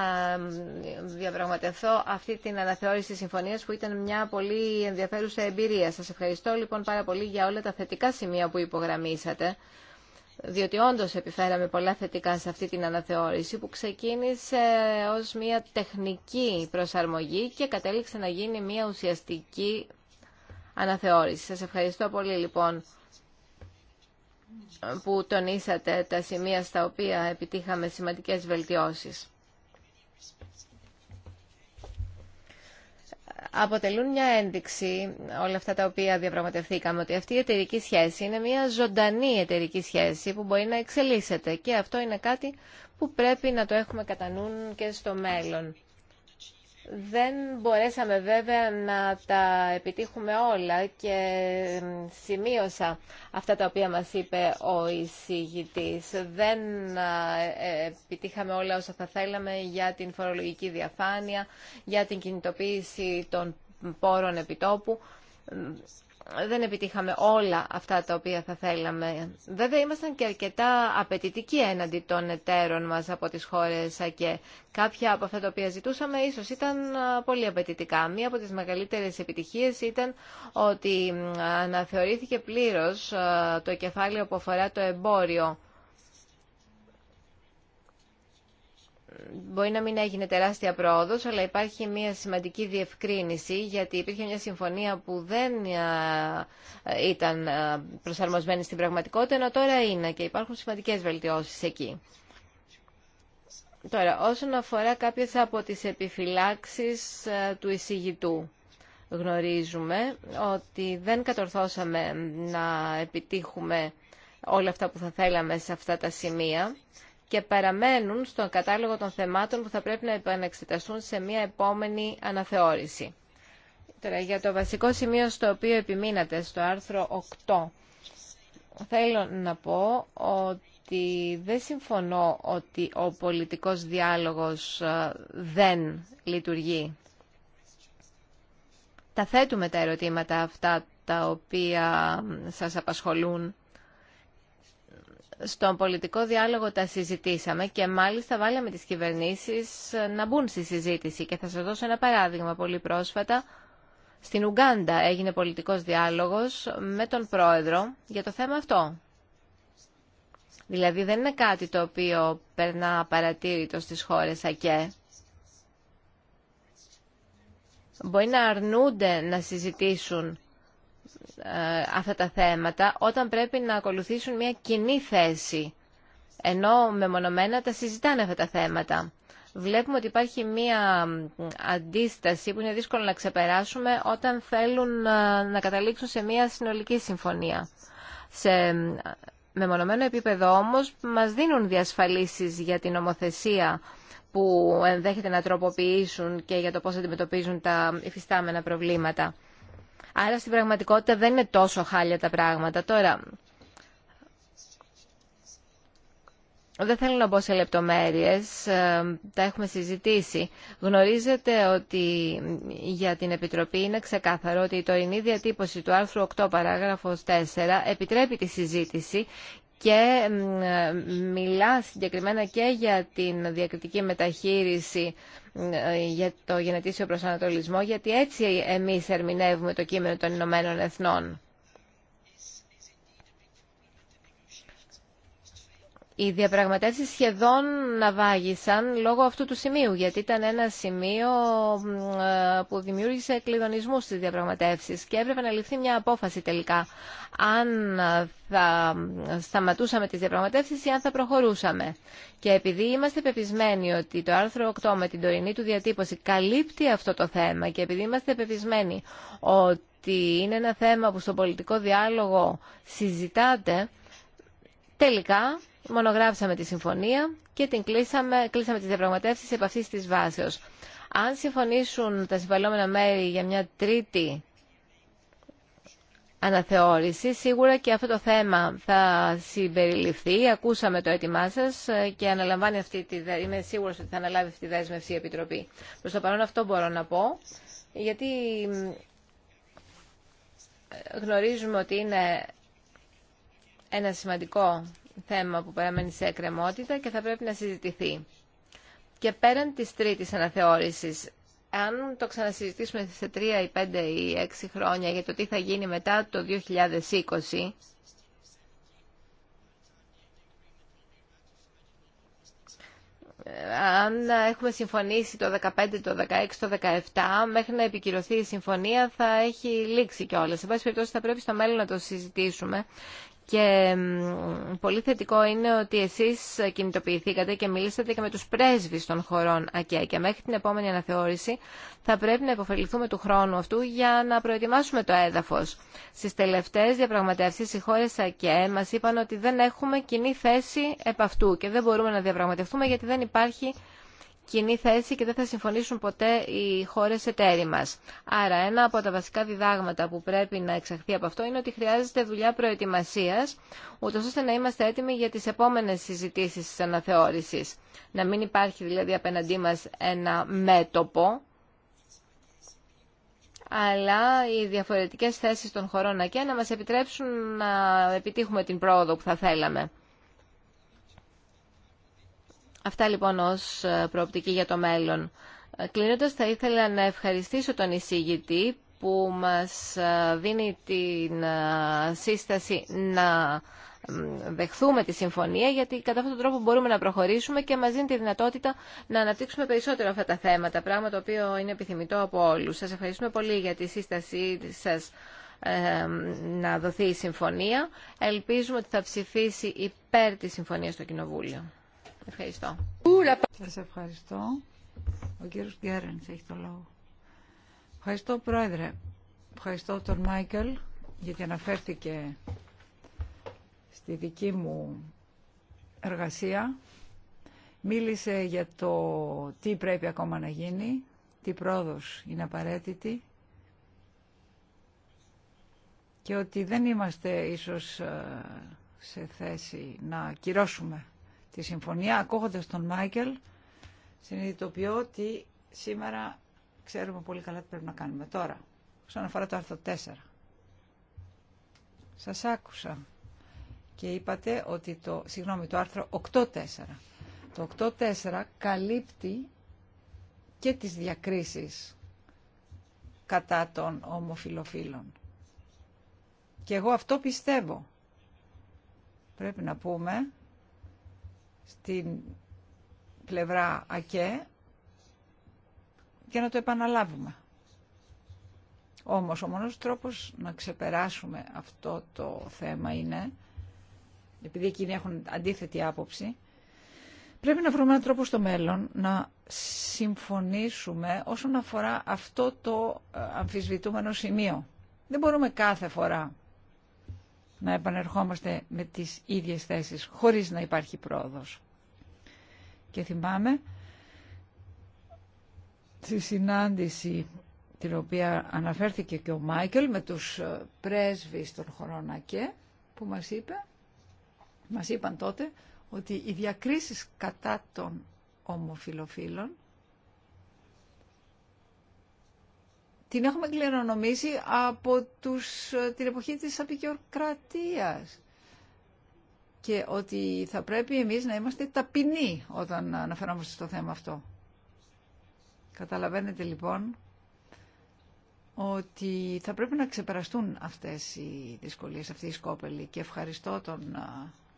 διαπραγματευθώ αυτή την αναθεώρηση συμφωνίας που ήταν μια πολύ ενδιαφέρουσα εμπειρία. Σας ευχαριστώ λοιπόν πάρα πολύ για όλα τα θετικά σημεία που υπογραμμίσατε διότι όντως επιφέραμε πολλά θετικά σε αυτή την αναθεώρηση που ξεκίνησε ως μια τεχνική προσαρμογή και κατέληξε να γίνει μια ουσιαστική αναθεώρηση. Σας ευχαριστώ πολύ λοιπόν που τονίσατε τα σημεία στα οποία επιτύχαμε σημαντικές βελτιώσεις. αποτελούν μια ένδειξη όλα αυτά τα οποία διαπραγματευθήκαμε ότι αυτή η εταιρική σχέση είναι μια ζωντανή εταιρική σχέση που μπορεί να εξελίσσεται και αυτό είναι κάτι που πρέπει να το έχουμε κατά και στο μέλλον. Δεν μπορέσαμε βέβαια να τα επιτύχουμε όλα και σημείωσα αυτά τα οποία μας είπε ο εισηγητής. Δεν ε, επιτύχαμε όλα όσα θα θέλαμε για την φορολογική διαφάνεια, για την κινητοποίηση των πόρων επιτόπου δεν επιτύχαμε όλα αυτά τα οποία θα θέλαμε. Βέβαια, ήμασταν και αρκετά απαιτητικοί έναντι των εταίρων μας από τις χώρες και Κάποια από αυτά τα οποία ζητούσαμε ίσως ήταν πολύ απαιτητικά. Μία από τις μεγαλύτερες επιτυχίες ήταν ότι αναθεωρήθηκε πλήρως το κεφάλαιο που αφορά το εμπόριο μπορεί να μην έγινε τεράστια πρόοδο, αλλά υπάρχει μια σημαντική διευκρίνηση, γιατί υπήρχε μια συμφωνία που δεν ήταν προσαρμοσμένη στην πραγματικότητα, ενώ τώρα είναι και υπάρχουν σημαντικέ βελτιώσει εκεί. Τώρα, όσον αφορά κάποιε από τι επιφυλάξει του εισηγητού, γνωρίζουμε ότι δεν κατορθώσαμε να επιτύχουμε όλα αυτά που θα θέλαμε σε αυτά τα σημεία και παραμένουν στον κατάλογο των θεμάτων που θα πρέπει να επαναξεταστούν σε μια επόμενη αναθεώρηση. Τώρα, για το βασικό σημείο στο οποίο επιμείνατε, στο άρθρο 8, θέλω να πω ότι δεν συμφωνώ ότι ο πολιτικός διάλογος ε, δεν λειτουργεί. Τα θέτουμε τα ερωτήματα αυτά τα οποία σας απασχολούν στον πολιτικό διάλογο τα συζητήσαμε και μάλιστα βάλαμε τις κυβερνήσεις ε, να μπουν στη συζήτηση. Και θα σας δώσω ένα παράδειγμα πολύ πρόσφατα. Στην Ουγκάντα έγινε πολιτικός διάλογος με τον πρόεδρο για το θέμα αυτό. Δηλαδή δεν είναι κάτι το οποίο περνά παρατήρητο στις χώρες ΑΚΕ. Μπορεί να αρνούνται να συζητήσουν ε, αυτά τα θέματα όταν πρέπει να ακολουθήσουν μια κοινή θέση ενώ μεμονωμένα τα συζητάνε αυτά τα θέματα. Βλέπουμε ότι υπάρχει μια αντίσταση που είναι δύσκολο να ξεπεράσουμε όταν θέλουν ε, να καταλήξουν σε μια συνολική συμφωνία. Σε μεμονωμένο επίπεδο όμως μας δίνουν διασφαλίσεις για την ομοθεσία που ενδέχεται να τροποποιήσουν και για το πώς αντιμετωπίζουν τα υφιστάμενα προβλήματα. Άρα στην πραγματικότητα δεν είναι τόσο χάλια τα πράγματα. Τώρα, δεν θέλω να μπω σε λεπτομέρειες, ε, τα έχουμε συζητήσει. Γνωρίζετε ότι για την Επιτροπή είναι ξεκάθαρο ότι η τωρινή διατύπωση του άρθρου 8 παράγραφος 4 επιτρέπει τη συζήτηση και μιλά συγκεκριμένα και για την διακριτική μεταχείριση για το γενετήσιο προσανατολισμό, γιατί έτσι εμείς ερμηνεύουμε το κείμενο των Ηνωμένων Εθνών. οι διαπραγματεύσεις σχεδόν να βάγισαν λόγω αυτού του σημείου, γιατί ήταν ένα σημείο ε, που δημιούργησε κλειδονισμού στις διαπραγματεύσεις και έπρεπε να ληφθεί μια απόφαση τελικά αν θα σταματούσαμε τις διαπραγματεύσεις ή αν θα προχωρούσαμε. Και επειδή είμαστε πεπισμένοι ότι το άρθρο 8 με την τωρινή του διατύπωση καλύπτει αυτό το θέμα και επειδή είμαστε πεπισμένοι ότι είναι ένα θέμα που στο πολιτικό διάλογο συζητάτε, τελικά μονογράψαμε τη συμφωνία και την κλείσαμε, κλείσαμε τις διαπραγματεύσεις επ' αυτής της βάσεως. Αν συμφωνήσουν τα συμβαλόμενα μέρη για μια τρίτη αναθεώρηση, σίγουρα και αυτό το θέμα θα συμπεριληφθεί. Ακούσαμε το έτοιμά σα ε, και αναλαμβάνει αυτή τη, είμαι σίγουρος ότι θα αναλάβει αυτή τη δέσμευση η Επιτροπή. Προς το παρόν αυτό μπορώ να πω, γιατί ε, γνωρίζουμε ότι είναι ένα σημαντικό θέμα που παραμένει σε εκκρεμότητα και θα πρέπει να συζητηθεί. Και πέραν της τρίτης αναθεώρησης, αν το ξανασυζητήσουμε σε τρία ή πέντε ή έξι χρόνια για το τι θα γίνει μετά το 2020, αν έχουμε συμφωνήσει το 15, το 16, το 17, μέχρι να επικυρωθεί η συμφωνία θα έχει λήξει κιόλας. Σε πάση περιπτώσει θα πρέπει στο μέλλον να το συζητήσουμε και πολύ θετικό είναι ότι εσείς κινητοποιηθήκατε και μιλήσατε και με τους πρέσβεις των χωρών ΑΚΕ και μέχρι την επόμενη αναθεώρηση θα πρέπει να υποφεληθούμε του χρόνου αυτού για να προετοιμάσουμε το έδαφος. Στις τελευταίες διαπραγματεύσεις οι χώρες ΑΚΕ μας είπαν ότι δεν έχουμε κοινή θέση επ' αυτού και δεν μπορούμε να διαπραγματευτούμε γιατί δεν υπάρχει κοινή θέση και δεν θα συμφωνήσουν ποτέ οι χώρες εταίροι μα. Άρα ένα από τα βασικά διδάγματα που πρέπει να εξαχθεί από αυτό είναι ότι χρειάζεται δουλειά προετοιμασία, ούτω ώστε να είμαστε έτοιμοι για τις επόμενες συζητήσεις τη αναθεώρησης. Να μην υπάρχει δηλαδή απέναντί μας ένα μέτωπο, αλλά οι διαφορετικές θέσεις των χωρών και να μας επιτρέψουν να επιτύχουμε την πρόοδο που θα θέλαμε. Αυτά λοιπόν ως ε, προοπτική για το μέλλον. Ε, κλείνοντας θα ήθελα να ευχαριστήσω τον εισηγητή που μας ε, δίνει την σύσταση να δεχθούμε τη συμφωνία γιατί κατά αυτόν τον τρόπο μπορούμε να προχωρήσουμε και μας δίνει τη δυνατότητα να αναπτύξουμε περισσότερο αυτά τα θέματα, πράγμα το οποίο είναι επιθυμητό από όλους. Σας ευχαριστούμε πολύ για τη σύστασή σας να δοθεί η συμφωνία. Ελπίζουμε ότι θα ψηφίσει υπέρ της συμφωνίας στο Κοινοβούλιο. Ευχαριστώ. Σας ευχαριστώ. Ο κύριος Γκέρενς έχει το λόγο. Ευχαριστώ Πρόεδρε. Ευχαριστώ τον Μάικελ γιατί αναφέρθηκε στη δική μου εργασία. Μίλησε για το τι πρέπει ακόμα να γίνει, τι πρόοδος είναι απαραίτητη και ότι δεν είμαστε ίσως ε, σε θέση να κυρώσουμε τη συμφωνία. ακούγοντα τον Μάικελ, συνειδητοποιώ ότι σήμερα ξέρουμε πολύ καλά τι πρέπει να κάνουμε. Τώρα, όσον αφορά το άρθρο 4, σας άκουσα και είπατε ότι το, συγγνώμη, το άρθρο 8.4. Το 8.4 καλύπτει και τις διακρίσεις κατά των ομοφιλοφίλων. Και εγώ αυτό πιστεύω. Πρέπει να πούμε στην πλευρά ΑΚΕ και να το επαναλάβουμε. Όμως ο μόνος τρόπος να ξεπεράσουμε αυτό το θέμα είναι, επειδή εκείνοι έχουν αντίθετη άποψη, πρέπει να βρούμε έναν τρόπο στο μέλλον να συμφωνήσουμε όσον αφορά αυτό το ε, αμφισβητούμενο σημείο. Δεν μπορούμε κάθε φορά να επανερχόμαστε με τις ίδιες θέσεις χωρίς να υπάρχει πρόοδος. Και θυμάμαι τη συνάντηση την οποία αναφέρθηκε και ο Μάικελ με τους ε, πρέσβεις των χωρών ΑΚΕ που μας είπε μας είπαν τότε ότι οι διακρίσεις κατά των ομοφιλοφίλων την έχουμε κληρονομήσει από τους, την εποχή της απεικιοκρατίας και ότι θα πρέπει εμείς να είμαστε ταπεινοί όταν αναφερόμαστε στο θέμα αυτό. Καταλαβαίνετε λοιπόν ότι θα πρέπει να ξεπεραστούν αυτές οι δυσκολίες, αυτή η σκόπελοι και ευχαριστώ τον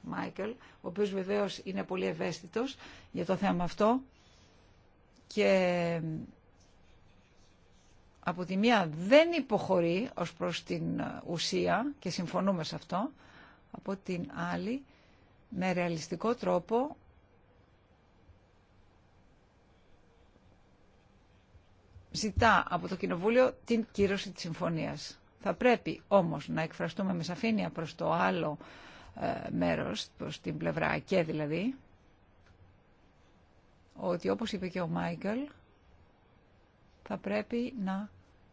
Μάικελ, ο οποίος βεβαίως είναι πολύ ευαίσθητος για το θέμα αυτό και από τη μία δεν υποχωρεί ως προς την ουσία και συμφωνούμε σε αυτό, από την άλλη με ρεαλιστικό τρόπο ζητά από το Κοινοβούλιο την κύρωση της συμφωνίας. Θα πρέπει όμως να εκφραστούμε με σαφήνεια προς το άλλο ε, μέρος, προς την πλευρά και δηλαδή, ότι όπως είπε και ο Μάικλ θα πρέπει να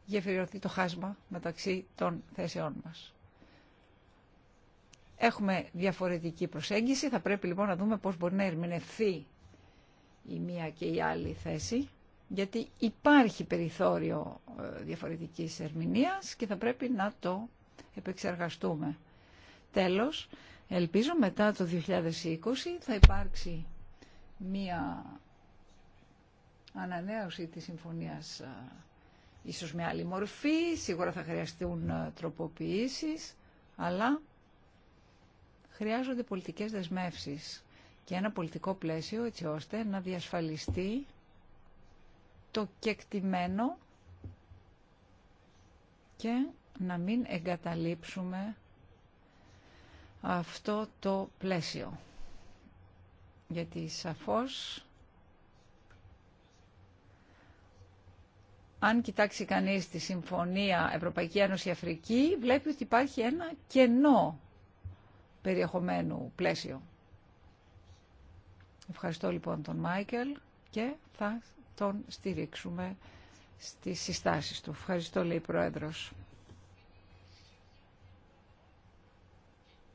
γεφυρωθεί το χάσμα μεταξύ των θέσεών μας. Έχουμε διαφορετική προσέγγιση, θα πρέπει λοιπόν να δούμε πώς μπορεί να ερμηνευθεί η μία και η άλλη θέση, γιατί υπάρχει περιθώριο ε, διαφορετικής ερμηνείας και θα πρέπει να το επεξεργαστούμε. Τέλος, ελπίζω μετά το 2020 θα υπάρξει μία ανανέωση της συμφωνίας ε, ίσως με άλλη μορφή, σίγουρα θα χρειαστούν ε, τροποποιήσεις, αλλά χρειάζονται πολιτικές δεσμεύσεις και ένα πολιτικό πλαίσιο έτσι ώστε να διασφαλιστεί το κεκτημένο και να μην εγκαταλείψουμε αυτό το πλαίσιο. Γιατί σαφώς αν κοιτάξει κανείς τη Συμφωνία Ευρωπαϊκή Ένωση Αφρική, βλέπει ότι υπάρχει ένα κενό περιεχομένου πλαίσιο. Ευχαριστώ λοιπόν τον Μάικελ και θα τον στηρίξουμε στις συστάσεις του. Ευχαριστώ λέει η Πρόεδρος.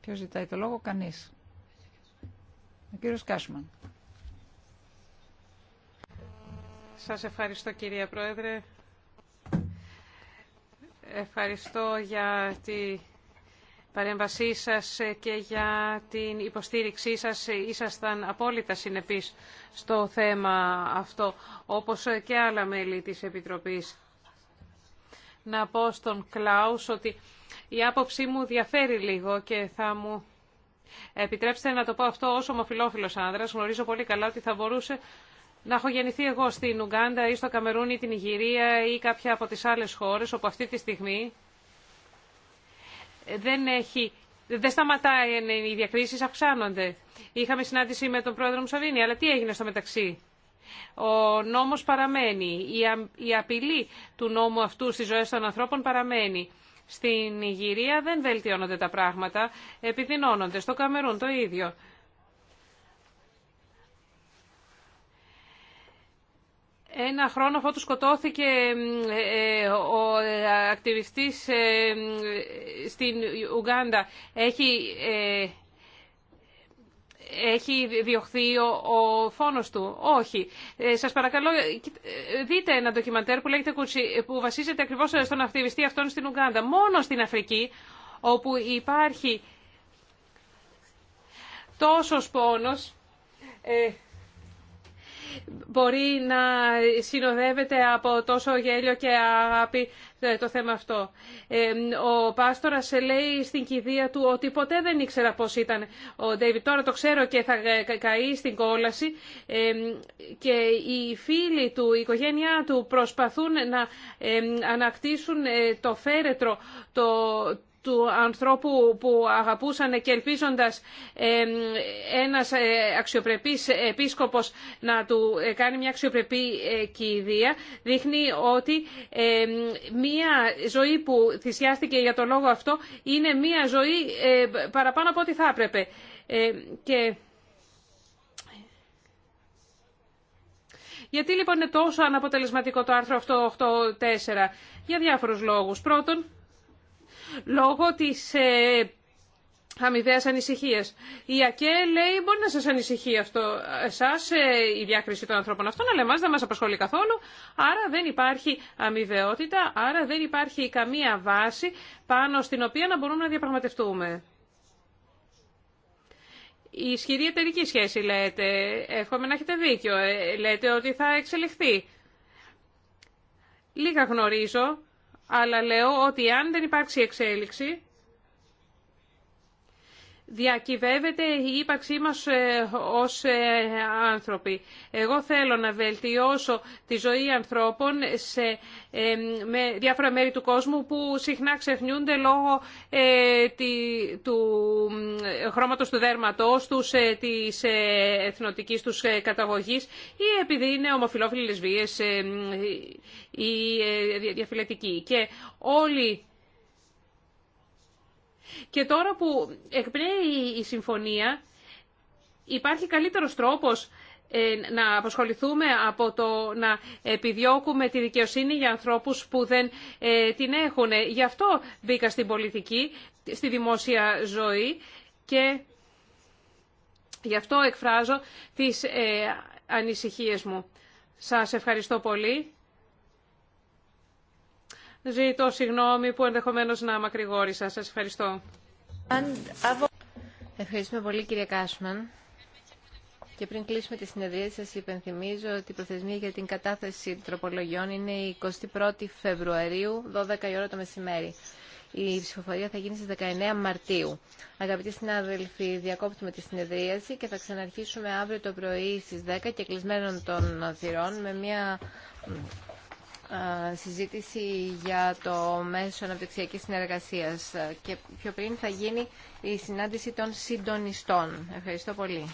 Ποιος ζητάει το λόγο, κανείς. Ο κύριος Κάσμαν. Σας ευχαριστώ κυρία Πρόεδρε. Ευχαριστώ για τη παρέμβασή σας και για την υποστήριξή σας. Ήσασταν απόλυτα συνεπείς στο θέμα αυτό, όπως και άλλα μέλη της Επιτροπής. Να πω στον Κλάους ότι η άποψή μου διαφέρει λίγο και θα μου επιτρέψετε να το πω αυτό ως ομοφιλόφιλος άνδρας. Γνωρίζω πολύ καλά ότι θα μπορούσε να έχω γεννηθεί εγώ στην Ουγκάντα ή στο Καμερούν ή την Ιγυρία ή κάποια από τις άλλες χώρες όπου αυτή τη στιγμή δεν έχει... Δεν σταματάει οι διακρίσεις, αυξάνονται. Είχαμε συνάντηση με τον πρόεδρο Μουσαβίνη, αλλά τι έγινε στο μεταξύ. Ο νόμος παραμένει. Η απειλή του νόμου αυτού στις ζωές των ανθρώπων παραμένει. Στην Ιγυρία δεν βελτιώνονται τα πράγματα, επιδεινώνονται. Στο Καμερούν το ίδιο. Ένα χρόνο αφού του σκοτώθηκε ε, ε, ο ε, ακτιβιστής στην Ουγγάντα. Έχει, έχει διωχθεί ο φόνος του. Όχι. Σας παρακαλώ, δείτε ένα ντοκιμαντέρ που λέγεται που βασίζεται ακριβώς στον ακτιβιστή αυτόν στην Ουγγάντα. Μόνο στην Αφρική, όπου υπάρχει τόσος πόνος μπορεί να συνοδεύεται από τόσο γέλιο και αγάπη ε, το θέμα αυτό. Ε, ο Πάστορας λέει στην κηδεία του ότι ποτέ δεν ήξερα πώ ήταν ο Ντέιβιτ. Τώρα το ξέρω και θα καεί στην κόλαση ε, και οι φίλοι του, η οικογένειά του προσπαθούν να ανακτήσουν το φέρετρο το, του ανθρώπου που αγαπούσαν και ελπίζοντας ένας ε, αξιοπρεπής επίσκοπος να του ε, κάνει μια αξιοπρεπή ε, κηδεία, δείχνει ότι μια ζωή που θυσιάστηκε για το λόγο αυτό είναι μια ζωή παραπάνω από ό,τι θα έπρεπε. Και... Γιατί λοιπόν είναι τόσο αναποτελεσματικό το άρθρο 8.4 για διάφορους λόγους. Πρώτον, λόγω της ε, αμοιβαίας ανησυχίας. Η ΑΚΕ λέει μπορεί να σας ανησυχεί αυτό εσάς ε, η διάκριση των ανθρώπων αυτών, αλλά εμάς δεν μας απασχολεί καθόλου, άρα δεν υπάρχει αμοιβαιότητα, άρα δεν υπάρχει καμία βάση πάνω στην οποία να μπορούμε να διαπραγματευτούμε. Η ισχυρή εταιρική σχέση λέτε, εύχομαι να έχετε δίκιο, ε, λέτε ότι θα εξελιχθεί. Λίγα γνωρίζω αλλά λέω ότι αν δεν υπάρξει εξέλιξη διακυβεύεται η ύπαρξή μας ε, ως ε, άνθρωποι. Εγώ θέλω να βελτιώσω τη ζωή ανθρώπων σε ε, με διάφορα μέρη του κόσμου που συχνά ξεχνιούνται λόγω του χρώματος του δέρματός τους, της εθνοτικής τους καταγωγής ή επειδή είναι ομοφιλόφιλοι λεσβείες ή διαφυλετικοί. Και όλοι και τώρα που εκπνέει η συμφωνία, υπάρχει καλύτερος τρόπος ε, να αποσχοληθούμε από το να επιδιώκουμε τη δικαιοσύνη για ανθρώπους που δεν ε, την έχουν. Γι' αυτό μπήκα στην πολιτική, στη δημόσια ζωή και γι' αυτό εκφράζω τις ε, ανησυχίες μου. Σας ευχαριστώ πολύ. Ζητώ συγγνώμη που ενδεχομένω να μακρηγόρησα. Σας ευχαριστώ. Ευχαριστούμε πολύ κύριε Κάσμαν. Και πριν κλείσουμε τη συνεδρία σα υπενθυμίζω ότι η προθεσμία για την κατάθεση τροπολογιών είναι η 21η Φεβρουαρίου, 12 η ώρα το μεσημέρι. Η ψηφοφορία θα γίνει στις 19 Μαρτίου. Αγαπητοί συνάδελφοι, διακόπτουμε τη συνεδρίαση και θα ξαναρχίσουμε αύριο το πρωί στις 10 και κλεισμένων των θυρών με μια ε, συζήτηση για το μέσο αναπτυξιακής συνεργασίας ε, και πιο πριν θα γίνει η συνάντηση των συντονιστών. Ευχαριστώ πολύ.